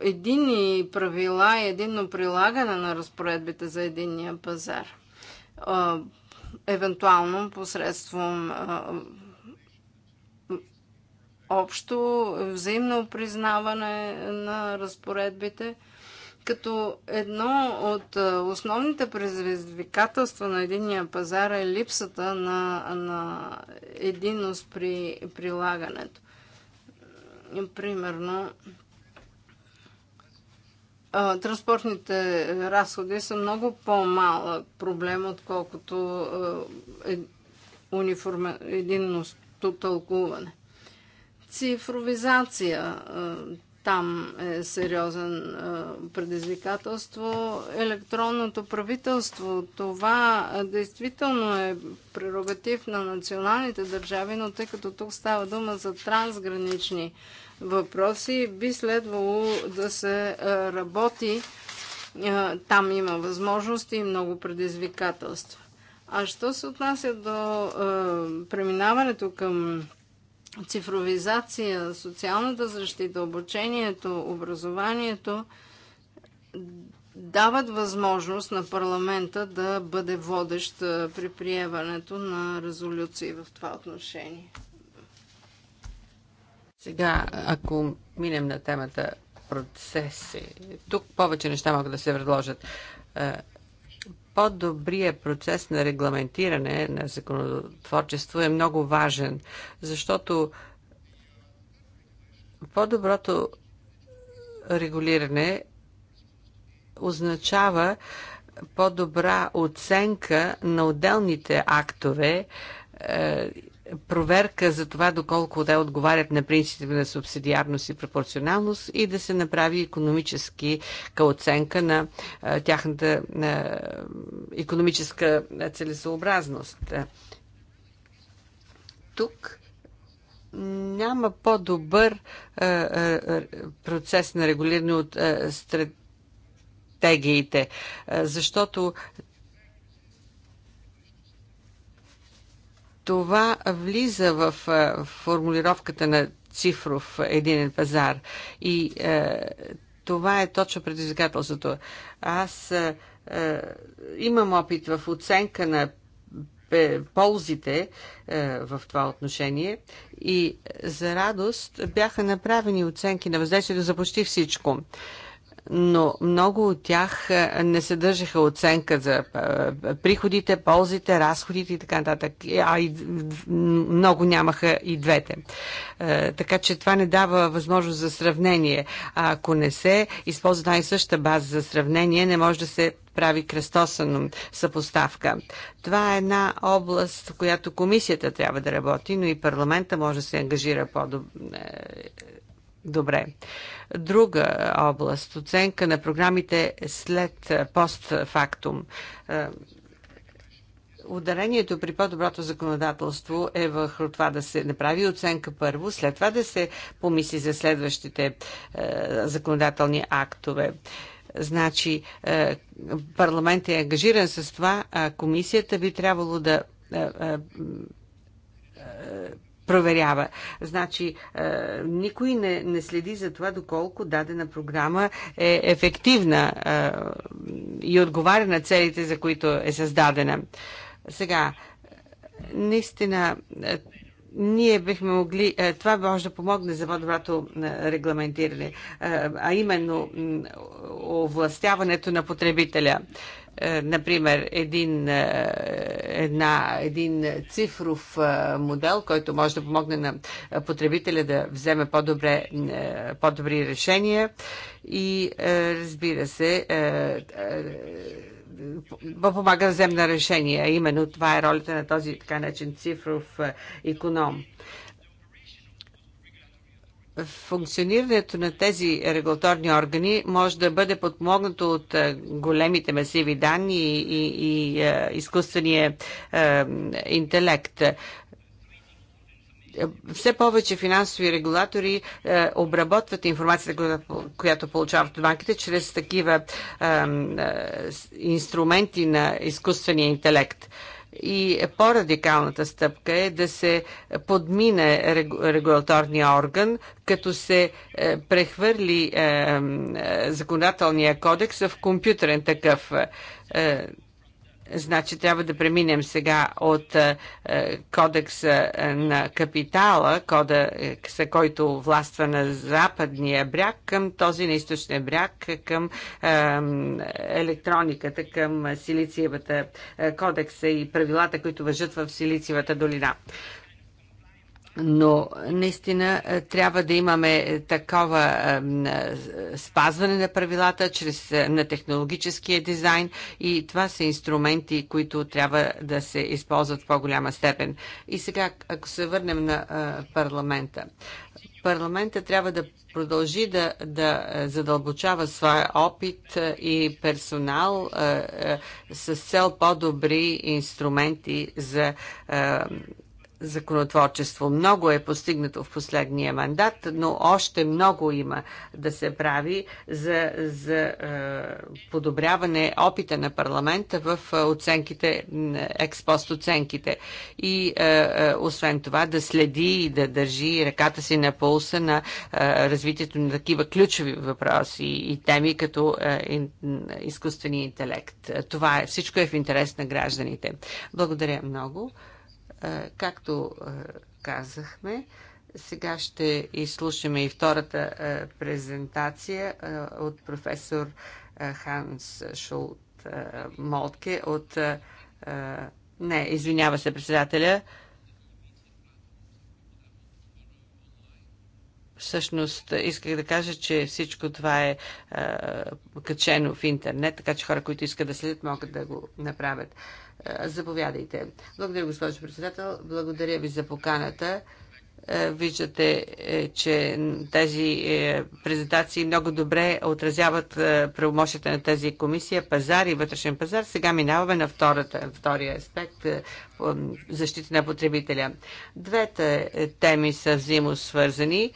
единни правила и единно прилагане на разпоредбите за единния пазар. Е, евентуално посредством общо взаимно признаване на разпоредбите – като едно от основните предизвикателства на единия пазар е липсата на, на единност при прилагането. Примерно, транспортните разходи са много по-малък проблем, отколкото е, униформе, тълкуване. Цифровизация, там е сериозен е, предизвикателство. Електронното правителство, това е, действително е прерогатив на националните държави, но тъй като тук става дума за трансгранични въпроси, би следвало да се е, работи. Там има възможности и много предизвикателства. А що се отнася до е, преминаването към цифровизация, социалната защита, обучението, образованието дават възможност на парламента да бъде водещ при приемането на резолюции в това отношение. Сега, ако минем на темата процеси, тук повече неща могат да се предложат. Е, по-добрия процес на регламентиране на законотворчество е много важен, защото по-доброто регулиране означава по-добра оценка на отделните актове е, проверка за това доколко те отговарят на принципите на субсидиарност и пропорционалност и да се направи економически оценка на тяхната на економическа целесообразност. Тук няма по-добър процес на регулиране от стратегиите, защото това влиза в е, формулировката на цифров единен пазар. И е, това е точно предизвикателството. Аз е, е, имам опит в оценка на е, ползите е, в това отношение и за радост бяха направени оценки на въздействието за почти всичко. Е, но много от тях е, не съдържаха оценка за е, приходите, ползите, разходите и така нататък. А и много нямаха и двете. Е, така че това не дава възможност за сравнение. А ако не се използва една и съща база за сравнение, не може да се прави кръстосано съпоставка. Това е една област, в която комисията трябва да работи, но и парламента може да се ангажира по-добре Добре. Друга област. Оценка на програмите след е, постфактум. Е, ударението при по-доброто законодателство е върху това да се направи оценка първо, след това да се помисли за следващите е, законодателни актове. Значи, е, парламент е ангажиран с това, а комисията би трябвало да. Е, е, е проверява. Значи, е, никой не, не следи за това доколко дадена програма е ефективна е, и отговаря на целите, за които е създадена. Сега, наистина, е, ние бихме могли, това може да помогне за по-доброто регламентиране, а именно овластяването на потребителя. Е, например, един, е, една, един цифров е, модел, който може да помогне на потребителя да вземе по-добре, по-добри решения и разбира се, помага да вземе на решения. Именно това е ролята на този така начин цифров економ функционирането на тези регулаторни органи може да бъде подпомогнато от е, големите масиви данни и, и, и е, изкуствения е, интелект все повече финансови регулатори е, обработват информацията, която получават от банките, чрез такива е, е, инструменти на изкуствения интелект. Е, и по-радикалната стъпка е да се подмине регулаторния орган, като се е, прехвърли е, е, законодателния кодекс в компютърен такъв Значи трябва да преминем сега от е, е, кодекса е, на капитала, кодекса, който властва на западния бряг, към този на източния бряг, към електрониката, към силициевата кодекса и правилата, които въжат в силициевата долина но наистина е, трябва да имаме е, такова е, спазване на правилата чрез, на технологическия дизайн и това са инструменти, които трябва да се използват в по-голяма степен. И сега, ако се върнем на парламента. Парламента трябва да продължи да, да задълбочава своя опит и персонал с цел по-добри инструменти за законотворчество. Много е постигнато в последния мандат, но още много има да се прави за, за е, подобряване опита на парламента в е, оценките, експост оценките. И е, е, освен това да следи и да държи ръката си на пулса на е, развитието на такива ключови въпроси и теми като е, е, изкуствения интелект. Това е, всичко е в интерес на гражданите. Благодаря много. Както казахме, сега ще изслушаме и втората презентация от професор Ханс Шулт Молтке от... Не, извинява се председателя. Всъщност исках да кажа, че всичко това е, е качено в интернет, така че хора, които искат да следят, могат да го направят. Е, е, заповядайте. Благодаря, госпожо председател. Благодаря ви за поканата. Е, виждате, е, че тези презентации много добре отразяват правомощите на тази комисия, пазар и вътрешен пазар. Сега минаваме на втората, втория аспект защита на потребителя. Двете теми са взаимосвързани. свързани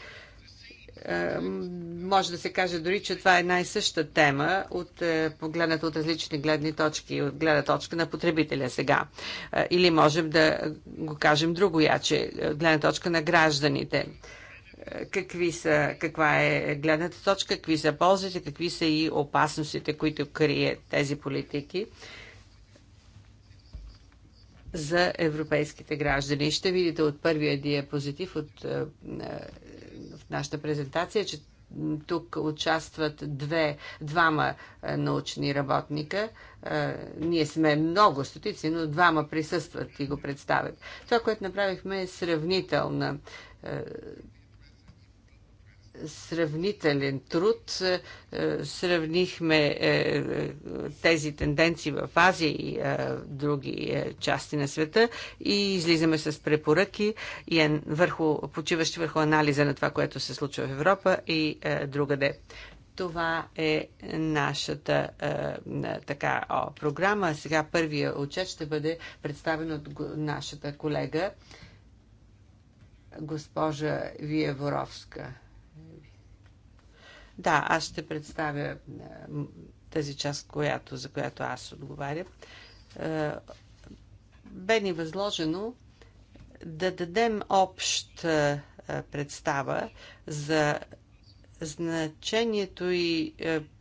може да се каже дори, че това е най съща тема, от, е, погледната от различни гледни точки, от гледна точка на потребителя сега. Е, или можем да го кажем друго яче, е, от гледна точка на гражданите. Какви са, каква е гледната точка, какви са ползите, какви са и опасностите, които крие тези политики за европейските граждани. Ще видите от първия диапозитив, от нашата презентация, че тук участват две, двама е, научни работника. Е, ние сме много стотици, но двама присъстват и го представят. Това, което направихме е сравнителна е, сравнителен труд. Е, е, сравнихме е, тези тенденции в Азия и други части на света и излизаме с препоръки и върху, почиващи върху анализа на това, което се случва в Европа и другаде. Това е нашата е, така, о, програма. Сега първия отчет ще бъде представен от нашата колега госпожа Виеворовска. Да, аз ще представя е, тази част, която, за която аз отговарям. Е, бе ни възложено да дадем обща е, представа за значението и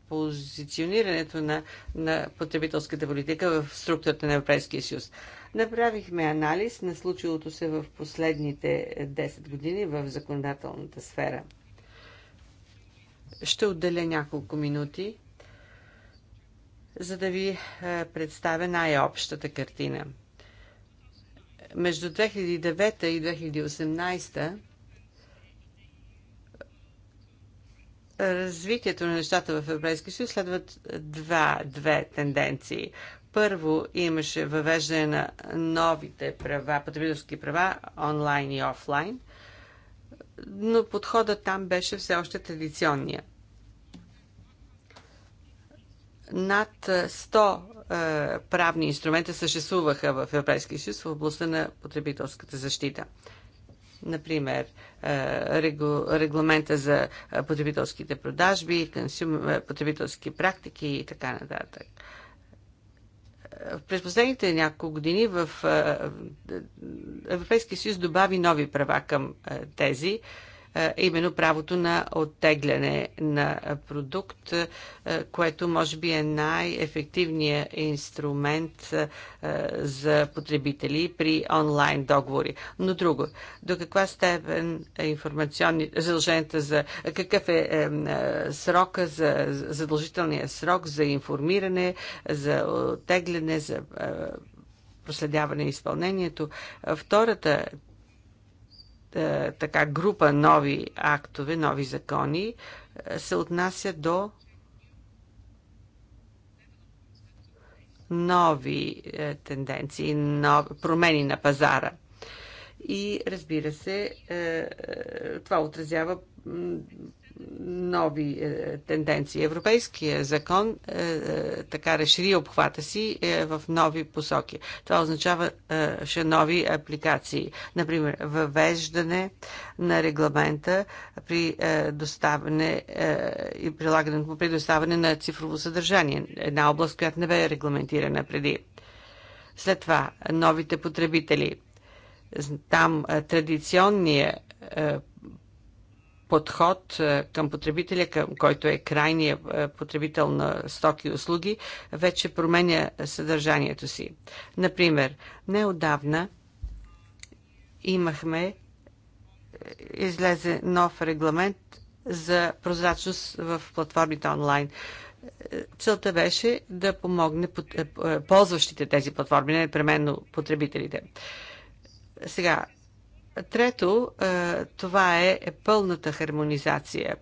позиционирането на, на потребителската политика в структурата на Европейския съюз. Направихме анализ на случилото се в последните 10 години в законодателната сфера – ще отделя няколко минути, за да ви е, представя най-общата картина. Между 2009 и 2018 развитието на нещата в Европейския съюз следват два, две тенденции. Първо имаше въвеждане на новите права, потребителски права, онлайн и офлайн но подходът там беше все още традиционния. Над 100 е, правни инструмента съществуваха в Европейския съюз в областта на потребителската защита. Например, е, регламента за потребителските продажби, е, потребителски практики и така нататък през последните няколко години в Европейския съюз добави нови права към тези, е, именно правото на оттегляне на продукт, е, което може би е най-ефективният инструмент е, за потребители при онлайн договори. Но друго, до каква степен информационни задълженията за какъв е срока за задължителния срок за информиране, за оттегляне, за проследяване и изпълнението. Втората е, така група нови актове, нови закони е, се отнася до нови е, тенденции, нови, промени на пазара. И разбира се, това отразява нови е, тенденции. Европейския закон е, е, така разшири обхвата си е, в нови посоки. Това означава е, ще нови апликации. Например, въвеждане на регламента при е, доставане и прилагането му при доставане на цифрово съдържание. Една област, която не бе регламентирана преди. След това новите потребители. Там традиционния подход е, към потребителя, към който е крайният е, потребител на стоки и услуги, вече променя съдържанието си. Например, неодавна имахме е, излезе нов регламент за прозрачност в платформите онлайн. Целта беше да помогне ползващите тези платформи, непременно потребителите. Сега, Трето, това е пълната хармонизация,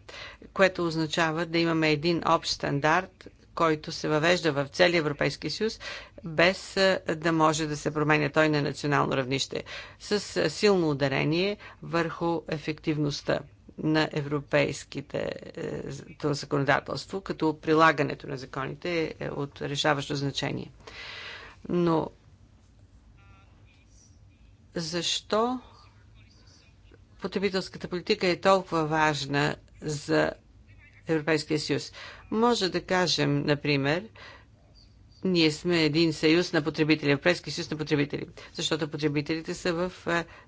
което означава да имаме един общ стандарт, който се въвежда в целия Европейски съюз, без да може да се променя той на национално равнище, с силно ударение върху ефективността на европейските е, законодателство, като прилагането на законите е, е от решаващо значение. Но защо потребителската политика е толкова важна за Европейския съюз? Може да кажем, например, ние сме един съюз на потребители, Европейски съюз на потребители, защото потребителите са в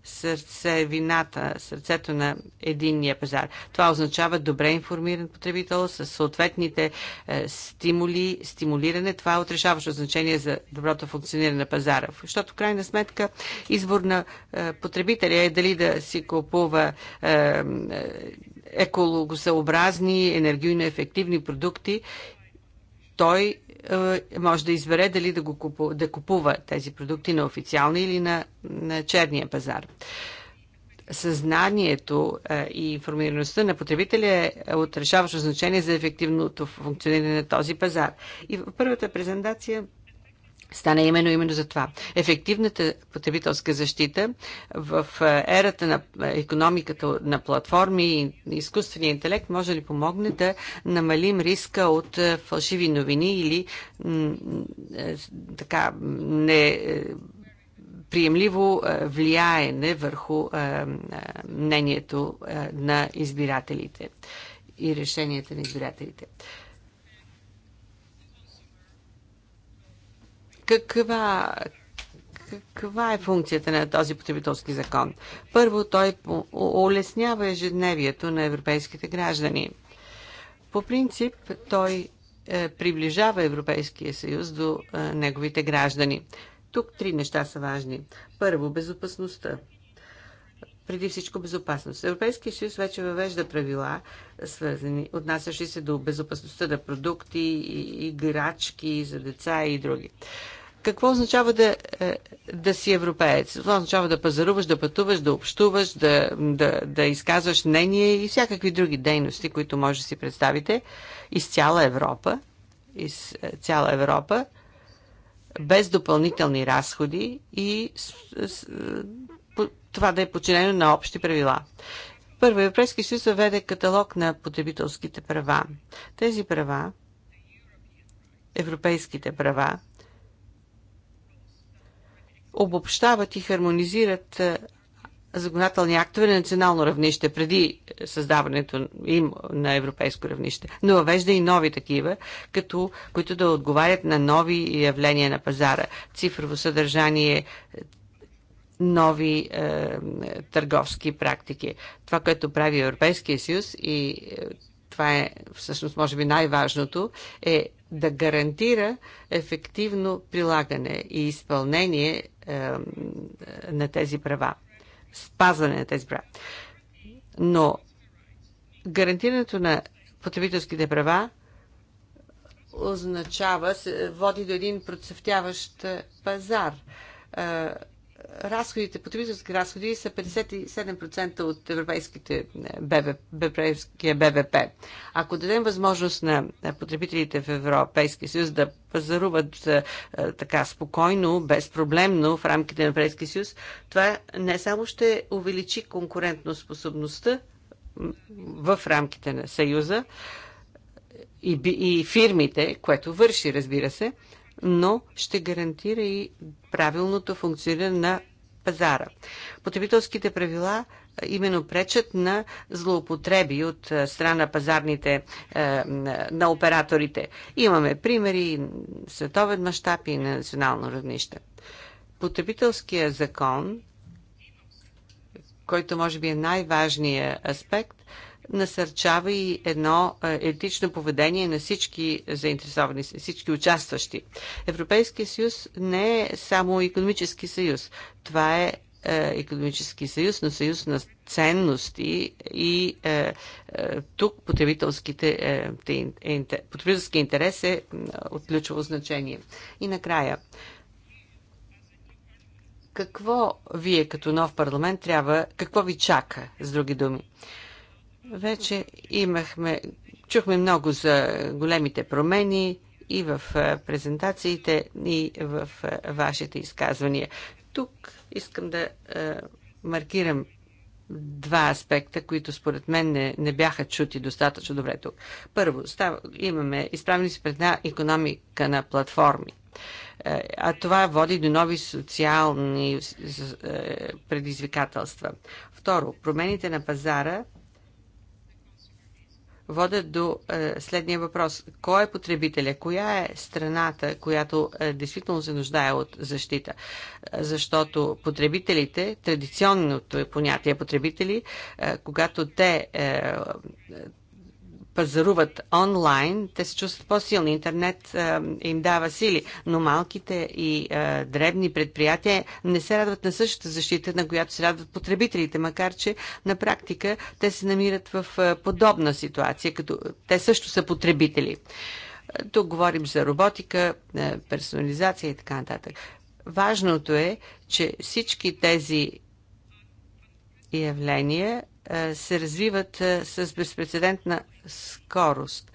сърцевината, сърцето на единния пазар. Това означава добре информиран потребител с съответните е, стимули, стимулиране. Това е отрешаващо значение за доброто функциониране на пазара, защото в крайна сметка избор на е, потребителя е дали да си купува е, екологосъобразни, енергийно ефективни продукти той е, може да избере дали да, го купува, да купува тези продукти на официалния или на, на черния пазар. Съзнанието е, и информираността на потребителя е от решаващо значение за ефективното функциониране на този пазар. И в първата презентация стана именно именно за това. Ефективната потребителска защита в е, ерата на е, економиката на платформи и изкуствения интелект може ли помогне да намалим риска от е, фалшиви новини или така не приемливо влияене върху мнението на избирателите и решенията на избирателите. Каква, каква е функцията на този потребителски закон? Първо, той улеснява ежедневието на европейските граждани. По принцип, той е, приближава Европейския съюз до е, неговите граждани. Тук три неща са важни. Първо, безопасността. Преди всичко безопасност. Европейския съюз вече въвежда правила, свързани, отнасящи се до безопасността на продукти, играчки за деца и други. Какво означава да, е, да си европеец? Това означава да пазаруваш, да пътуваш, да общуваш, да, да, да изказваш мнение и всякакви други дейности, които може да си представите из цяла Европа. Из е, цяла Европа без допълнителни разходи и с, с, това да е подчинено на общи правила. Първо, Европейски съюз въведе каталог на потребителските права. Тези права, европейските права, обобщават и хармонизират е, законодателни актове на национално равнище преди създаването им на европейско равнище, но въвежда и нови такива, като, които да отговарят на нови явления на пазара, цифрово съдържание, нови е, търговски практики. Това, което прави Европейския съюз и е, това е всъщност може би най-важното, е да гарантира ефективно прилагане и изпълнение на тези права. Спазване на тези права. Но гарантирането на потребителските права означава, води до един процъфтяващ пазар е, разходите, потребителски разходи са 57% от европейските е, ББП. БВП. Ако дадем възможност на потребителите в Европейския съюз да пазаруват е, е, така спокойно, безпроблемно в рамките на Европейския съюз, това не само ще увеличи конкурентноспособността в рамките на Съюза и, и фирмите, което върши, разбира се, но ще гарантира и правилното функциониране на пазара. Потребителските правила именно пречат на злоупотреби от страна на пазарните на операторите. Имаме примери световен мащаб и на национално равнище. Потребителския закон, който може би е най-важният аспект, насърчава и едно е, етично поведение на всички заинтересовани, всички участващи. Европейския съюз не е само економически съюз. Това е, е економически съюз, но съюз на ценности и е, е, тук потребителските, е, е, потребителски интерес е от ключово значение. И накрая, какво вие като нов парламент трябва, какво ви чака, с други думи? Е, вече имахме, чухме много за големите промени и в презентациите, и в вашите изказвания. Тук искам да маркирам два аспекта, които според мен не, не бяха чути достатъчно добре тук. Първо, става, имаме изправени се пред една економика на платформи. Е, а това води до нови социални е, предизвикателства. Второ, промените на пазара водят до е, следния въпрос. Кой е потребителя? Коя е страната, която е, действително се нуждае от защита? Е, защото потребителите, традиционното понятие потребители, е, когато те е, пазаруват онлайн, те се чувстват по-силни. Интернет е, им дава сили, но малките и е, дребни предприятия не се радват на същата защита, на която се радват потребителите, макар че на практика те се намират в е, подобна ситуация, като те също са потребители. Тук говорим за роботика, е, персонализация и така нататък. Важното е, че всички тези явления е, се развиват е, с безпредседентна скорост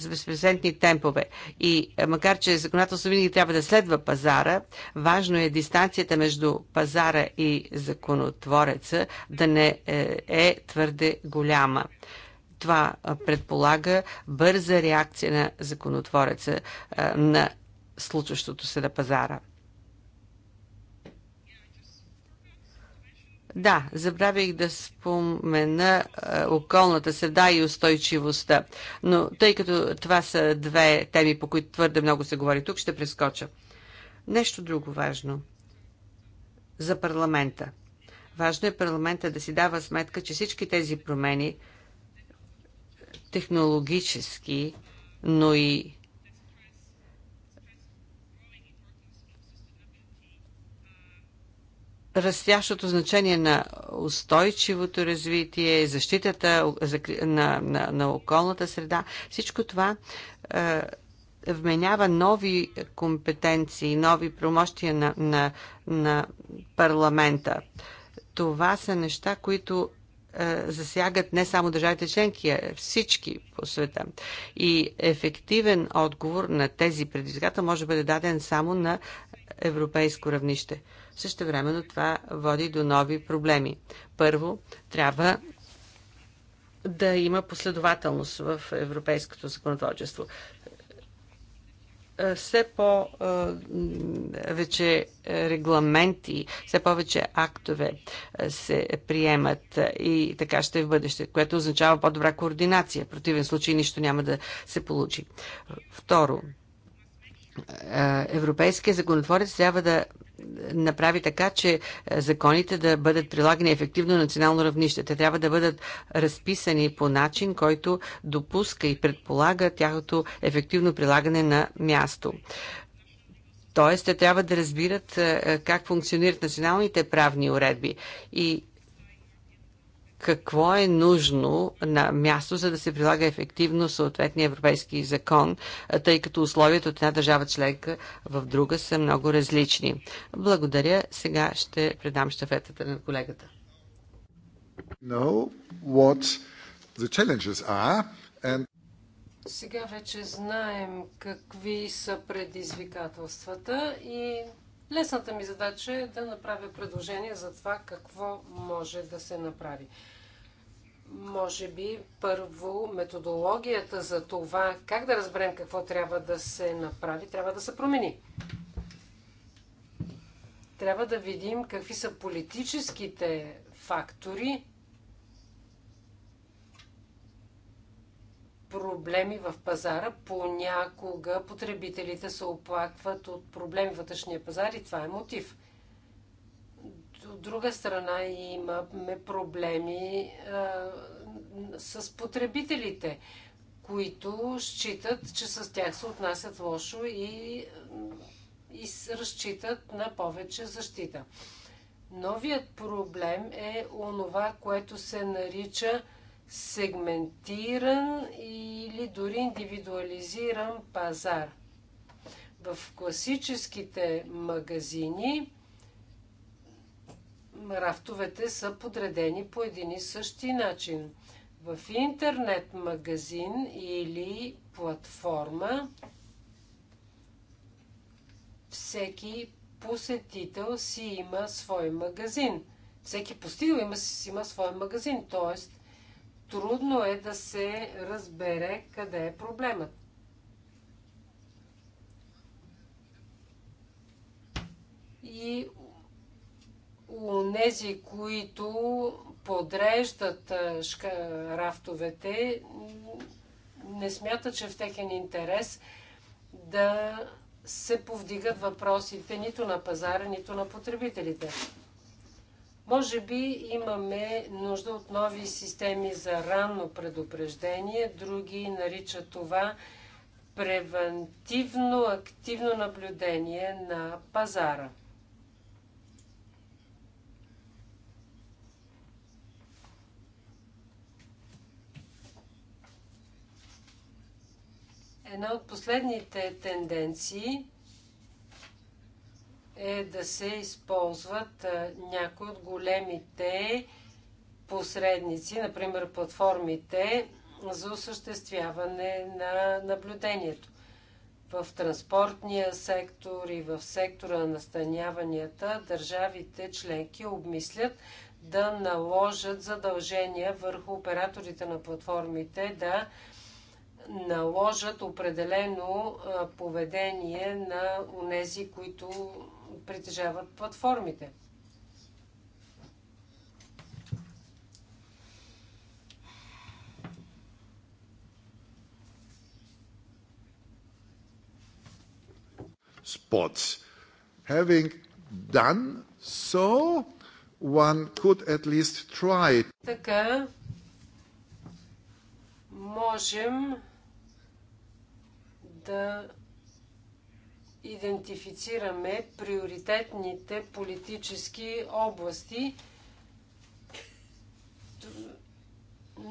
с безпредседентни темпове. И е, макар, че законодателство винаги трябва да следва пазара, важно е дистанцията между пазара и законотвореца да не е твърде голяма. Това предполага бърза реакция на законотвореца на случващото се на пазара. Да, забравих да спомена околната среда и устойчивостта, но тъй като това са две теми, по които твърде много се говори тук, ще прескоча. Нещо друго важно за парламента. Важно е парламента да си дава сметка, че всички тези промени технологически, но и растящото значение на устойчивото развитие, защитата на, на, на околната среда. Всичко това е, вменява нови компетенции, нови промощия на, на, на парламента. Това са неща, които е, засягат не само държавите членки, а всички по света. И ефективен отговор на тези предизвикателства може да бъде даден само на е, европейско равнище. Също времено това води до нови проблеми. Първо, трябва да има последователност в европейското законотворчество. Е, все повече е, регламенти, все повече актове е, се приемат и така ще в бъдеще, което означава по-добра координация. В противен случай нищо няма да се получи. Второ, е, европейския законотворец трябва да направи така, че е, законите да бъдат прилагани ефективно на национално равнище. Те трябва да бъдат разписани по начин, който допуска и предполага тяхното ефективно прилагане на място. Тоест, те трябва да разбират е, как функционират националните правни уредби и какво е нужно на място, за да се прилага ефективно съответния европейски закон, тъй като условията от една държава членка в друга са много различни. Благодаря. Сега ще предам щафетата на колегата. Know what the challenges are and... Сега вече знаем какви са предизвикателствата и Лесната ми задача е да направя предложение за това какво може да се направи. Може би първо методологията за това как да разберем какво трябва да се направи, трябва да се промени. Трябва да видим какви са политическите фактори, проблеми в пазара. Понякога потребителите се оплакват от проблеми в вътрешния пазар и това е мотив. От друга страна имаме проблеми а, с потребителите, които считат, че с тях се отнасят лошо и, и разчитат на повече защита. Новият проблем е онова, което се нарича сегментиран или дори индивидуализиран пазар. В класическите магазини рафтовете са подредени по един и същи начин. В интернет магазин или платформа всеки посетител си има свой магазин. Всеки постигал има, си има свой магазин, т.е трудно е да се разбере къде е проблемът. И у нези, които подреждат рафтовете, не смятат, че в техен интерес да се повдигат въпросите нито на пазара, нито на потребителите. Може би имаме нужда от нови системи за ранно предупреждение. Други наричат това превентивно активно наблюдение на пазара. Една от последните тенденции – е да се използват някои от големите посредници, например платформите за осъществяване на наблюдението. В транспортния сектор и в сектора на настаняванията държавите членки обмислят да наложат задължения върху операторите на платформите да наложат определено поведение на унези, които притежават платформите. spots. Having done so, one could at least try. Така можем да идентифицираме приоритетните политически области.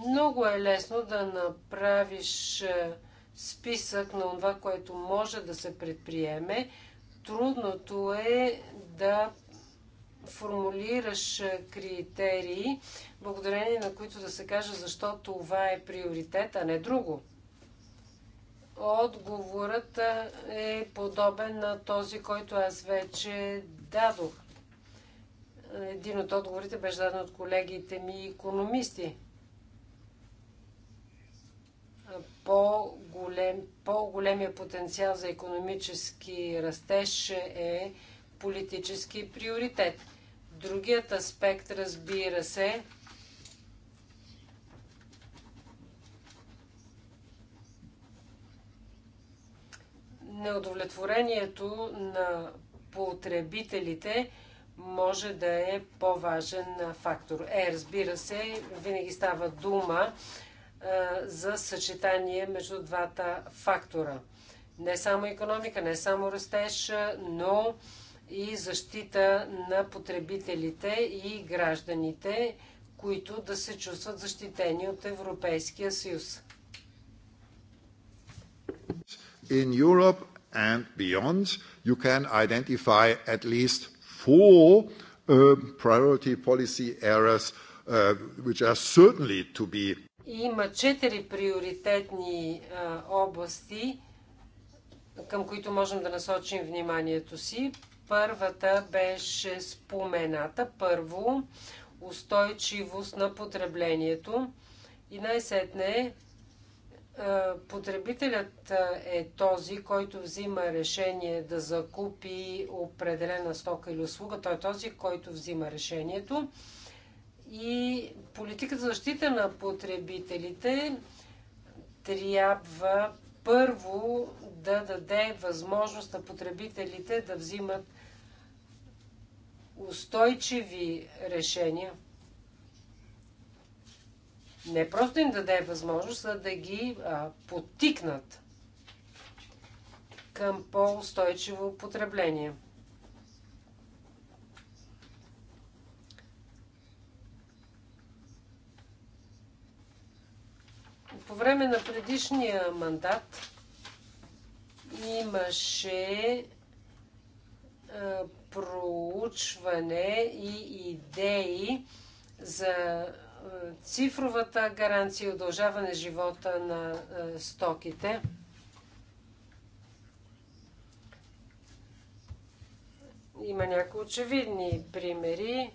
Много е лесно да направиш е, списък на това, което може да се предприеме. Трудното е да формулираш е, критерии, благодарение на които да се каже защо това е приоритет, а не друго. Отговорът е подобен на този, който аз вече дадох. Един от отговорите беше даден от колегите ми економисти. По-голем, по-големия потенциал за економически растеж е политически приоритет. Другият аспект, разбира се, неудовлетворението на потребителите може да е по-важен фактор. Е, разбира се, винаги става дума за съчетание между двата фактора. Не само економика, не само растеж, но и защита на потребителите и гражданите, които да се чувстват защитени от Европейския съюз in Europe and beyond, you can identify at least four uh, priority policy areas uh, which are certainly to be. Има четири приоритетни а, области, към които можем да насочим вниманието си. Първата беше спомената. Първо, устойчивост на потреблението. И най-сетне е, потребителят е, е този, който взима решение да закупи определена стока или услуга. Той е този, който взима решението. И политиката за защита на потребителите трябва първо да даде възможност на потребителите да взимат устойчиви решения – не просто им даде възможност, а да ги а, потикнат към по-устойчиво потребление. По време на предишния мандат имаше проучване и идеи за цифровата гаранция и удължаване живота на е, стоките. Има някои очевидни примери.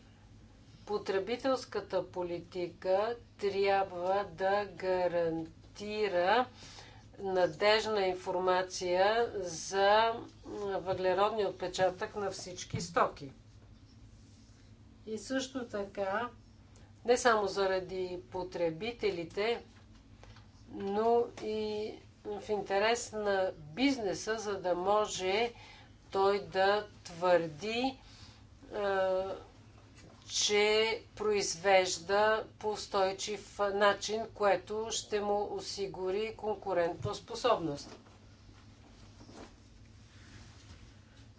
Потребителската политика трябва да гарантира надежна информация за въглеродния отпечатък на всички стоки. И също така не само заради потребителите, но и в интерес на бизнеса, за да може той да твърди, че произвежда по устойчив начин, което ще му осигури конкурентна способност.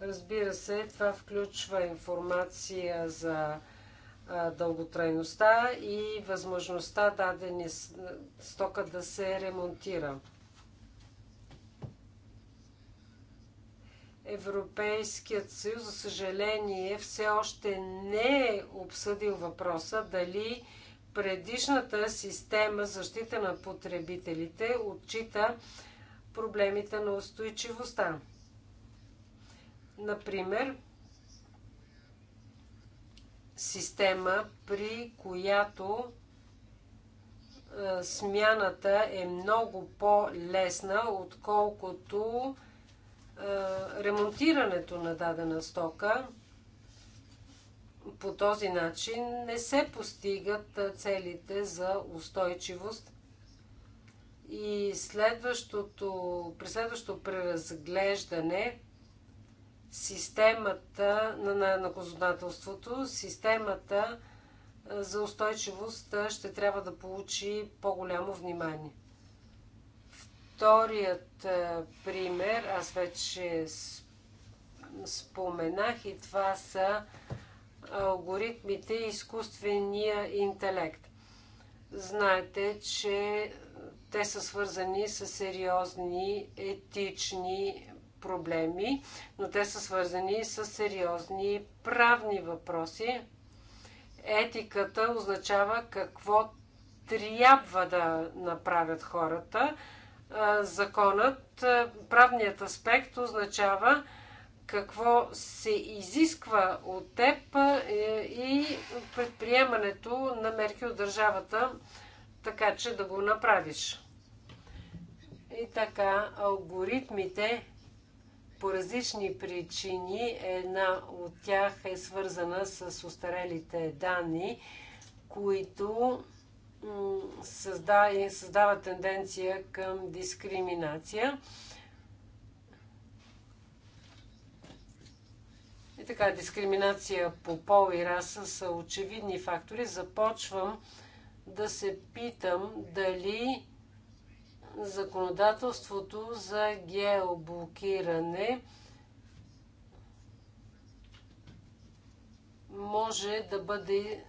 Разбира се, това включва информация за дълготрайността и възможността дадени стока да се ремонтира. Европейският съюз, за съжаление, все още не е обсъдил въпроса дали предишната система защита на потребителите отчита проблемите на устойчивостта. Например, система, при която смяната е много по-лесна, отколкото ремонтирането на дадена стока. По този начин не се постигат целите за устойчивост. И следващото, при следващото преразглеждане системата на, на, на системата за устойчивост ще трябва да получи по-голямо внимание. Вторият пример, аз вече споменах и това са алгоритмите и изкуствения интелект. Знаете, че те са свързани с сериозни етични проблеми, но те са свързани с сериозни правни въпроси. Етиката означава какво трябва да направят хората. Законът, правният аспект означава какво се изисква от теб и предприемането на мерки от държавата, така че да го направиш. И така, алгоритмите по различни причини. Една от тях е свързана с устарелите данни, които създава, тенденция към дискриминация. И така, дискриминация по пол и раса са очевидни фактори. Започвам да се питам дали законодателството за геоблокиране може да бъде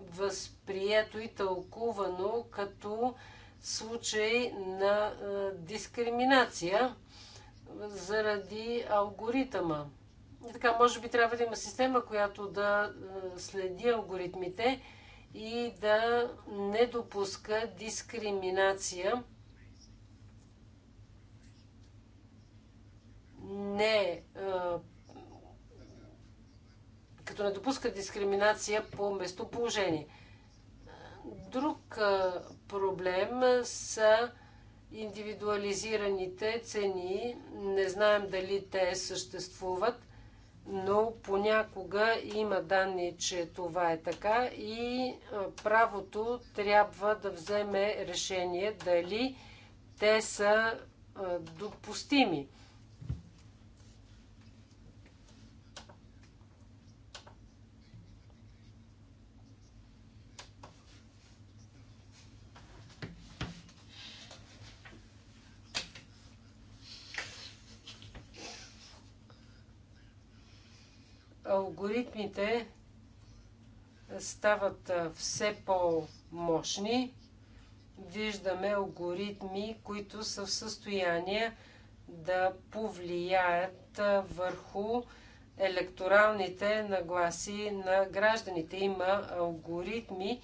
възприето и тълкувано като случай на дискриминация заради алгоритъма. И така, може би трябва да има система, която да следи алгоритмите и да не допуска дискриминация. Не е, като не допуска дискриминация по местоположение. Друг е, проблем са индивидуализираните цени. Не знаем дали те съществуват – но понякога има данни, че това е така и правото трябва да вземе решение дали те са допустими. алгоритмите стават все по-мощни. Виждаме алгоритми, които са в състояние да повлияят върху електоралните нагласи на гражданите. Има алгоритми,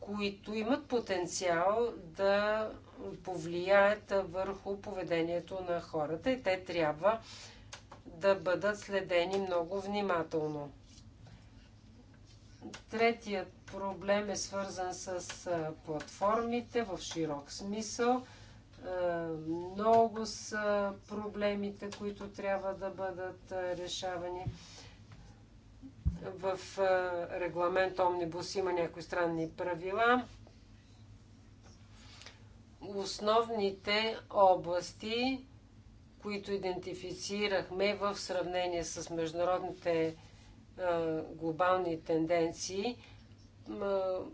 които имат потенциал да повлияят върху поведението на хората и те трябва да бъдат следени много внимателно. Третият проблем е свързан с платформите в широк смисъл. Много са проблемите, които трябва да бъдат решавани. В регламент Омнибус има някои странни правила. Основните области които идентифицирахме в сравнение с международните глобални тенденции,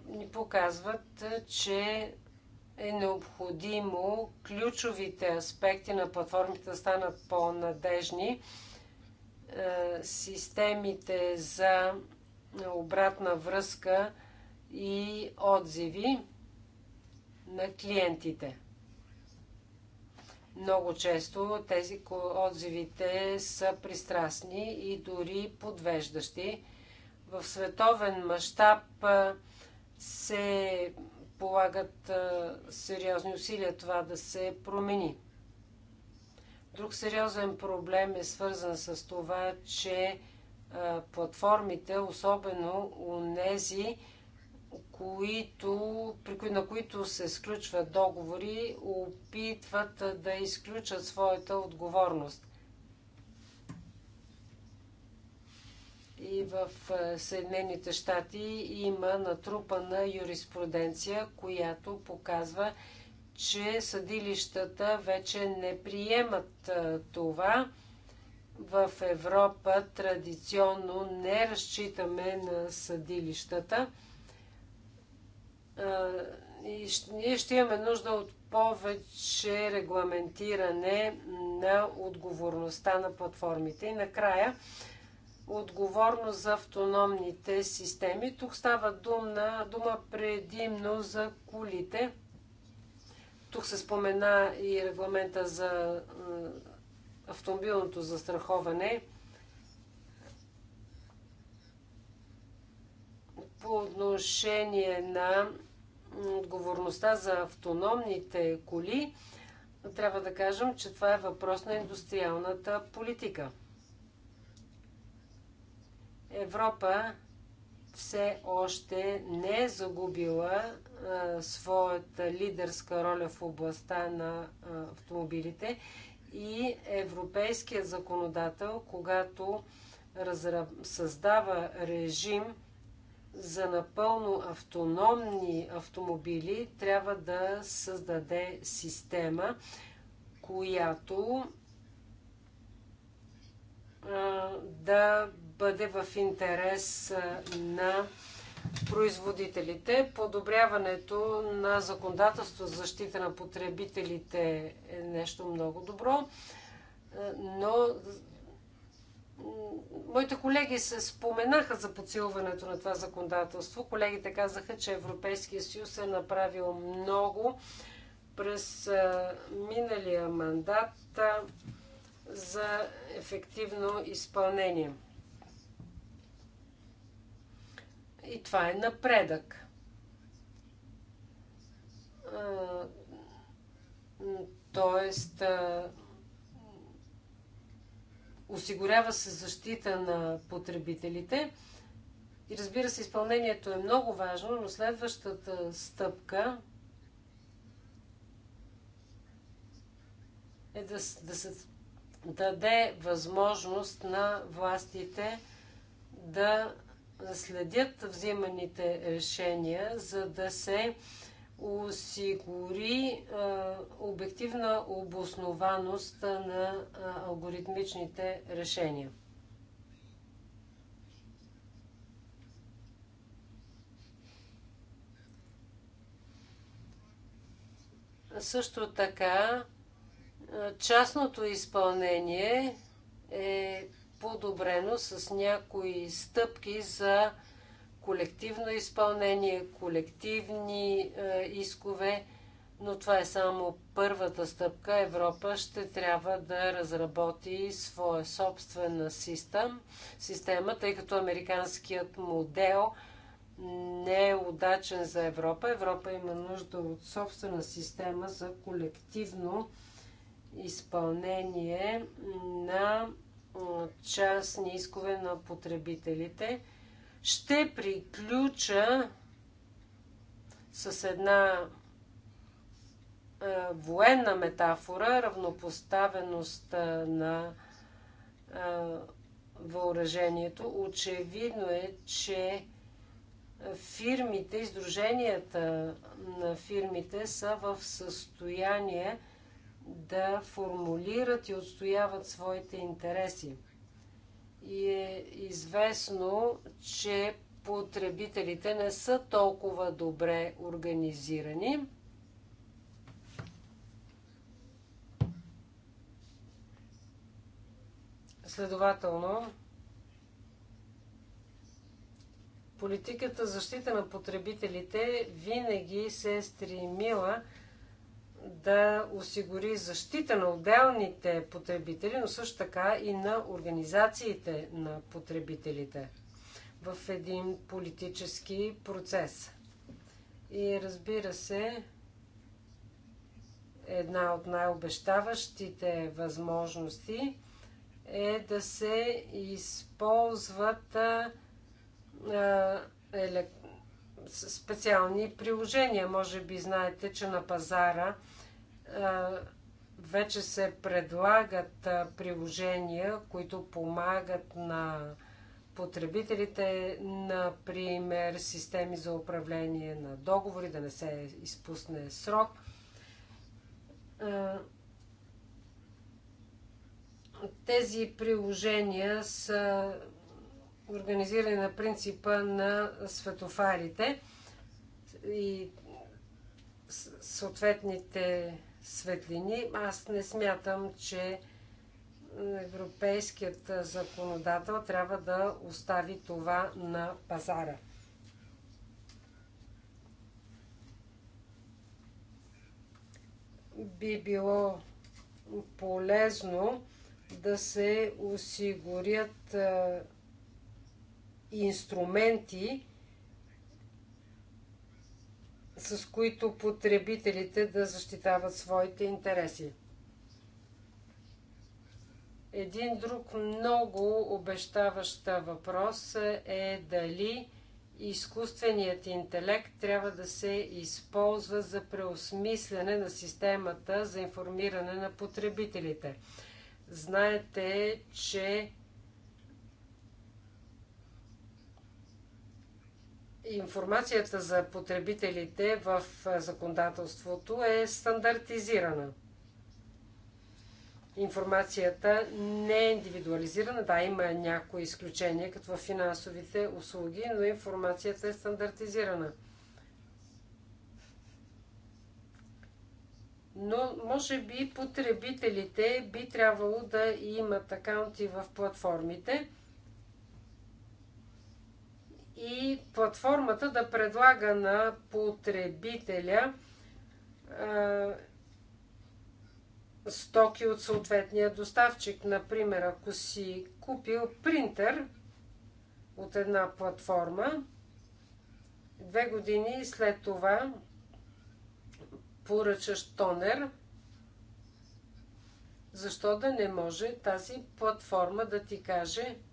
ни показват, че е необходимо ключовите аспекти на платформите да станат по-надежни. Системите за обратна връзка и отзиви на клиентите. Много често тези отзивите са пристрастни и дори подвеждащи. В световен мащаб се полагат сериозни усилия това да се промени. Друг сериозен проблем е свързан с това, че платформите, особено у нези, които, при, на които се сключват договори, опитват да изключат своята отговорност. И в е, Съединените щати има натрупана юриспруденция, която показва, че съдилищата вече не приемат е, това. В Европа традиционно не разчитаме на съдилищата и ние ще имаме нужда от повече регламентиране на отговорността на платформите. И накрая, отговорност за автономните системи. Тук става дума, дума предимно за колите. Тук се спомена и регламента за автомобилното застраховане. По отношение на отговорността за автономните коли, трябва да кажем, че това е въпрос на индустриалната политика. Европа все още не е загубила а, своята лидерска роля в областта на а, автомобилите и европейският законодател, когато разра... създава режим за напълно автономни автомобили трябва да създаде система, която да бъде в интерес на производителите. Подобряването на законодателство за защита на потребителите е нещо много добро, но моите колеги се споменаха за подсилването на това законодателство. Колегите казаха, че Европейския съюз е направил много през миналия мандат за ефективно изпълнение. И това е напредък. Тоест, осигурява се защита на потребителите. И разбира се, изпълнението е много важно, но следващата стъпка е да, да се даде възможност на властите да следят взиманите решения, за да се осигури обективна обоснованост на алгоритмичните решения. Също така, частното изпълнение е подобрено с някои стъпки за колективно изпълнение, колективни е, искове, но това е само първата стъпка. Европа ще трябва да разработи своя собствена систем, система, тъй като американският модел не е удачен за Европа. Европа има нужда от собствена система за колективно изпълнение на частни искове на потребителите. Ще приключа с една е, военна метафора, равнопоставеност е, на е, въоръжението. Очевидно е, че фирмите, издруженията на фирмите са в състояние да формулират и отстояват своите интереси и е известно, че потребителите не са толкова добре организирани. Следователно, политиката защита на потребителите винаги се е стремила да осигури защита на отделните потребители, но също така и на организациите на потребителите в един политически процес. И разбира се, една от най-обещаващите възможности е да се използват а, специални приложения. Може би знаете, че на пазара е, вече се предлагат е, приложения, които помагат на потребителите, например, системи за управление на договори, да не се изпусне срок. Е, тези приложения са организирани на принципа на светофарите и съответните светлини. Аз не смятам, че европейският законодател трябва да остави това на пазара. Би било полезно да се осигурят инструменти, с които потребителите да защитават своите интереси. Един друг много обещаващ въпрос е дали изкуственият интелект трябва да се използва за преосмислене на системата за информиране на потребителите. Знаете, че информацията за потребителите в законодателството е стандартизирана. Информацията не е индивидуализирана. Да, има някои изключения, като в финансовите услуги, но информацията е стандартизирана. Но може би потребителите би трябвало да имат акаунти в платформите – и платформата да предлага на потребителя стоки от съответния доставчик. Например, ако си купил принтер от една платформа, две години след това поръчаш тонер, защо да не може тази платформа да ти каже –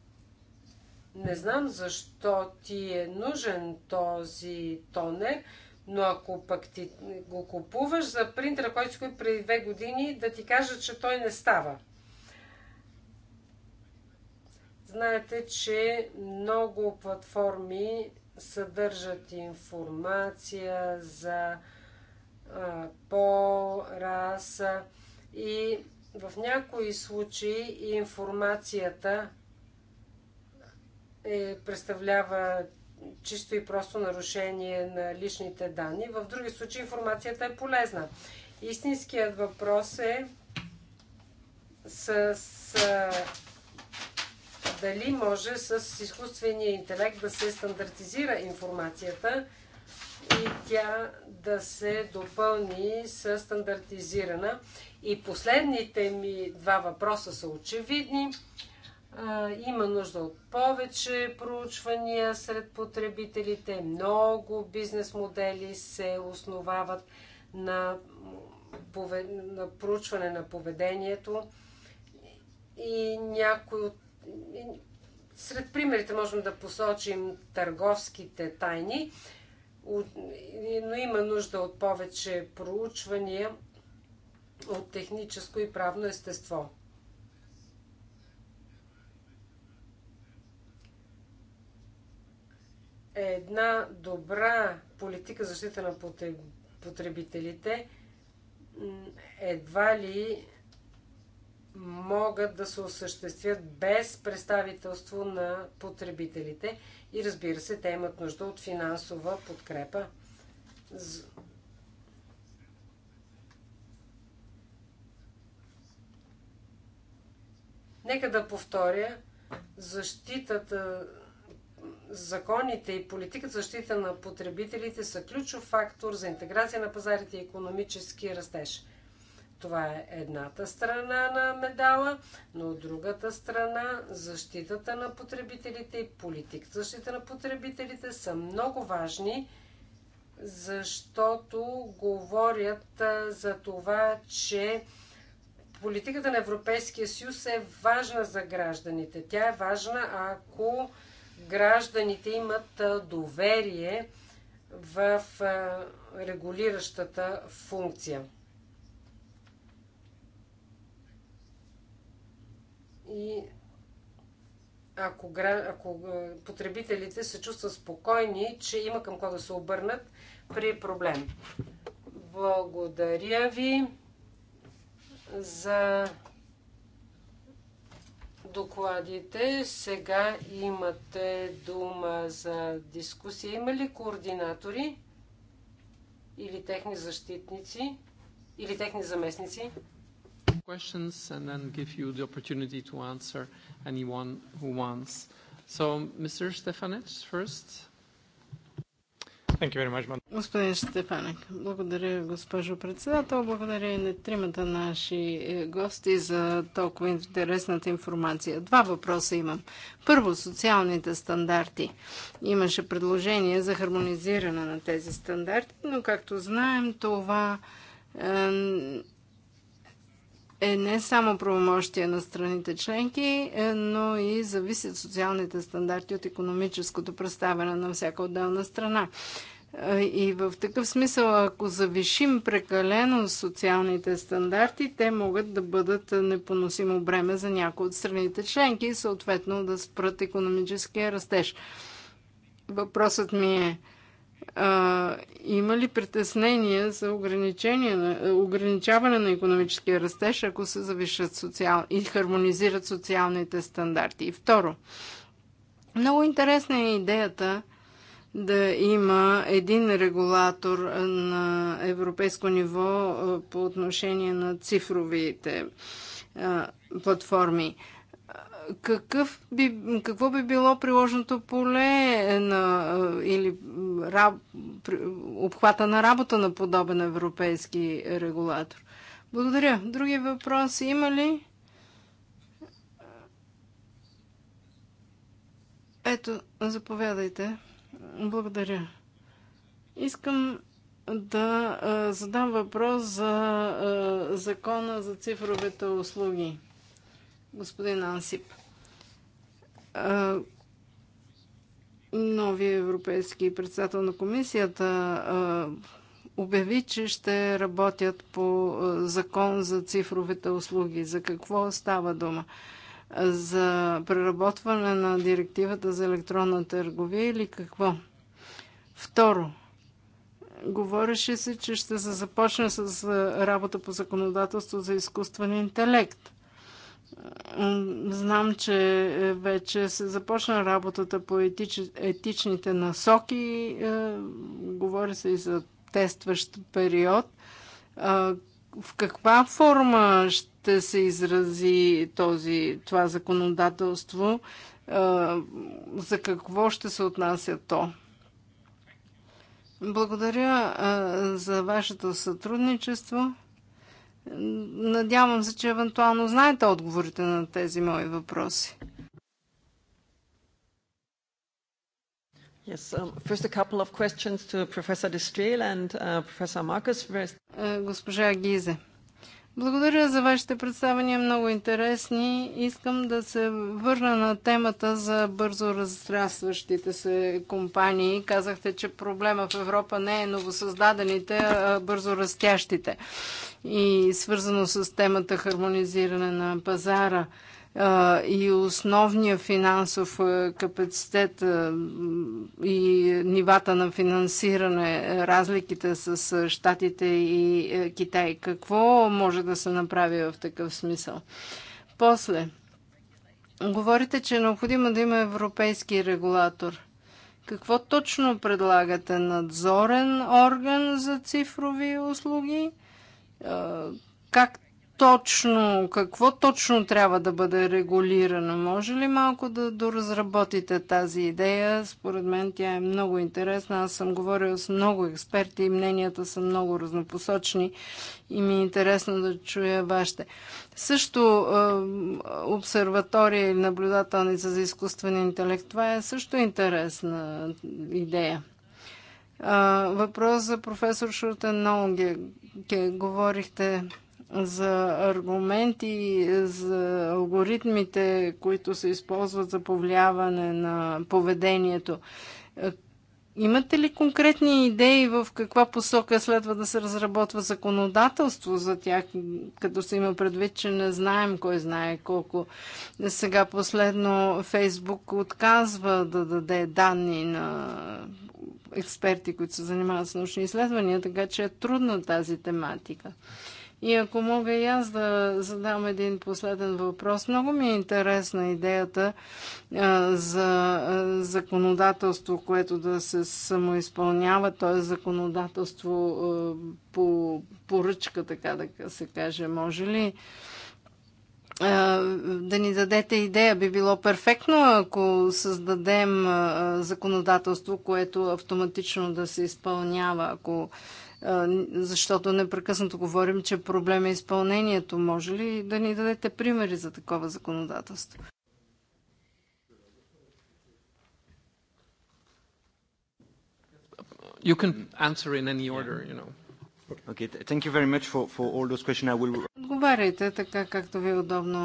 не знам защо ти е нужен този тонер, но ако пък ти го купуваш за принтера, който си купи преди две години, да ти кажа, че той не става. Знаете, че много платформи съдържат информация за а, пол, раса и в някои случаи информацията е, представлява чисто и просто нарушение на личните данни. В други случаи информацията е полезна. Истинският въпрос е с, с дали може с изкуствения интелект да се стандартизира информацията и тя да се допълни с стандартизирана. И последните ми два въпроса са очевидни. Има нужда от повече проучвания сред потребителите. Много бизнес модели се основават на, на проучване на поведението. И някои от. Сред примерите можем да посочим търговските тайни, но има нужда от повече проучвания от техническо и правно естество. една добра политика защита на потребителите едва ли могат да се осъществят без представителство на потребителите и разбира се, те имат нужда от финансова подкрепа. Нека да повторя, защитата Законите и политиката защита на потребителите са ключов фактор за интеграция на пазарите и економически растеж. Това е едната страна на медала, но от другата страна защитата на потребителите и политиката защита на потребителите са много важни, защото говорят за това, че политиката на Европейския съюз е важна за гражданите. Тя е важна, ако гражданите имат доверие в регулиращата функция. И ако, ако потребителите се чувстват спокойни, че има към кого да се обърнат при проблем. Благодаря ви за докладите. Сега имате дума за дискусия. Има ли координатори или техни защитници или техни заместници? questions and then give you the opportunity to answer anyone who wants. So, Mr. first. Much, Господин Стефанек, благодаря госпожо председател, благодаря и на тримата наши е, гости за толкова интересната информация. Два въпроса имам. Първо, социалните стандарти. Имаше предложение за хармонизиране на тези стандарти, но както знаем, това е, е не само правомощие на страните членки, е, но и зависят социалните стандарти от економическото представяне на всяка отделна страна. Е, и в такъв смисъл, ако завишим прекалено социалните стандарти, те могат да бъдат непоносимо бреме за някои от страните членки и съответно да спрат економическия растеж. Въпросът ми е, а, има ли притеснение за е, ограничаване на економическия растеж, ако се завишат социал... и хармонизират социалните стандарти? И второ, много интересна е идеята да има един регулатор на европейско ниво е, по отношение на цифровите е, платформи какъв би, какво би било приложното поле на, или раб, обхвата на работа на подобен европейски регулатор? Благодаря. Други въпроси има ли? Ето, заповядайте. Благодаря. Искам да а, задам въпрос за а, закона за цифровите услуги. Господин Ансип новия европейски председател на комисията обяви, че ще работят по закон за цифровите услуги. За какво става дума? За преработване на директивата за електронна търговия или какво? Второ, говореше се, че ще се започне с работа по законодателство за изкуствен интелект. Знам, че вече се започна работата по етич... етичните насоки. Е, говори се и за тестващ период. Е, в каква форма ще се изрази този, това законодателство? Е, за какво ще се отнася то? Благодаря за вашето сътрудничество. Надявам се, че евентуално знаете отговорите на тези мои въпроси. Yes, um, first a couple of questions to Professor Destrel and uh, Professor Marcus. Госпожа Гизе. Благодаря за вашите представения, много интересни. Искам да се върна на темата за бързо разрастващите се компании. Казахте, че проблема в Европа не е новосъздадените, а бързо растящите. И свързано с темата хармонизиране на пазара и основния финансов капацитет и нивата на финансиране, разликите с Штатите и Китай. Какво може да се направи в такъв смисъл? После, говорите, че е необходимо да има европейски регулатор. Какво точно предлагате? Надзорен орган за цифрови услуги? Как точно, какво точно трябва да бъде регулирано? Може ли малко да доразработите тази идея? Според мен тя е много интересна. Аз съм говорил с много експерти и мненията са много разнопосочни и ми е интересно да чуя вашите. Също обсерватория и наблюдателница за изкуствен интелект, това е също интересна идея. Въпрос за професор Шуртен Нолге. Говорихте за аргументи, за алгоритмите, които се използват за повлияване на поведението. Имате ли конкретни идеи в каква посока следва да се разработва законодателство за тях, като се има предвид, че не знаем кой знае колко. Сега последно Фейсбук отказва да даде данни на експерти, които се занимават с научни изследвания, така че е трудна тази тематика. И ако мога и аз да задам един последен въпрос, много ми е интересна идеята а, за а, законодателство, което да се самоизпълнява, т.е. законодателство а, по поръчка, така да се каже. Може ли да ни дадете идея? Би било перфектно, ако създадем законодателство, което автоматично да се изпълнява, ако защото непрекъснато говорим, че проблем е изпълнението. Може ли да ни дадете примери за такова законодателство? You can answer in any order, you know. Okay, thank you very much for, for all those questions. I will... Отговаряйте така, както ви е удобно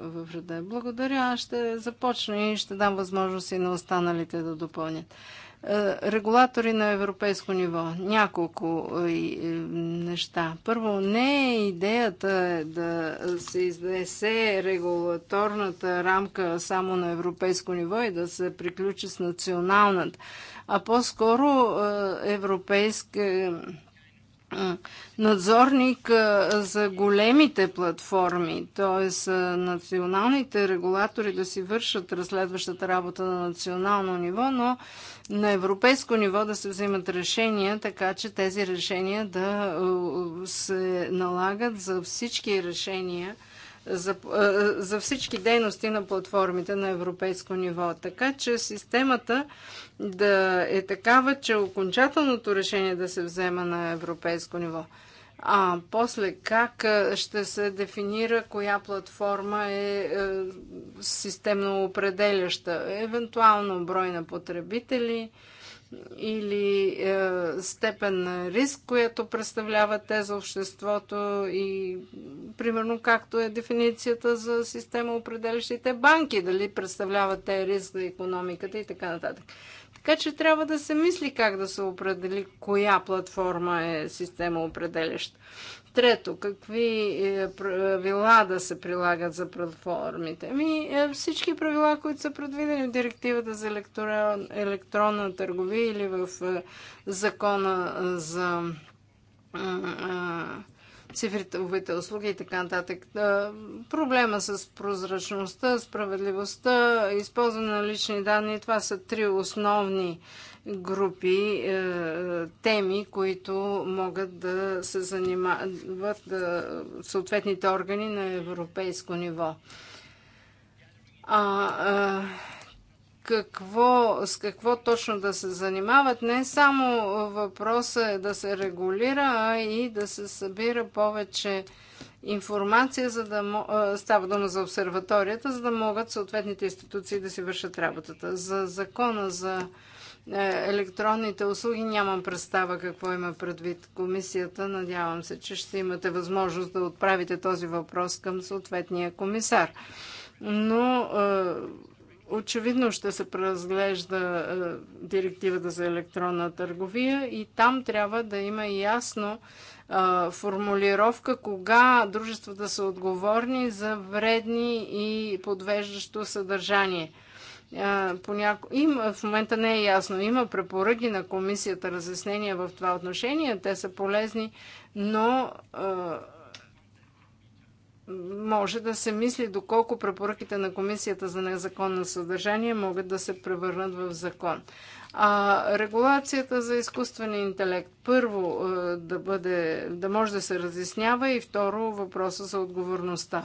в реда. Благодаря. Аз ще започна и ще дам възможност и на останалите да допълнят. Е, регулатори на европейско ниво. Няколко е, е, неща. Първо, не е идеята да се изнесе регулаторната рамка само на европейско ниво и да се приключи с националната, а по-скоро европейска надзорник за големите платформи, т.е. националните регулатори да си вършат разследващата работа на национално ниво, но на европейско ниво да се взимат решения, така че тези решения да се налагат за всички решения, за, за всички дейности на платформите на европейско ниво. Така че системата да е такава, че окончателното решение да се взема на европейско ниво. А после как ще се дефинира коя платформа е, е системно определяща? Евентуално брой на потребители или е, степен на риск, която представлява те за обществото и примерно както е дефиницията за система определящите банки, дали представляват те риск за економиката и така нататък. Така че трябва да се мисли как да се определи коя платформа е система определяща. Трето, какви е, е, правила да се прилагат за платформите? Ами, е, всички правила, които са предвидени в директивата за електронна търговия или в закона за Цифритовите услуги и така нататък. Е, проблема с прозрачността, справедливостта, използване на лични данни, това са три основни групи е, е, теми, които могат да се занимават да, съответните органи на европейско ниво. А, а, какво, с какво точно да се занимават. Не само въпроса е да се регулира, а и да се събира повече информация, за да става дума за обсерваторията, за да могат съответните институции да си вършат работата. За закона за е, електронните услуги нямам представа какво има предвид комисията. Надявам се, че ще имате възможност да отправите този въпрос към съответния комисар. Но е, Очевидно ще се преразглежда е, директивата за електронна търговия и там трябва да има ясно е, формулировка кога дружествата са отговорни за вредни и подвеждащо съдържание. Е, поняко... Им, в момента не е ясно. Има препоръки на комисията, разяснения в това отношение. Те са полезни, но може да се мисли доколко препоръките на Комисията за незаконно съдържание могат да се превърнат в закон. А регулацията за изкуствения интелект, първо, е, да, бъде, да може да се разяснява и второ, въпроса за отговорността.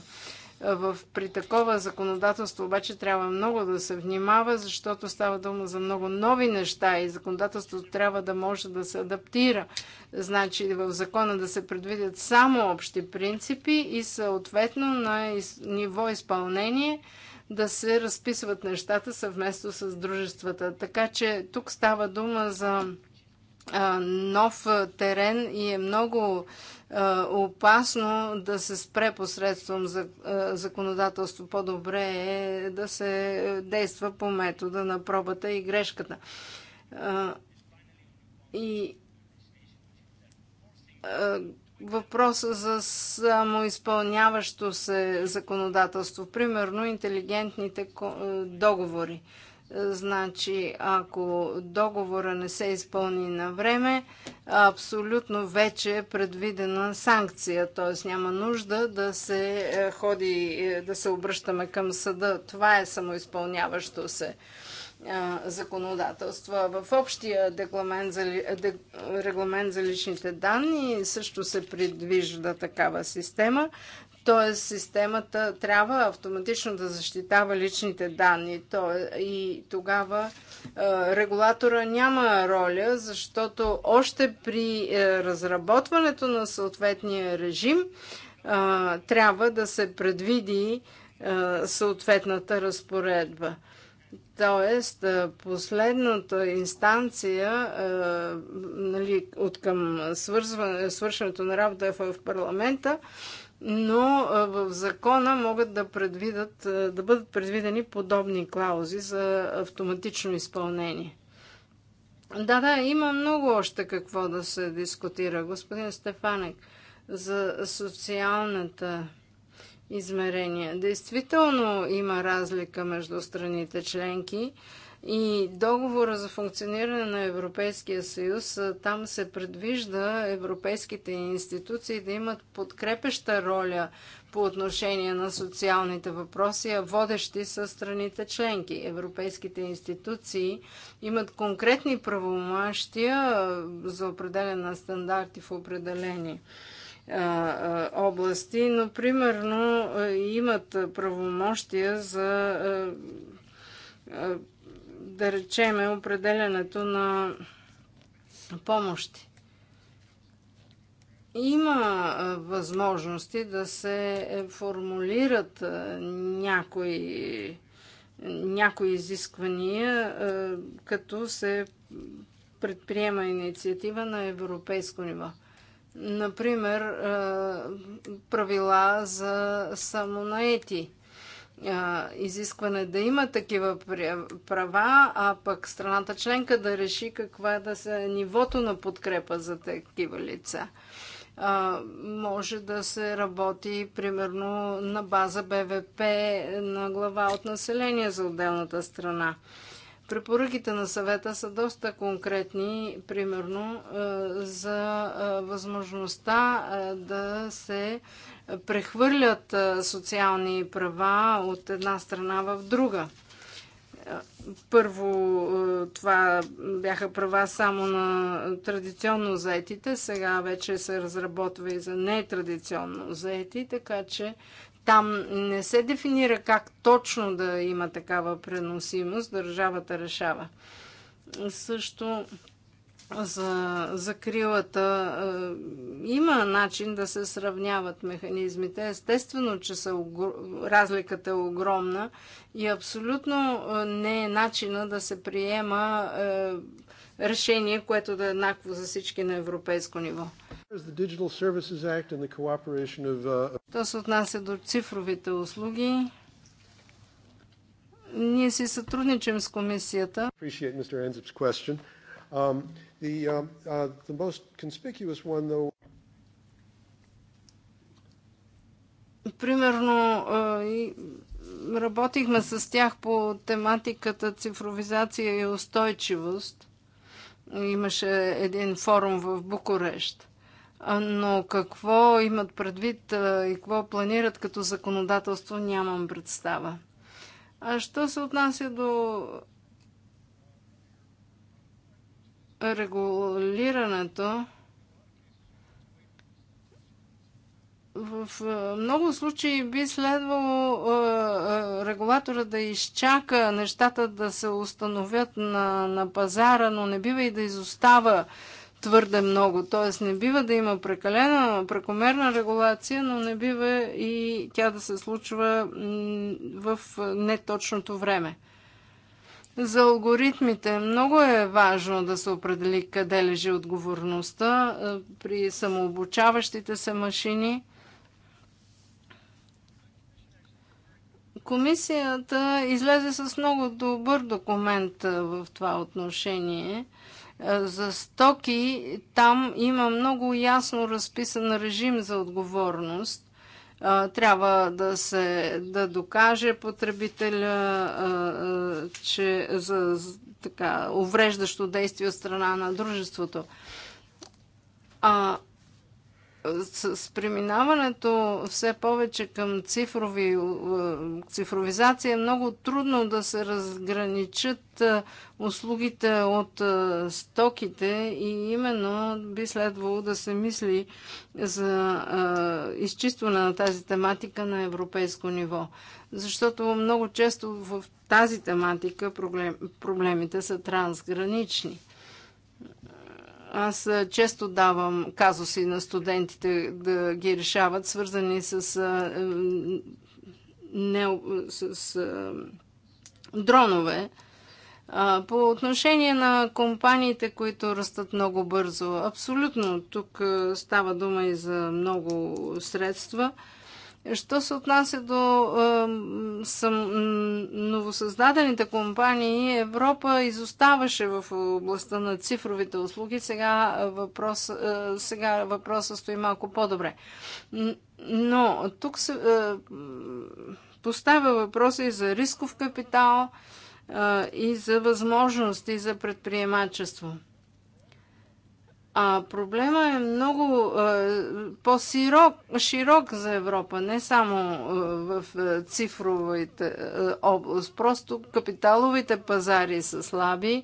В, при такова законодателство обаче трябва много да се внимава, защото става дума за много нови неща и законодателството трябва да може да се адаптира. Значи в закона да се предвидят само общи принципи и съответно на из, ниво изпълнение да се разписват нещата съвместно с дружествата. Така че тук става дума за нов терен и е много опасно да се спре посредством законодателство. По-добре е да се действа по метода на пробата и грешката. И въпроса за самоизпълняващо се законодателство, примерно интелигентните договори. Значи, ако договора не се изпълни на време, абсолютно вече е предвидена санкция, т.е. няма нужда да се е, ходи, е, да се обръщаме към съда. Това е самоизпълняващо се е, законодателство. В общия регламент за, регламент за личните данни също се предвижда такава система. Тоест, системата трябва автоматично да защитава личните данни. Е, и тогава е, регулатора няма роля, защото още при е, разработването на съответния режим трябва да се предвиди съответната разпоредба. Тоест, последната инстанция нали, от към свършването на работа в парламента но в закона могат да, предвидат, да бъдат предвидени подобни клаузи за автоматично изпълнение. Да, да, има много още какво да се дискутира. Господин Стефанек, за социалната измерение. Действително има разлика между страните членки и договора за функциониране на Европейския съюз, там се предвижда европейските институции да имат подкрепеща роля по отношение на социалните въпроси, а водещи са страните членки. Европейските институции имат конкретни правомащия за определен на стандарти в определени области, но примерно имат правомощия за да речеме, определянето на помощи. Има възможности да се е, формулират някои, някои изисквания, като се предприема инициатива на европейско ниво. Например, правила за самонаети – изискване да има такива права, а пък страната членка да реши каква е да се нивото на подкрепа за такива лица. А, може да се работи примерно на база БВП на глава от население за отделната страна. Препоръките на съвета са доста конкретни, примерно е, за е, възможността е, да се прехвърлят социални права от една страна в друга. Първо това бяха права само на традиционно заетите, сега вече се разработва и за нетрадиционно заети, така че там не се дефинира как точно да има такава преносимост, държавата решава. Също за закрилата е, има начин да се сравняват механизмите. Естествено, че са, разликата е огромна и абсолютно е, не е начина да се приема е, решение, което да е еднакво за всички на европейско ниво. Uh, То се отнася до цифровите услуги. Ние си сътрудничим с комисията. Um, um, uh, Примерно, работихме с тях по тематиката цифровизация и устойчивост – Имаше един форум в Букурещ. Но какво имат предвид и какво планират като законодателство, нямам представа. А що се отнася до регулирането, в много случаи би следвало е, е, регулатора да изчака нещата да се установят на, на пазара, но не бива и да изостава твърде много. Т.е. не бива да има прекалена, прекомерна регулация, но не бива и тя да се случва в е, неточното време. За алгоритмите много е важно да се определи къде лежи отговорността при самообучаващите се машини. Комисията излезе с много добър документ в това отношение. За стоки там има много ясно разписан режим за отговорност. Трябва да се да докаже потребителя, че за така, увреждащо действие от страна на дружеството. А с преминаването все повече към цифрови, е, цифровизация е много трудно да се разграничат е, услугите от е, стоките и именно би следвало да се мисли за изчистване на тази тематика на европейско ниво. Защото много често в тази тематика проблемите са трансгранични. Аз често давам казуси на студентите да ги решават, свързани с, не, с дронове. По отношение на компаниите, които растат много бързо, абсолютно тук става дума и за много средства – Що се отнася до е, съм, новосъздадените компании, Европа изоставаше в областта на цифровите услуги. Сега, въпрос, е, сега въпросът стои малко по-добре. Но тук се е, поставя въпроса и за рисков капитал, е, и за възможности за предприемачество. А проблема е много е, по-широк за Европа, не само е, в е, цифровите област. Просто капиталовите пазари са слаби.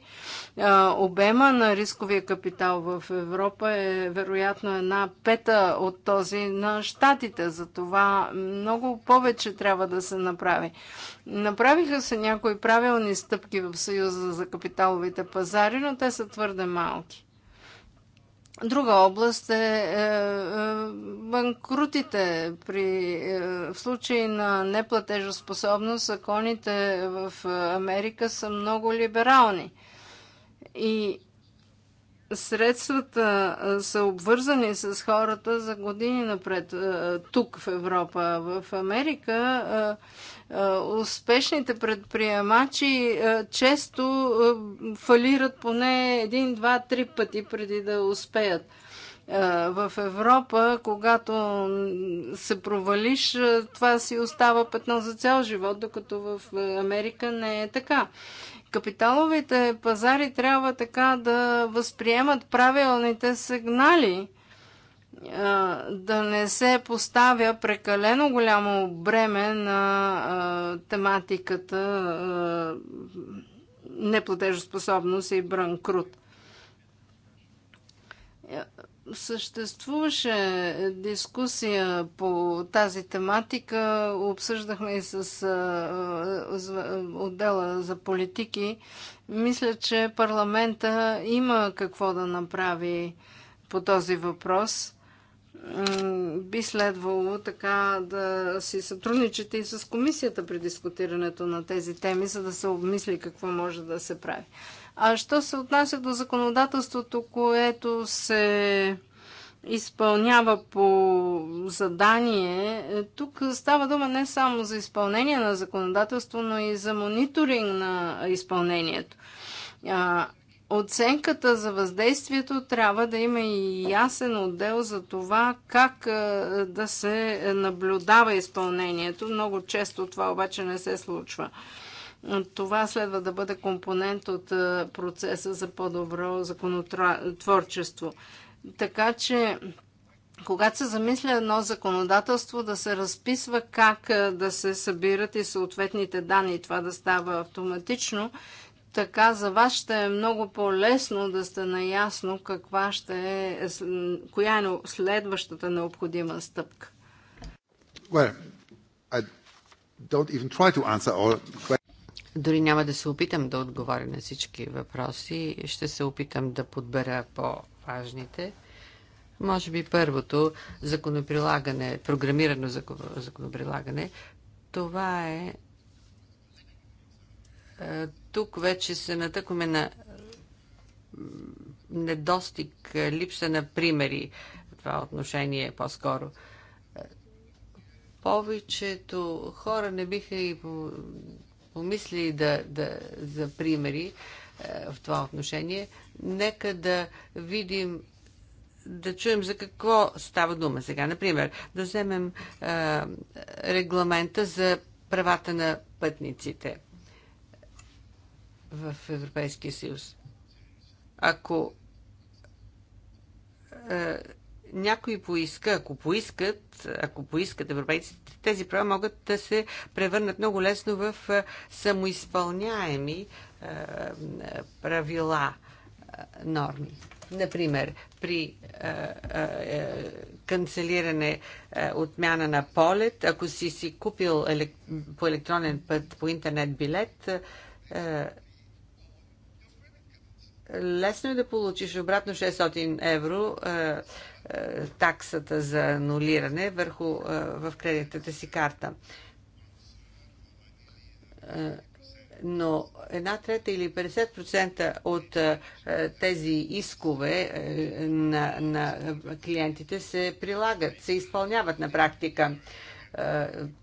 Обема на рисковия капитал в Европа е вероятно една пета от този на щатите. Затова много повече трябва да се направи. Направиха се някои правилни стъпки в Съюза за капиталовите пазари, но те са твърде малки. Друга област е, е, е банкрутите. При, е, в случай на неплатежоспособност законите в Америка са много либерални. И средствата са обвързани с хората за години напред. Тук в Европа, в Америка е, успешните предприемачи е, често е, фалират поне един, два, три пъти преди да успеят. В Европа, когато се провалиш, това си остава петно за цял живот, докато в Америка не е така. Капиталовите пазари трябва така да възприемат правилните сигнали – да не се поставя прекалено голямо бреме на тематиката неплатежоспособност и бранкрут. Е, съществуваше дискусия по тази тематика, обсъждахме и с отдела за политики. Мисля, че парламента има какво да направи по този въпрос би следвало така да си сътрудничите и с комисията при дискутирането на тези теми, за да се обмисли какво може да се прави. А що се отнася до законодателството, което се изпълнява по задание, е, тук става дума не само за изпълнение на законодателство, но и за мониторинг на изпълнението оценката за въздействието трябва да има и ясен отдел за това как да се наблюдава изпълнението. Много често това обаче не се случва. Това следва да бъде компонент от процеса за по-добро законотворчество. Така че, когато се замисля едно законодателство, да се разписва как да се събират и съответните данни, това да става автоматично така за вас ще е много по-лесно да сте наясно каква ще е, коя е следващата необходима стъпка. Well, I don't even try to answer all дори няма да се опитам да отговоря на всички въпроси. Ще се опитам да подбера по-важните. Може би първото законоприлагане, програмирано законоприлагане, това е тук вече се натъкваме на недостиг, липса на примери в това отношение по-скоро. Повечето хора не биха и помислили да, да, за примери в това отношение. Нека да видим да чуем за какво става дума сега. Например, да вземем регламента за правата на пътниците в Европейския съюз. Ако е, някой поиска, ако поискат, ако поискат европейците, тези права могат да се превърнат много лесно в е, самоизпълняеми е, правила, е, норми. Например, при е, е, е, канцелиране, е, отмяна на полет, ако си си купил елек... по електронен път, по интернет билет, е, Лесно е да получиш обратно 600 евро е, е, таксата за анулиране върху, е, в кредитната си карта. Но една трета или 50% от тези искове на, на клиентите се прилагат, се изпълняват на практика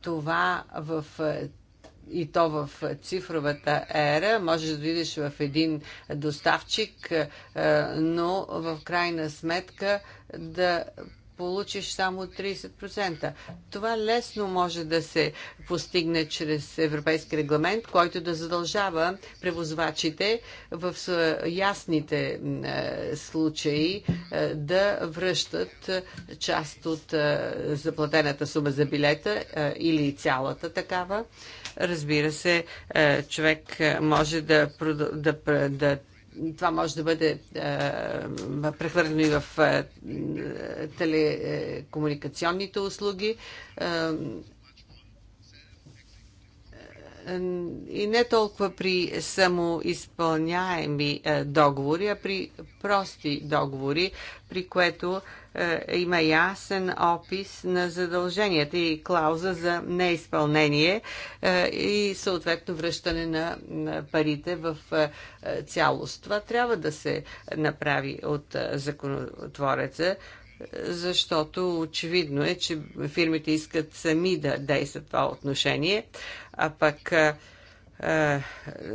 това в и то в цифровата ера. Можеш да видиш в един доставчик, е, но в крайна сметка да получиш само 30%. Това лесно може да се постигне чрез европейски регламент, който да задължава превозвачите в ясните е, случаи е, да връщат част от заплатената сума за билета или цялата такава Разбира се, е, човек е, може да, да, да това може да бъде е, прехвърлено и в е, телекомуникационните услуги. Е, е и не толкова при самоизпълняеми договори, а при прости договори, при което е, е, има ясен опис на задълженията и клауза за неизпълнение е, и съответно връщане на парите в е, цялост. Това трябва да се направи от законотвореца защото очевидно е, че фирмите искат сами да действат това отношение, а пък е,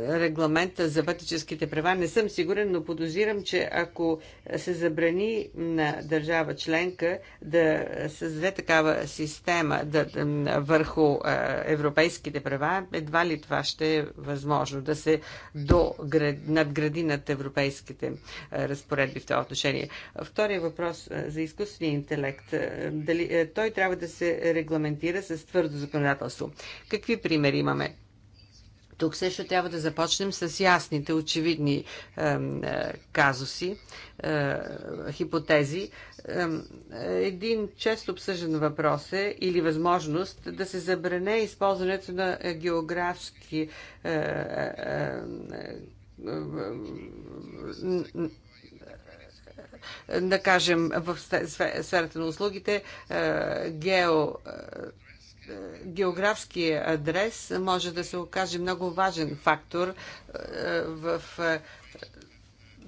регламента за пътническите права. Не съм сигурен, но подозирам, че ако се забрани на държава членка да създаде такава система да, върху е, европейските права, едва ли това ще е възможно да се доград, надгради над европейските е, разпоредби в това отношение. Втория въпрос за изкуствения интелект. Дали, той трябва да се регламентира с твърдо законодателство. Какви примери имаме? Тук също трябва да започнем с ясните, очевидни е, е, казуси, е, хипотези. Е, един често обсъжен въпрос е или възможност да се забране използването на географски е, е, е, да кажем, в сферата на услугите, гео е, географски адрес може да се окаже много важен фактор е, в е,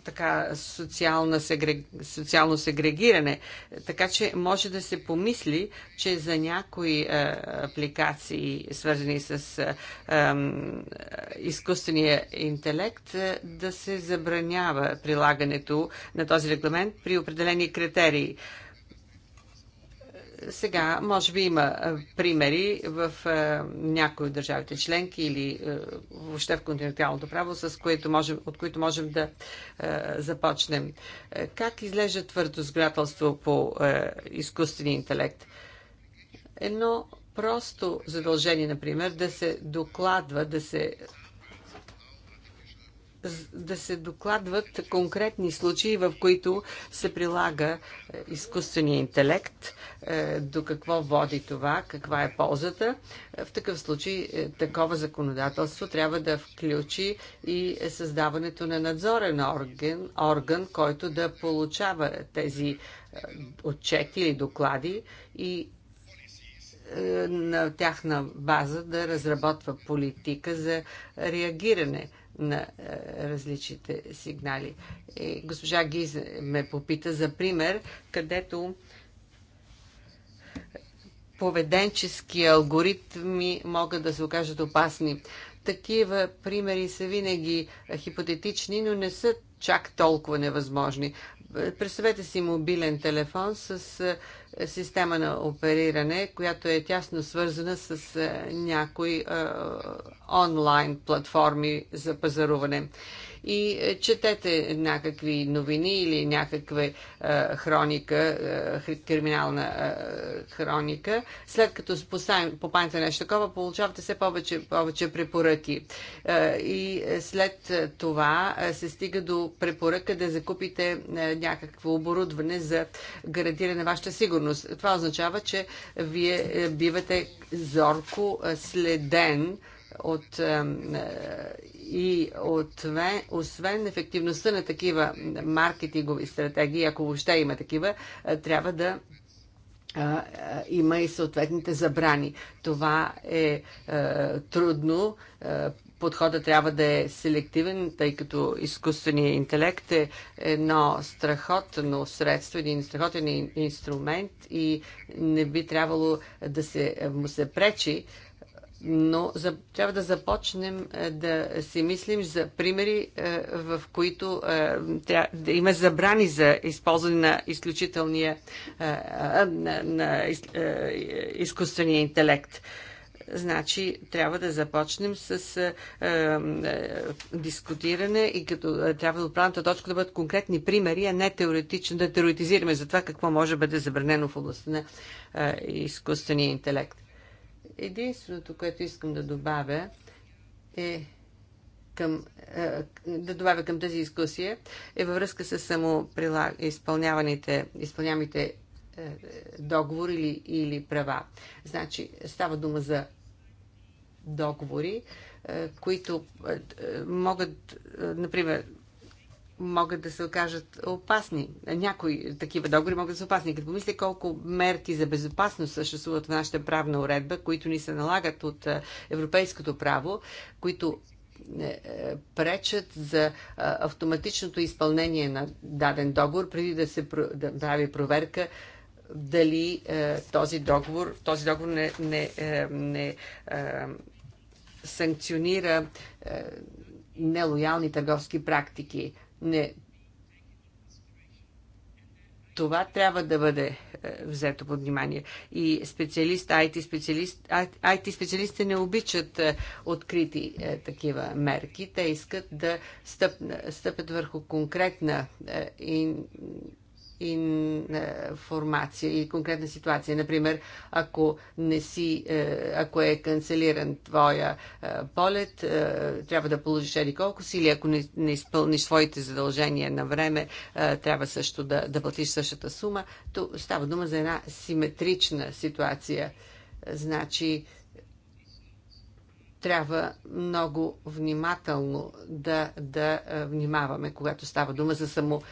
така социална сегрег... социално сегрегиране. Така че може да се помисли, че за някои е, апликации, свързани с е, е, изкуствения интелект, е, да се забранява прилагането на този регламент при определени критерии. Е, сега, може би има примери в някои от държавите членки или въобще в континенталното право, с което можем, от които можем да започнем. Как изглежда твърдо сградателство по изкуствения интелект? Едно просто задължение, например, да се докладва, да се да се докладват конкретни случаи, в които се прилага е, изкуствения интелект, е, до какво води това, каква е ползата. Е, в такъв случай такова законодателство трябва да включи и създаването на надзорен орган, орган който да получава тези отчети или доклади и на тяхна база да разработва политика за реагиране на е, различните сигнали. И госпожа Гиз ме попита за пример, където поведенчески алгоритми могат да се окажат опасни. Такива примери са винаги хипотетични, но не са чак толкова невъзможни. Представете си мобилен телефон с е, система на опериране, която е тясно свързана с е, някои е, онлайн платформи за пазаруване и е, четете някакви новини или някаква е, хроника, е, криминална е, хроника. След като попаднете нещо такова, получавате все повече, повече препоръки. Е, и е, след това е, се стига до препоръка да закупите е, някакво оборудване за гарантиране на вашата сигурност. Това означава, че вие бивате зорко следен от и отвен, освен ефективността на такива маркетингови стратегии, ако въобще има такива, трябва да има и съответните забрани. Това е, е трудно. Подходът трябва да е селективен, тъй като изкуственият интелект е едно страхотно средство, един страхотен инструмент и не би трябвало да се, му се пречи но за, трябва да започнем е, да си мислим за примери, е, в които е, трябва да има забрани за използване на изключителния на, на из, изкуствения интелект. Значи трябва да започнем с е, е, дискутиране и като е, трябва да отправната точка да бъдат конкретни примери, а не теоретично да теоретизираме за това какво може да бъде забранено в областта на е, изкуствения интелект. Единственото, което искам да добавя е към, е, да добавя към тази дискусия е във връзка с само изпълняваните, изпълняваните е, договори или, или права. Значи става дума за договори, е, които могат, например, могат да се окажат опасни. Някои такива договори могат да са опасни. Като помисля колко мерки за безопасност съществуват в нашата правна уредба, които ни се налагат от е, европейското право, които е, е, пречат за автоматичното изпълнение на даден договор, преди да се прави проверка дали този договор, този договор не, не, не санкционира нелоялни търговски практики. Не. Това трябва да бъде е, взето под внимание. И специалист, IT, специалист, IT специалистите не обичат е, открити е, такива мерки. Те искат да стъп, стъпят върху конкретна е, и информация е, и конкретна ситуация. Например, ако, не си, е, ако е канцелиран твоя е, полет, трябва да положиш еди колко си, или ако не, не изпълниш своите задължения на време, трябва също да, да платиш същата сума. То става дума за една симетрична ситуация. Значи, трябва много внимателно да, да внимаваме, когато става дума за само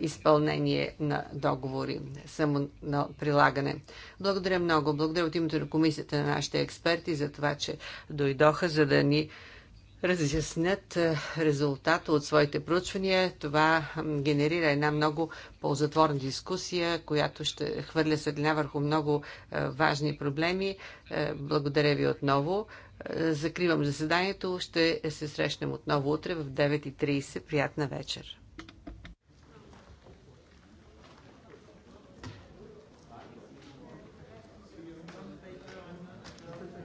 изпълнение на договори, само на прилагане. Благодаря много. Благодаря от името на комисията на нашите експерти за това, че дойдоха, за да ни разяснят резултата от своите проучвания. Това генерира една много ползотворна дискусия, която ще хвърля светлина върху много важни проблеми. Благодаря ви отново. Закривам заседанието. Ще се срещнем отново утре в 9.30. Приятна вечер!